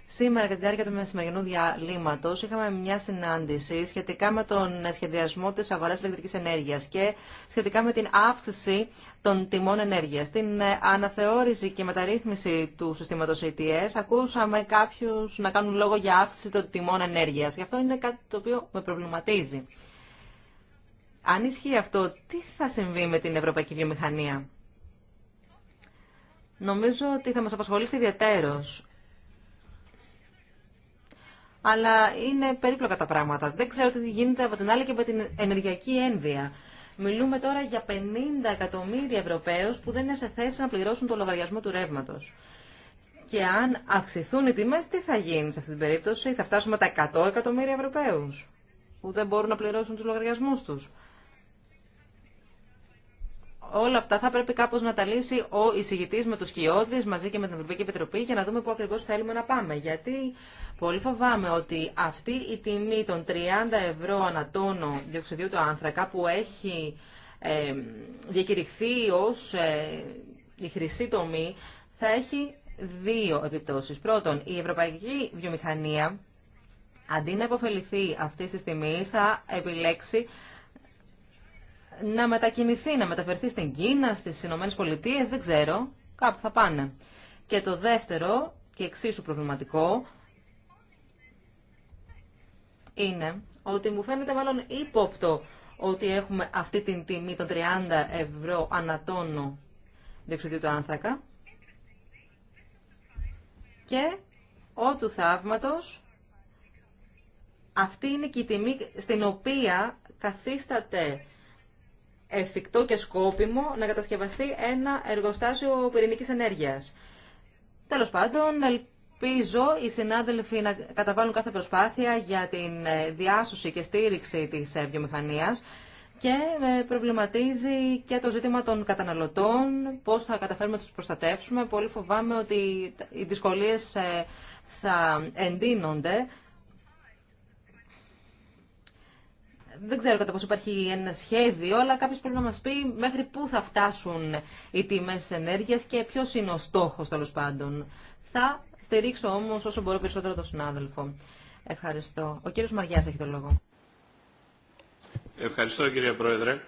Σήμερα, κατά τη διάρκεια του μεσημερινού διαλύματο, είχαμε μια συνάντηση σχετικά με τον σχεδιασμό τη αγορά ηλεκτρική ενέργεια και σχετικά με την αύξηση των τιμών ενέργεια. Στην ε, αναθεώρηση και μεταρρύθμιση του συστήματο ETS, ε ακούσαμε κάποιου να κάνουν λόγο για αύξηση των τιμών ενέργεια. Γι' αυτό είναι κάτι το οποίο με προβληματίζει. Αν ισχύει αυτό, τι θα συμβεί με την ευρωπαϊκή βιομηχανία. Νομίζω ότι θα μας απασχολήσει ιδιαίτερος. Αλλά είναι περίπλοκα τα πράγματα. Δεν ξέρω τι γίνεται από την άλλη και με την ενεργειακή ένδυα. Μιλούμε τώρα για 50 εκατομμύρια Ευρωπαίους που δεν είναι σε θέση να πληρώσουν το λογαριασμό του ρεύματο. Και αν αυξηθούν οι τιμές, τι θα γίνει σε αυτή την περίπτωση, θα φτάσουμε τα 100 εκατομμύρια Ευρωπαίους που δεν μπορούν να πληρώσουν τους λογαριασμούς τους όλα αυτά θα πρέπει κάπως να τα λύσει ο εισηγητή με τους κοιόδης μαζί και με την Ευρωπαϊκή Επιτροπή για να δούμε πού ακριβώς θέλουμε να πάμε. Γιατί πολύ φοβάμαι ότι αυτή η τιμή των 30 ευρώ ανατόνο διοξιδίου του άνθρακα που έχει ε, διακηρυχθεί ως ε, η χρυσή τομή θα έχει δύο επιπτώσεις. Πρώτον, η ευρωπαϊκή βιομηχανία αντί να υποφεληθεί αυτή τη τιμή θα επιλέξει να μετακινηθεί, να μεταφερθεί στην Κίνα, στις Ηνωμένες Πολιτείες, δεν ξέρω, κάπου θα πάνε. Και το δεύτερο και εξίσου προβληματικό είναι ότι μου φαίνεται μάλλον ύποπτο ότι έχουμε αυτή την τιμή των 30 ευρώ ανατόνο διοξιδίου του άνθρακα και ό του θαύματος αυτή είναι και η τιμή στην οποία καθίσταται εφικτό και σκόπιμο να κατασκευαστεί ένα εργοστάσιο πυρηνικής ενέργειας. Τέλος πάντων, ελπίζω οι συνάδελφοι να καταβάλουν κάθε προσπάθεια για την ε, διάσωση και στήριξη της ε, βιομηχανίας και ε, προβληματίζει και το ζήτημα των καταναλωτών, πώς θα καταφέρουμε να τους προστατεύσουμε. Πολύ φοβάμαι ότι οι δυσκολίες θα εντείνονται δεν ξέρω κατά πόσο υπάρχει ένα σχέδιο, αλλά κάποιο πρέπει να μα πει μέχρι πού θα φτάσουν οι τιμές ενέργειας και ποιος είναι ο στόχος τέλο πάντων. Θα στηρίξω όμω όσο μπορώ περισσότερο τον συνάδελφο. Ευχαριστώ. Ο κύριος Μαριά έχει το λόγο. Ευχαριστώ κύριε Πρόεδρε.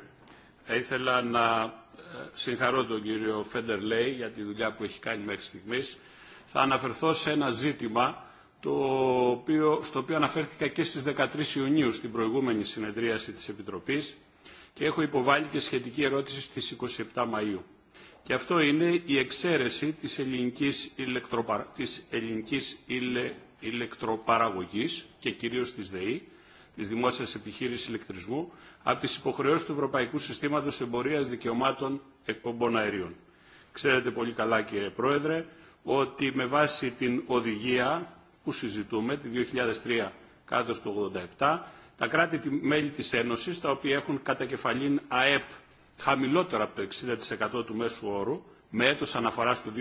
ήθελα να ε, συγχαρώ τον κύριο Φέντερ Λέι για τη δουλειά που έχει κάνει μέχρι στιγμής. Θα αναφερθώ σε ένα ζήτημα στο οποίο αναφέρθηκα και στις 13 Ιουνίου στην προηγούμενη συνεδρίαση της Επιτροπής και έχω υποβάλει και σχετική ερώτηση στις 27 Μαΐου. Και αυτό είναι η εξαίρεση της ελληνικής, ηλεκτροπαραγωγή της ελληνικής ηλεκτροπαραγωγής και κυρίως της ΔΕΗ, της Δημόσιας Επιχείρησης Ηλεκτρισμού, από τις υποχρεώσεις του Ευρωπαϊκού Συστήματος Εμπορίας Δικαιωμάτων Εκπομπών Αερίων. Ξέρετε πολύ καλά, κύριε Πρόεδρε, ότι με βάση την οδηγία που συζητούμε, τη 2003 κάτω στο 87, τα κράτη-μέλη της Ένωσης, τα οποία έχουν κατά κεφαλήν ΑΕΠ χαμηλότερα από το 60% του μέσου όρου, με έτος αναφοράς του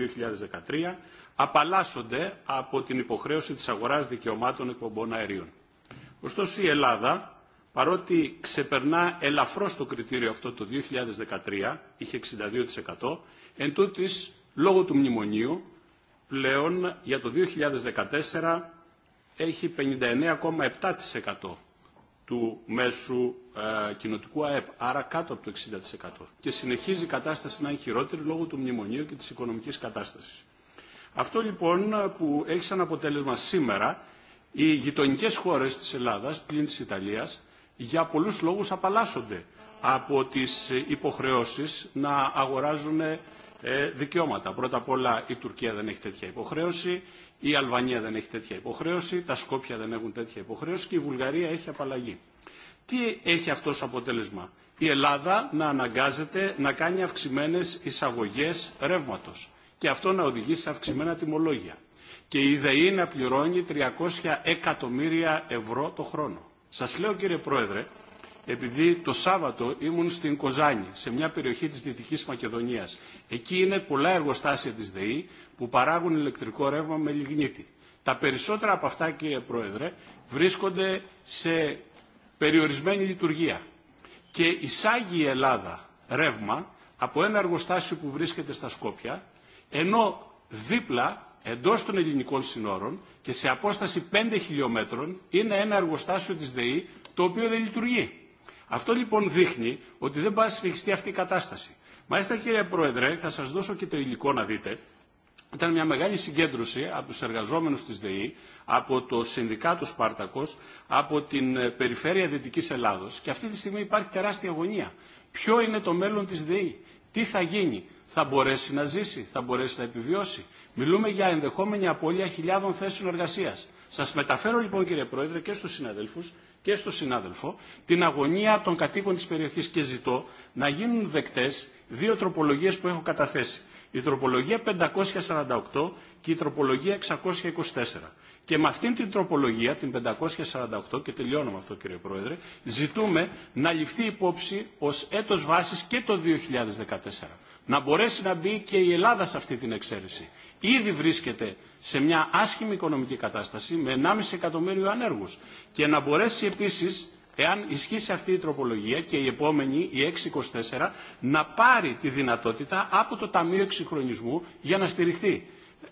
2013, απαλλάσσονται από την υποχρέωση της αγοράς δικαιωμάτων εκπομπών αερίων. Ωστόσο η Ελλάδα, παρότι ξεπερνά ελαφρώς το κριτήριο αυτό το 2013, είχε 62%, εν λόγω του μνημονίου, πλέον για το 2014 έχει 59,7% του μέσου ε, κοινοτικού ΑΕΠ, άρα κάτω από το 60%. Και συνεχίζει η κατάσταση να είναι χειρότερη λόγω του μνημονίου και της οικονομικής κατάστασης. Αυτό λοιπόν που έχει σαν αποτέλεσμα σήμερα οι γειτονικέ χώρες της Ελλάδας, πλην της Ιταλίας, για πολλούς λόγους απαλλάσσονται από τις υποχρεώσεις να αγοράζουν ε, δικαιώματα. Πρώτα απ' όλα η Τουρκία δεν έχει τέτοια υποχρέωση, η Αλβανία δεν έχει τέτοια υποχρέωση, τα Σκόπια δεν έχουν τέτοια υποχρέωση και η Βουλγαρία έχει απαλλαγή. Τι έχει αυτό ως αποτέλεσμα. Η Ελλάδα να αναγκάζεται να κάνει αυξημένες εισαγωγές ρεύματος και αυτό να οδηγεί σε αυξημένα τιμολόγια. Και η ΔΕΗ να πληρώνει 300 εκατομμύρια ευρώ το χρόνο. Σας λέω κύριε Πρόεδρε επειδή το Σάββατο ήμουν στην Κοζάνη, σε μια περιοχή της Δυτικής Μακεδονίας. Εκεί είναι πολλά εργοστάσια της ΔΕΗ που παράγουν ηλεκτρικό ρεύμα με λιγνίτη. Τα περισσότερα από αυτά, κύριε Πρόεδρε, βρίσκονται σε περιορισμένη λειτουργία. Και εισάγει η Ελλάδα ρεύμα από ένα εργοστάσιο που βρίσκεται στα Σκόπια, ενώ δίπλα, εντός των ελληνικών συνόρων και σε απόσταση 5 χιλιόμετρων, είναι ένα εργοστάσιο της ΔΕΗ το οποίο δεν λειτουργεί. Αυτό λοιπόν δείχνει ότι δεν πάει σφιχτεί αυτή η κατάσταση. Μάλιστα κύριε Πρόεδρε, θα σας δώσω και το υλικό να δείτε. Ήταν μια μεγάλη συγκέντρωση από τους εργαζόμενους της ΔΕΗ, από το Συνδικάτο Σπάρτακος, από την ε, Περιφέρεια Δυτικής Ελλάδος και αυτή τη στιγμή υπάρχει τεράστια αγωνία. Ποιο είναι το μέλλον της ΔΕΗ, τι θα γίνει, θα μπορέσει να ζήσει, θα μπορέσει να επιβιώσει. Μιλούμε για ενδεχόμενη απώλεια χιλιάδων θέσεων εργασίας. Σας μεταφέρω λοιπόν κύριε Πρόεδρε και στους συναδέλφους και στον συνάδελφο την αγωνία των κατοίκων της περιοχής και ζητώ να γίνουν δεκτές δύο τροπολογίες που έχω καταθέσει. Η τροπολογία 548 και η τροπολογία 624. Και με αυτήν την τροπολογία, την 548, και τελειώνω με αυτό κύριε Πρόεδρε, ζητούμε να ληφθεί υπόψη ως έτος βάσης και το 2014. Να μπορέσει να μπει και η Ελλάδα σε αυτή την εξαίρεση ήδη βρίσκεται σε μια άσχημη οικονομική κατάσταση με 1,5 εκατομμύριο ανέργους και να μπορέσει επίσης εάν ισχύσει αυτή η τροπολογία και η επόμενη, η 624, να πάρει τη δυνατότητα από το Ταμείο Εξυγχρονισμού για να στηριχθεί.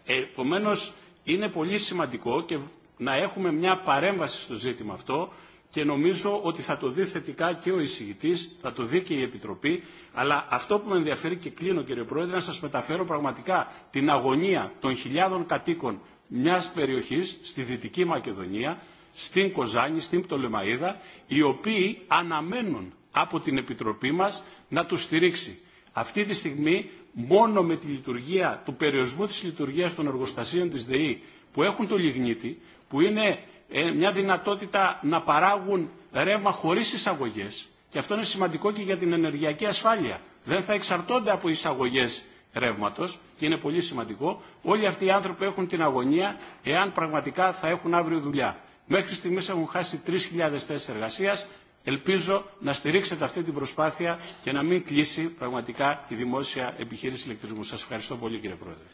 Επομένως, είναι πολύ σημαντικό και να έχουμε μια παρέμβαση στο ζήτημα αυτό και νομίζω ότι θα το δει θετικά και ο εισηγητή, θα το δει και η Επιτροπή. Αλλά αυτό που με ενδιαφέρει και κλείνω, κύριε Πρόεδρε, να σα μεταφέρω πραγματικά την αγωνία των χιλιάδων κατοίκων μια περιοχή στη Δυτική Μακεδονία, στην Κοζάνη, στην Πτολεμαίδα, οι οποίοι αναμένουν από την Επιτροπή μα να του στηρίξει. Αυτή τη στιγμή, μόνο με τη λειτουργία του περιορισμού τη λειτουργία των εργοστασίων τη ΔΕΗ που έχουν το λιγνίτη, που είναι ε, μια δυνατότητα να παράγουν ρεύμα χωρίς εισαγωγές. Και αυτό είναι σημαντικό και για την ενεργειακή ασφάλεια. Δεν θα εξαρτώνται από εισαγωγές ρεύματος και είναι πολύ σημαντικό. Όλοι αυτοί οι άνθρωποι έχουν την αγωνία εάν πραγματικά θα έχουν αύριο δουλειά. Μέχρι στιγμής έχουν χάσει 3.000 θέσει εργασία. Ελπίζω να στηρίξετε αυτή την προσπάθεια και να μην κλείσει πραγματικά η δημόσια επιχείρηση ηλεκτρισμού. Σας ευχαριστώ πολύ κύριε Πρόεδρε.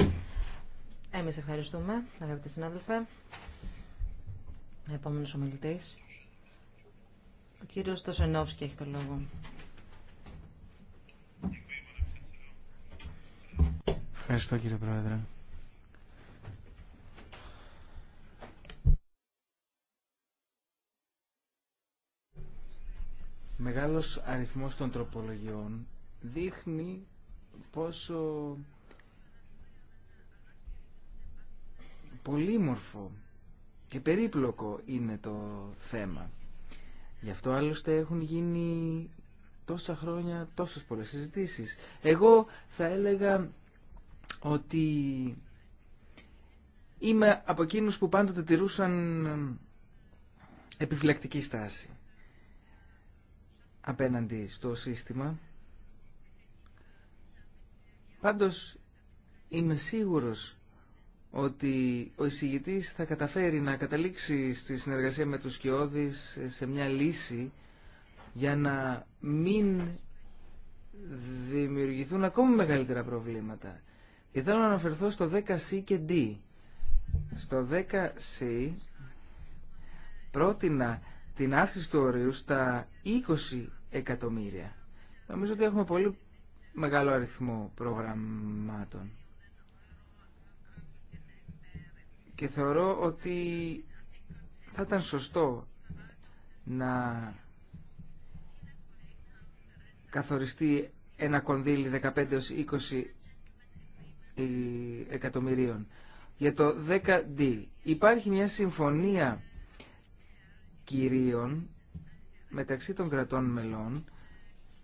Ε, εμείς ευχαριστούμε, αγαπητοί συνάδελφε. Επόμενος ομιλητής. Ο κύριος Τοσενόφσκι έχει το λόγο. Ευχαριστώ κύριε Πρόεδρε. Μεγάλος αριθμός των τροπολογιών δείχνει πόσο πολύμορφο και περίπλοκο είναι το θέμα. Γι' αυτό άλλωστε έχουν γίνει τόσα χρόνια τόσες πολλές συζητήσεις. Εγώ θα έλεγα ότι είμαι από εκείνους που πάντοτε τηρούσαν επιφυλακτική στάση απέναντι στο σύστημα. Πάντως είμαι σίγουρος ότι ο εισηγητής θα καταφέρει να καταλήξει στη συνεργασία με τους Σκιώδης σε μια λύση για να μην δημιουργηθούν ακόμη μεγαλύτερα προβλήματα. Και θέλω να αναφερθώ στο 10C και D. Στο 10C πρότεινα την αύξηση του ορίου στα 20 εκατομμύρια. Νομίζω ότι έχουμε πολύ μεγάλο αριθμό προγραμμάτων. και θεωρώ ότι θα ήταν σωστό να καθοριστεί ένα κονδύλι 15 20 εκατομμυρίων. Για το 10D υπάρχει μια συμφωνία κυρίων μεταξύ των κρατών μελών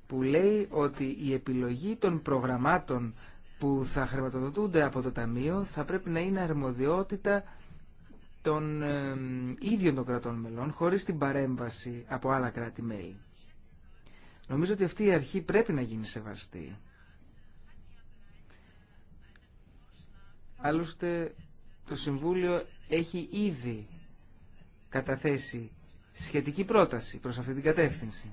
που λέει ότι η επιλογή των προγραμμάτων που θα χρηματοδοτούνται από το Ταμείο θα πρέπει να είναι αρμοδιότητα των ε, ίδιων των κρατών μελών χωρίς την παρέμβαση από άλλα κράτη-μέλη. Νομίζω ότι αυτή η αρχή πρέπει να γίνει σεβαστή. Άλλωστε το Συμβούλιο έχει ήδη καταθέσει σχετική πρόταση προς αυτή την κατεύθυνση.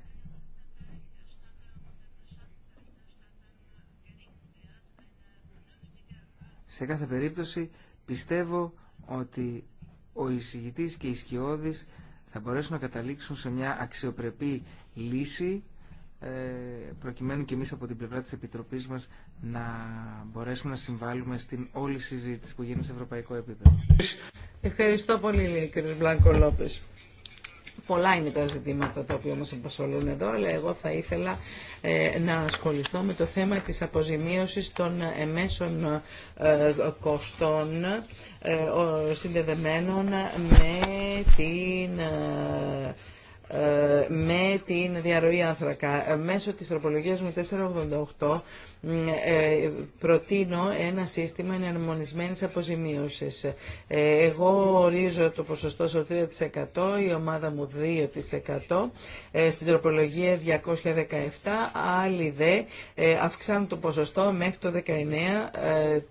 Σε κάθε περίπτωση πιστεύω ότι ο εισηγητής και οι σκιώδης θα μπορέσουν να καταλήξουν σε μια αξιοπρεπή λύση ε, προκειμένου και εμείς από την πλευρά της Επιτροπής μας να μπορέσουμε να συμβάλλουμε στην όλη συζήτηση που γίνεται σε ευρωπαϊκό επίπεδο. Ευχαριστώ πολύ, κύριε Μπλάνκο Λόπες. Πολλά είναι τα ζητήματα τα οποία μας απασχολούν εδώ, αλλά εγώ θα ήθελα ε, να ασχοληθώ με το θέμα της αποζημίωσης των εμέσων ε, κοστών ε, συνδεδεμένων με την ε, με την διαρροή άνθρακα. Ε, μέσω της τροπολογίας μου 488 ε, προτείνω ένα σύστημα εναρμονισμένης αποζημίωσης. Εγώ ορίζω το ποσοστό στο 3%, η ομάδα μου 2%, στην τροπολογία 217, άλλοι δε αυξάνουν το ποσοστό μέχρι το 19%,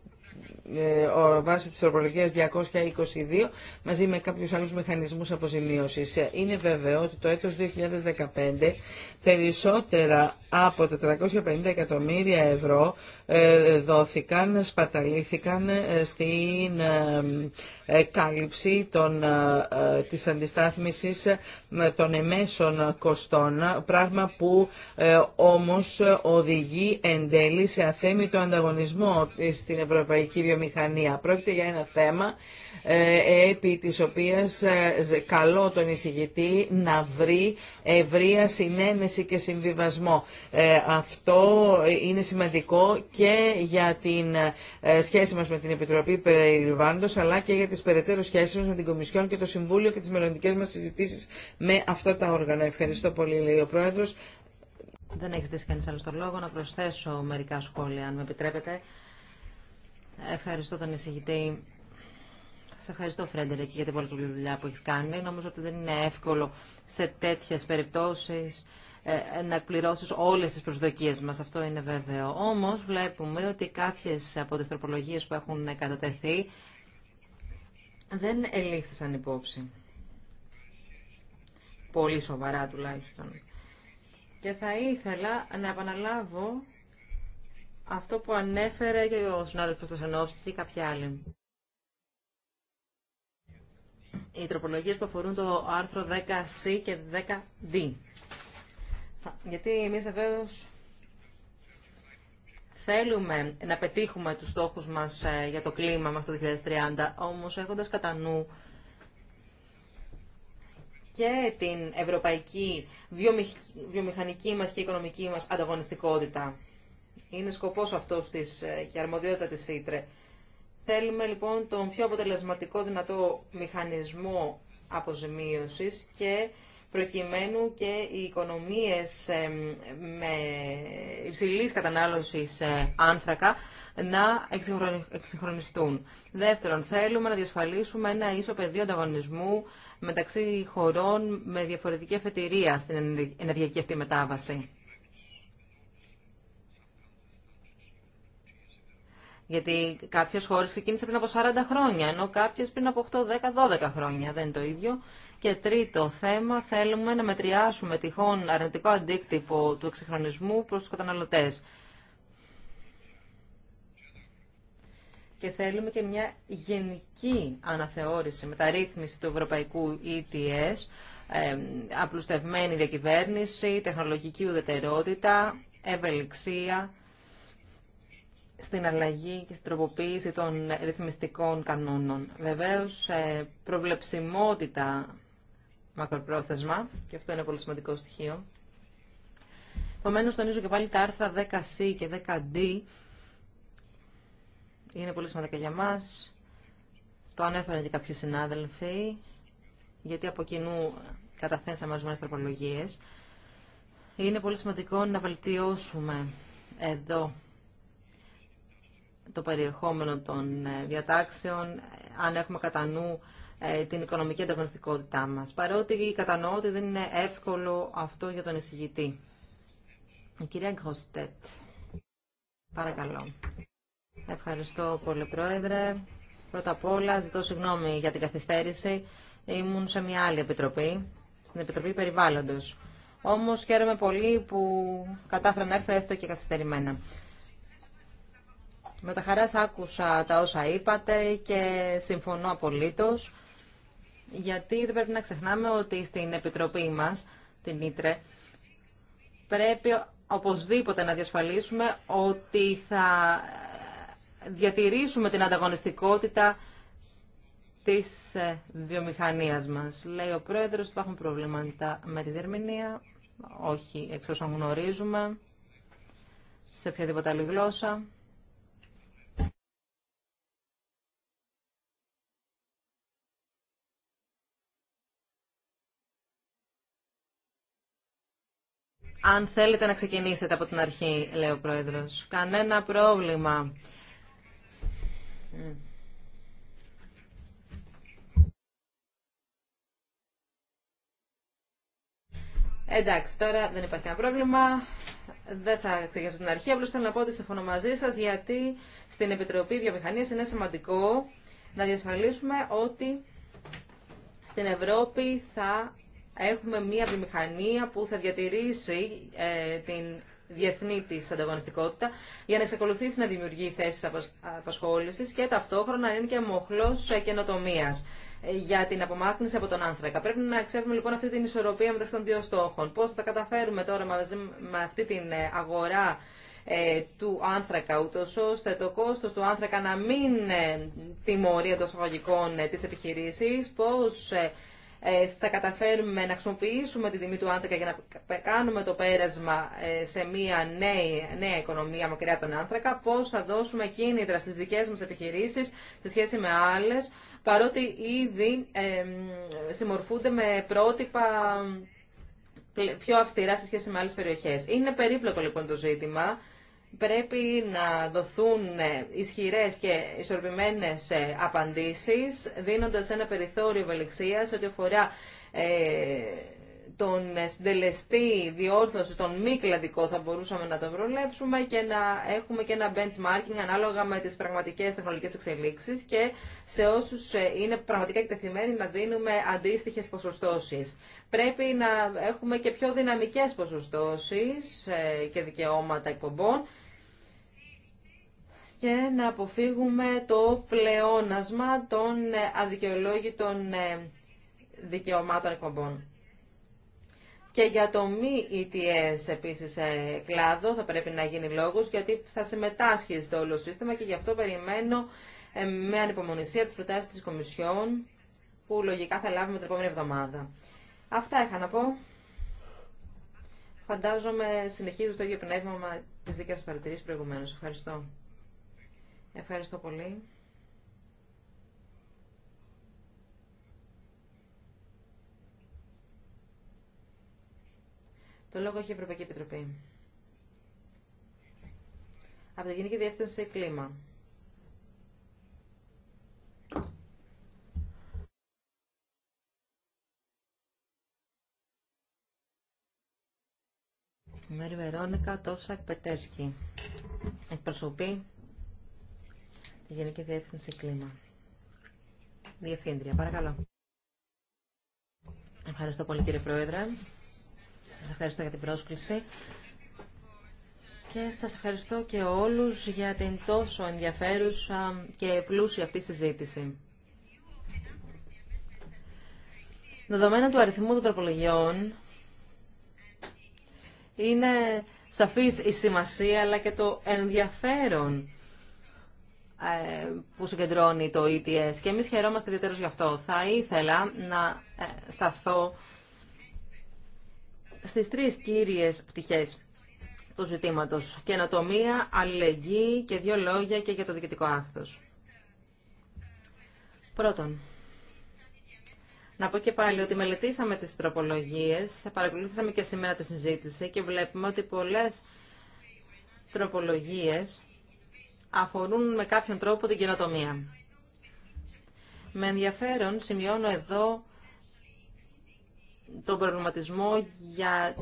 ε, βάσει της τροπολογίας 222 μαζί με κάποιους άλλους μηχανισμούς αποζημίωσης. Είναι βέβαιο ότι το έτος 2015 περισσότερα από 450 εκατομμύρια ευρώ ε, δόθηκαν, σπαταλήθηκαν ε, στην κάλυψη των, της αντιστάθμισης των εμέσων κοστών, πράγμα που όμως οδηγεί εν τέλει σε αθέμητο ανταγωνισμό στην Ευρωπαϊκή Βιομηχανία βιομηχανία. Πρόκειται για ένα θέμα ε, επί της οποίας ε, καλώ τον εισηγητή να βρει ευρεία συνένεση και συμβιβασμό. Ε, αυτό είναι σημαντικό και για την σχέση μας με την Επιτροπή Περιβάντος αλλά και για τις περαιτέρω σχέσεις μας με την Κομισιόν και το Συμβούλιο και τις μελλοντικέ μας συζητήσεις με αυτά τα όργανα. Ευχαριστώ πολύ, λέει ο Πρόεδρος. Δεν έχει ζητήσει κανεί άλλο τον λόγο. Να προσθέσω μερικά σχόλια, αν με επιτρέπετε. Ευχαριστώ τον εισηγητή. Σα ευχαριστώ, Φρέντερικ, για την πολύ δουλειά που έχει κάνει. Νομίζω ότι δεν είναι εύκολο σε τέτοιε περιπτώσει ε, να πληρώσει όλε τι προσδοκίε μα. Αυτό είναι βέβαιο. Όμω, βλέπουμε ότι κάποιε από τι τροπολογίε που έχουν κατατεθεί δεν ελήφθησαν υπόψη. Πολύ σοβαρά τουλάχιστον. Και θα ήθελα να επαναλάβω αυτό που ανέφερε και ο συνάδελφος Τωσενόφσκι και κάποιοι άλλοι. Οι τροπολογίες που αφορούν το άρθρο 10C και 10D. Γιατί εμείς βεβαίω θέλουμε να πετύχουμε τους στόχους μας ε, για το κλίμα μέχρι το 2030, όμως έχοντας κατά νου και την ευρωπαϊκή βιομηχανική μας και οικονομική μας ανταγωνιστικότητα. Είναι σκοπός αυτός της, ε, και αρμοδιότητα τη ΣΥΤΡΕ. Θέλουμε λοιπόν τον πιο αποτελεσματικό δυνατό μηχανισμό αποζημίωση και προκειμένου και οι οικονομίες ε, με υψηλής κατανάλωσης ε, άνθρακα να εξυγχρονιστούν. Δεύτερον, θέλουμε να διασφαλίσουμε ένα ίσο πεδίο ανταγωνισμού μεταξύ χωρών με διαφορετική αφετηρία στην ενεργειακή αυτή μετάβαση. Γιατί κάποιε χώρε ξεκίνησε πριν από 40 χρόνια, ενώ κάποιε πριν από 8, 10, 12 χρόνια. Δεν είναι το ίδιο. Και τρίτο θέμα, θέλουμε να μετριάσουμε τυχόν αρνητικό αντίκτυπο του εξυγχρονισμού προ του καταναλωτέ. Και θέλουμε και μια γενική αναθεώρηση, μεταρρύθμιση του ευρωπαϊκού ETS, ε, απλουστευμένη διακυβέρνηση, τεχνολογική ουδετερότητα, ευελιξία στην αλλαγή και στην τροποποίηση των ρυθμιστικών κανόνων. Βεβαίως, ε, προβλεψιμότητα μακροπρόθεσμα, και αυτό είναι πολύ σημαντικό στοιχείο. Επομένω, τονίζω και πάλι τα άρθρα 10C και 10D είναι πολύ σημαντικά για μας. Το ανέφεραν και κάποιοι συνάδελφοι, γιατί από κοινού καταθέσαμε ορισμένε τροπολογίε. Είναι πολύ σημαντικό να βελτιώσουμε εδώ το περιεχόμενο των ε, διατάξεων, αν έχουμε κατά νου ε, την οικονομική ανταγωνιστικότητά μας. Παρότι κατανοώ ότι δεν είναι εύκολο αυτό για τον εισηγητή. Η κυρία Γκοστέτ, παρακαλώ. Ευχαριστώ πολύ, Πρόεδρε. Πρώτα απ' όλα, ζητώ συγγνώμη για την καθυστέρηση. Ήμουν σε μια άλλη επιτροπή, στην Επιτροπή Περιβάλλοντος. Όμως χαίρομαι πολύ που κατάφερα να έρθω έστω και καθυστερημένα. Με τα χαράς άκουσα τα όσα είπατε και συμφωνώ απολύτως, γιατί δεν πρέπει να ξεχνάμε ότι στην Επιτροπή μας, την Ήτρε, πρέπει οπωσδήποτε να διασφαλίσουμε ότι θα διατηρήσουμε την ανταγωνιστικότητα της ε, βιομηχανίας μας. Λέει ο πρόεδρος, υπάρχουν προβλήματα με τη δερμηνία, όχι εξ όσων γνωρίζουμε, σε οποιαδήποτε άλλη γλώσσα. αν θέλετε να ξεκινήσετε από την αρχή, λέει ο Πρόεδρος. Κανένα πρόβλημα. Εντάξει, τώρα δεν υπάρχει κανένα πρόβλημα. Δεν θα ξεκινήσω την αρχή. Απλώ θέλω να πω ότι συμφωνώ μαζί σα, γιατί στην Επιτροπή Βιομηχανία είναι σημαντικό να διασφαλίσουμε ότι στην Ευρώπη θα έχουμε μια βιομηχανία που θα διατηρήσει ε, την διεθνή τη ανταγωνιστικότητα για να εξακολουθήσει να δημιουργεί θέσει απασχόληση και ταυτόχρονα είναι και μοχλό ε, καινοτομία ε, για την απομάκρυνση από τον άνθρακα. Πρέπει να ξέρουμε λοιπόν αυτή την ισορροπία μεταξύ των δύο στόχων. Πώ θα τα καταφέρουμε τώρα μαζί με αυτή την αγορά του άνθρακα, ούτω ώστε το κόστο του άνθρακα να μην ε, τιμωρεί εντό αγωγικών ε, τις επιχειρήσει, ε, θα καταφέρουμε να χρησιμοποιήσουμε τη τιμή του άνθρακα για να κάνουμε το πέρασμα ε, σε μια νέα, νέα οικονομία μακριά από τον άνθρακα, πώς θα δώσουμε κίνητρα στις δικές μας επιχειρήσεις σε σχέση με άλλες, παρότι ήδη ε, συμμορφούνται με πρότυπα πιο αυστηρά σε σχέση με άλλες περιοχές. Είναι περίπλοκο λοιπόν το ζήτημα πρέπει να δοθούν ισχυρές και ισορροπημένες ε, απαντήσεις, δίνοντας ένα περιθώριο ευελιξίας ό,τι αφορά ε, τον συντελεστή διόρθωση, τον μη κλαδικό θα μπορούσαμε να τον προβλέψουμε και να έχουμε και ένα benchmarking ανάλογα με τις πραγματικές τεχνολογικές εξελίξεις και σε όσους ε, είναι πραγματικά εκτεθειμένοι να δίνουμε αντίστοιχες ποσοστώσεις. Πρέπει να έχουμε και πιο δυναμικές ποσοστώσεις και δικαιώματα εκπομπών και να αποφύγουμε το πλεόνασμα των ε, αδικαιολόγητων ε, δικαιωμάτων εκπομπών. Και για το μη ETS επίσης ε, κλάδο θα πρέπει να γίνει λόγος γιατί θα συμμετάσχει στο όλο σύστημα και γι' αυτό περιμένω με ανυπομονησία τις προτάσεις της Κομισιόν που λογικά θα λάβουμε την επόμενη εβδομάδα. Αυτά είχα να πω. Φαντάζομαι συνεχίζω στο ίδιο πνεύμα με τις δικές σας παρατηρήσεις προηγουμένως. Ευχαριστώ. Ευχαριστώ πολύ. Το λόγο έχει η Ευρωπαϊκή Επιτροπή. Από τη Γενική Διεύθυνση Κλίμα. Μέρη Βερόνικα Τόσακ Πετέρσκι. Εκπροσωπεί η Γενική Διεύθυνση Κλίμα. Διευθύντρια, παρακαλώ. Ευχαριστώ πολύ κύριε Πρόεδρε. Σας ευχαριστώ για την πρόσκληση. Και σας ευχαριστώ και όλους για την τόσο ενδιαφέρουσα και πλούσια αυτή συζήτηση. Δεδομένα του αριθμού των τροπολογιών, είναι σαφής η σημασία αλλά και το ενδιαφέρον ε, που συγκεντρώνει το ETS και εμείς χαιρόμαστε ιδιαίτερως γι' αυτό. Θα ήθελα να ε, σταθώ στις τρεις κύριες πτυχές του ζητήματος. Καινοτομία, αλληλεγγύη και δύο λόγια και για το διοικητικό άκθος. Πρώτον, να πω και πάλι ότι μελετήσαμε τις τροπολογίες, παρακολουθήσαμε και σήμερα τη συζήτηση και βλέπουμε ότι πολλές τροπολογίες αφορούν με κάποιον τρόπο την καινοτομία. Με ενδιαφέρον σημειώνω εδώ τον προβληματισμό για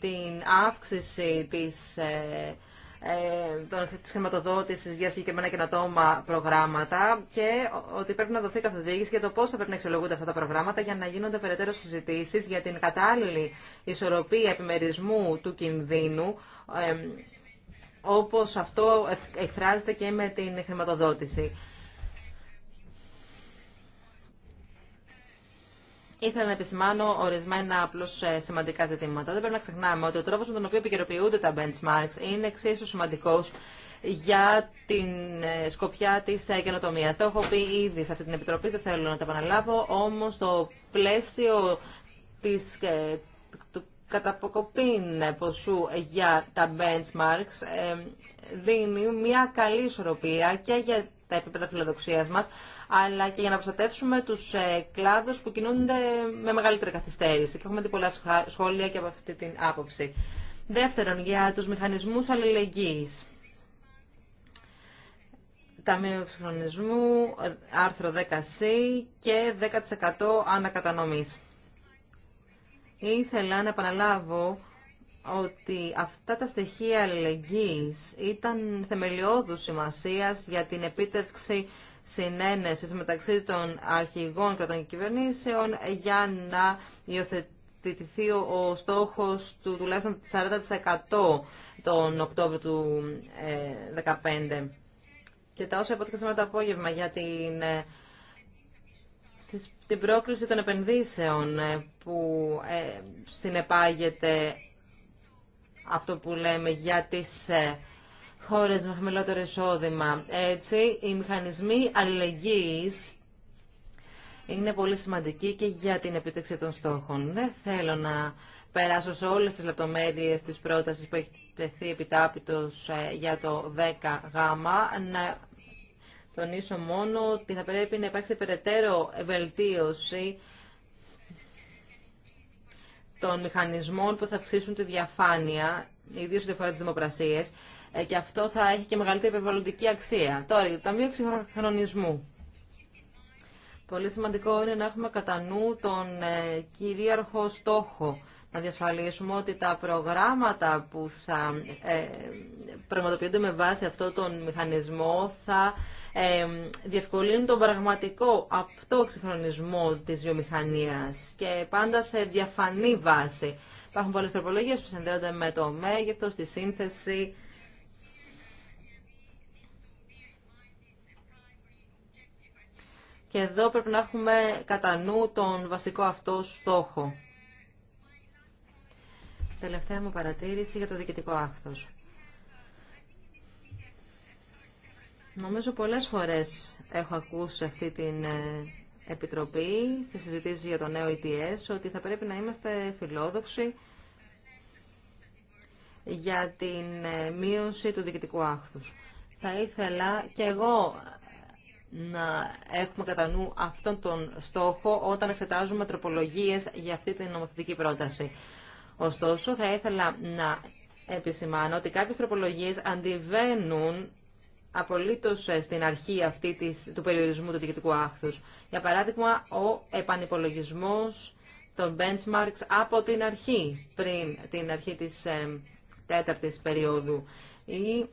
την αύξηση της, ε, ε της χρηματοδότησης για συγκεκριμένα καινοτόμα προγράμματα και ότι πρέπει να δοθεί καθοδήγηση για το πώς θα πρέπει να εξολογούνται αυτά τα προγράμματα για να γίνονται περαιτέρω συζητήσεις για την κατάλληλη ισορροπία επιμερισμού του κινδύνου ε, όπως αυτό εκφράζεται και με την χρηματοδότηση. Ήθελα να επισημάνω ορισμένα απλώ ε, σημαντικά ζητήματα. Δεν πρέπει να ξεχνάμε ότι ο τρόπο με τον οποίο επικαιροποιούνται τα benchmarks είναι εξίσου σημαντικό για την ε, σκοπιά τη ε, καινοτομία. Το έχω πει ήδη σε αυτή την επιτροπή, δεν θέλω να τα επαναλάβω, όμω το πλαίσιο της, καταποκοπήν ε, ποσού για τα benchmarks ε, δίνει μια καλή ισορροπία και για τα επίπεδα φιλοδοξίας μας, αλλά και για να προστατεύσουμε τους ε, κλάδους που κινούνται με μεγαλύτερη καθυστέρηση. Και έχουμε δει πολλά σχόλια και από αυτή την άποψη. Δεύτερον, για τους μηχανισμούς αλληλεγγύης. Ταμείο Εξυγχρονισμού, άρθρο 10C και 10% ανακατανομής. Ήθελα να επαναλάβω ότι αυτά τα στοιχεία αλληλεγγύης ήταν θεμελιώδους σημασίας για την επίτευξη συνένεσης μεταξύ των αρχηγών και των κυβερνήσεων για να υιοθετηθεί ο στόχος του τουλάχιστον 40% τον Οκτώβριο του 2015. Ε, και τα όσα υπόθηκαν σήμερα το απόγευμα για την ε, την πρόκληση των επενδύσεων ε, που ε, συνεπάγεται αυτό που λέμε για τις ε, χώρες με χαμηλότερο εισόδημα. Έτσι, οι μηχανισμοί αλληλεγγύης είναι πολύ σημαντικοί και για την επίτευξη των στόχων. Δεν θέλω να περάσω σε όλες τις λεπτομέρειες της πρότασης που έχει τεθεί επιτάπητος για το 10Γ, τονίσω μόνο ότι θα πρέπει να υπάρξει περαιτέρω βελτίωση των μηχανισμών που θα αυξήσουν τη διαφάνεια, ιδίω ό,τι αφορά τι δημοπρασίε, ε, και αυτό θα έχει και μεγαλύτερη περιβαλλοντική αξία. Τώρα, το Ταμείο Εξυγχρονισμού. Πολύ σημαντικό είναι να έχουμε κατά νου τον ε, κυρίαρχο στόχο να διασφαλίσουμε ότι τα προγράμματα που θα ε, πραγματοποιούνται με βάση αυτό τον μηχανισμό θα διευκολύνουν τον πραγματικό αυτό εξυγχρονισμό της βιομηχανίας και πάντα σε διαφανή βάση. Υπάρχουν πολλές τροπολογίες που συνδέονται με το μέγεθος, τη σύνθεση, Και εδώ πρέπει να έχουμε κατά νου τον βασικό αυτό στόχο. Τελευταία μου παρατήρηση για το διοικητικό άκθος. Νομίζω πολλές φορές έχω ακούσει αυτή την ε, Επιτροπή στη συζητήση για το νέο ETS ε ότι θα πρέπει να είμαστε φιλόδοξοι για την ε, μείωση του διοικητικού άχθους. Θα ήθελα και εγώ να έχουμε κατά νου αυτόν τον στόχο όταν εξετάζουμε τροπολογίες για αυτή την νομοθετική πρόταση. Ωστόσο, θα ήθελα να επισημάνω ότι κάποιες τροπολογίες αντιβαίνουν απολύτως ε, στην αρχή αυτή του περιορισμού του διοικητικού άχθους. Για παράδειγμα, ο επανυπολογισμός των benchmarks από την αρχή, πριν την αρχή της ε, τέταρτης περίοδου. Ή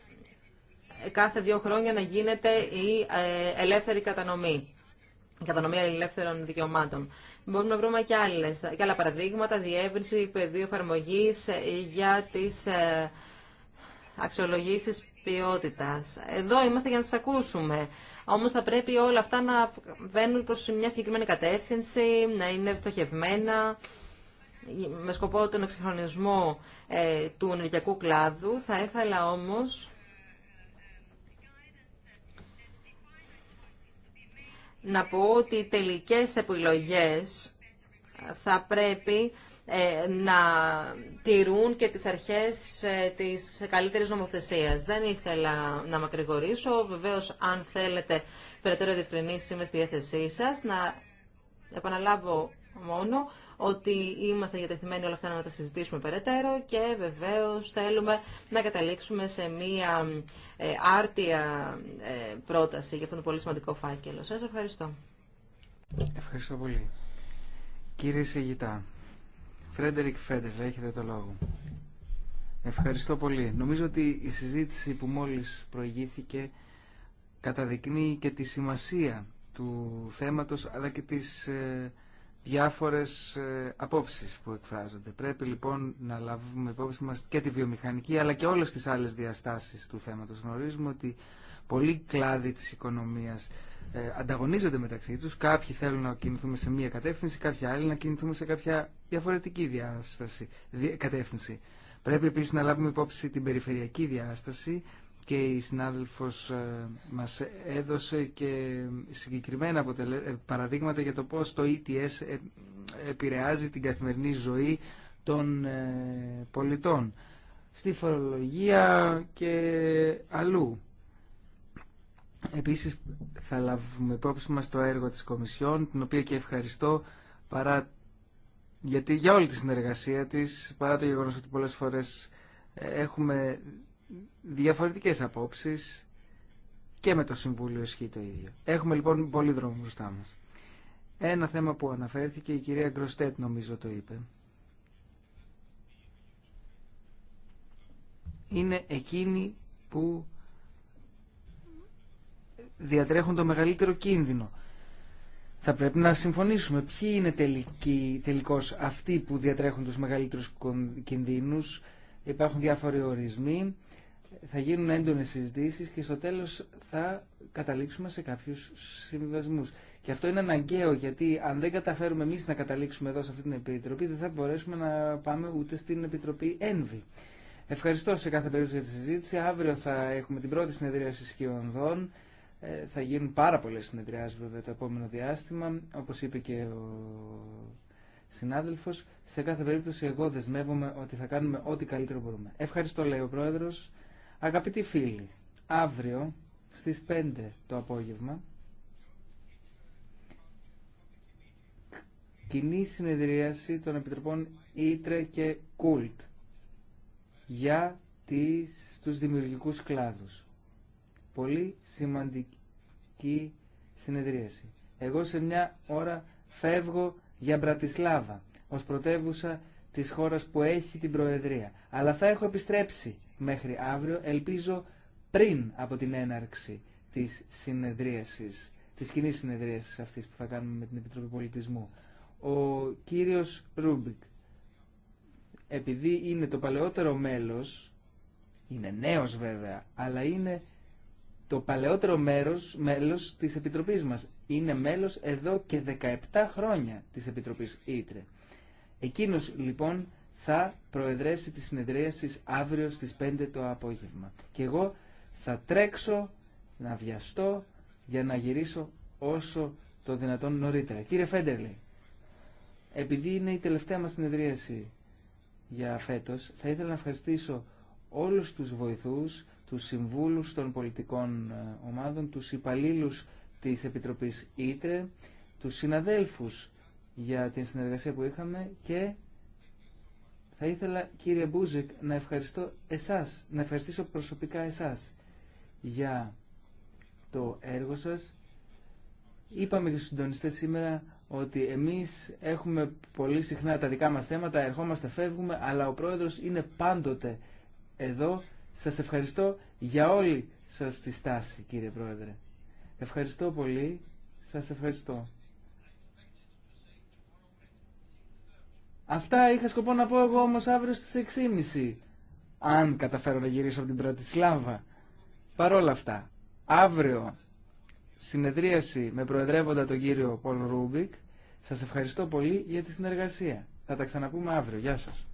ε, κάθε δύο χρόνια να γίνεται η ε, ελεύθερη κατανομή. Η κατανομή ελεύθερων δικαιωμάτων. Μπορούμε να βρούμε και, άλλες, άλλα παραδείγματα, διεύρυνση πεδίου εφαρμογή για τις ε, εδώ είμαστε για να σας ακούσουμε. Όμω θα πρέπει όλα αυτά να βαίνουν προς μια συγκεκριμένη κατεύθυνση, να είναι στοχευμένα, με σκοπό τον εξυγχρονισμό ε, του ενεργειακού κλάδου. Θα ήθελα όμως να πω ότι οι τελικές επιλογές θα πρέπει ε, να τηρούν και τις αρχές ε, της καλύτερης νομοθεσίας. Δεν ήθελα να μακρηγορήσω. Βεβαίως, αν θέλετε περαιτέρω διευκρινήσεις, είμαι στη διάθεσή σας. Να επαναλάβω μόνο ότι είμαστε διατεθειμένοι όλα αυτά να τα συζητήσουμε περαιτέρω και βεβαίως θέλουμε να καταλήξουμε σε μία ε, άρτια πρόταση για αυτόν τον πολύ σημαντικό φάκελο. Σας ευχαριστώ. Ευχαριστώ πολύ. Κύριε Σιγητά. Φρέντερικ Φέντερ, έχετε το λόγο. Ευχαριστώ πολύ. Νομίζω ότι η συζήτηση που μόλις προηγήθηκε καταδεικνύει και τη σημασία του θέματος αλλά και τις ε, διάφορες ε, απόψεις που εκφράζονται. Πρέπει λοιπόν να λάβουμε υπόψη μας και τη βιομηχανική αλλά και όλες τις άλλες διαστάσεις του θέματος. Γνωρίζουμε ότι πολλοί κλάδοι της οικονομίας ε, ανταγωνίζονται μεταξύ τους. Κάποιοι θέλουν να κινηθούμε σε μία κατεύθυνση, κάποιοι άλλοι να κινηθούμε σε κάποια διαφορετική διάσταση, κατεύθυνση. Πρέπει επίσης να λάβουμε υπόψη την περιφερειακή διάσταση και η συνάδελφος ε, μας έδωσε και συγκεκριμένα ε, παραδείγματα για το πώς το ETS επηρεάζει την καθημερινή ζωή των πολιτών στη φορολογία και αλλού. Επίσης θα λάβουμε υπόψη μα το έργο της Κομισιόν, την οποία και ευχαριστώ παρά γιατί για όλη τη συνεργασία της, παρά το γεγονός ότι πολλές φορές ε, έχουμε διαφορετικές απόψεις και με το Συμβούλιο ισχύει το ίδιο. Έχουμε λοιπόν πολύ δρόμο μπροστά μας. Ένα θέμα που αναφέρθηκε, η κυρία Γκροστέτ νομίζω το είπε. Είναι εκείνη που διατρέχουν το μεγαλύτερο κίνδυνο. Θα πρέπει να συμφωνήσουμε ποιοι είναι τελικοί, τελικώς αυτοί που διατρέχουν τους μεγαλύτερους κινδύνους. Υπάρχουν διάφοροι ορισμοί, θα γίνουν έντονες συζητήσεις και στο τέλος θα καταλήξουμε σε κάποιους συμβιβασμούς. Και αυτό είναι αναγκαίο γιατί αν δεν καταφέρουμε εμείς να καταλήξουμε εδώ σε αυτή την Επιτροπή δεν θα μπορέσουμε να πάμε ούτε στην Επιτροπή Ένβη. Ευχαριστώ σε κάθε περίπτωση για τη συζήτηση. Αύριο θα έχουμε την πρώτη συνεδρίαση σκιονδών. Ε, θα γίνουν πάρα πολλές συνεδριάσεις βέβαια το επόμενο διάστημα, όπως είπε και ο συνάδελφος. Σε κάθε περίπτωση εγώ δεσμεύομαι ότι θα κάνουμε ό,τι καλύτερο μπορούμε. Ευχαριστώ λέει ο Πρόεδρος. Αγαπητοί φίλοι, αύριο στις 5 το απόγευμα κοινή συνεδρίαση των Επιτροπών Ήτρε και Κούλτ για τις, τους δημιουργικούς κλάδους πολύ σημαντική συνεδρίαση. Εγώ σε μια ώρα φεύγω για Μπρατισλάβα ως πρωτεύουσα της χώρας που έχει την Προεδρία. Αλλά θα έχω επιστρέψει μέχρι αύριο, ελπίζω πριν από την έναρξη της συνεδρίασης, της κοινής συνεδρίασης αυτής που θα κάνουμε με την Επιτροπή Πολιτισμού. Ο κύριος Ρούμπικ, επειδή είναι το παλαιότερο μέλος, είναι νέος βέβαια, αλλά είναι το παλαιότερο μέρος, μέλος της Επιτροπής μας. Είναι μέλος εδώ και 17 χρόνια της Επιτροπής Ήτρε. Εκείνος λοιπόν θα προεδρεύσει τη συνεδρίαση αύριο στις 5 το απόγευμα. Και εγώ θα τρέξω να βιαστώ για να γυρίσω όσο το δυνατόν νωρίτερα. Κύριε Φέντερλη, επειδή είναι η τελευταία μας συνεδρίαση για φέτος, θα ήθελα να ευχαριστήσω όλους τους βοηθούς, τους συμβούλους των πολιτικών ε, ομάδων, τους υπαλλήλους της Επιτροπής Ήτρε, τους συναδέλφους για την συνεργασία που είχαμε και θα ήθελα κύριε Μπούζεκ να ευχαριστώ εσάς, να ευχαριστήσω προσωπικά εσάς για το έργο σας. Είπαμε και στους συντονιστές σήμερα ότι εμείς έχουμε πολύ συχνά τα δικά μας θέματα, ερχόμαστε, φεύγουμε, αλλά ο πρόεδρος είναι πάντοτε εδώ σας ευχαριστώ για όλη σας τη στάση, κύριε Πρόεδρε. Ευχαριστώ πολύ. Σας ευχαριστώ. Αυτά είχα σκοπό να πω εγώ όμως αύριο στις 6.30. Αν καταφέρω να γυρίσω από την Πρατισλάβα. Παρόλα αυτά, αύριο συνεδρίαση με προεδρεύοντα τον κύριο Πολ Ρούμπικ. Σας ευχαριστώ πολύ για τη συνεργασία. Θα τα ξαναπούμε αύριο. Γεια σας.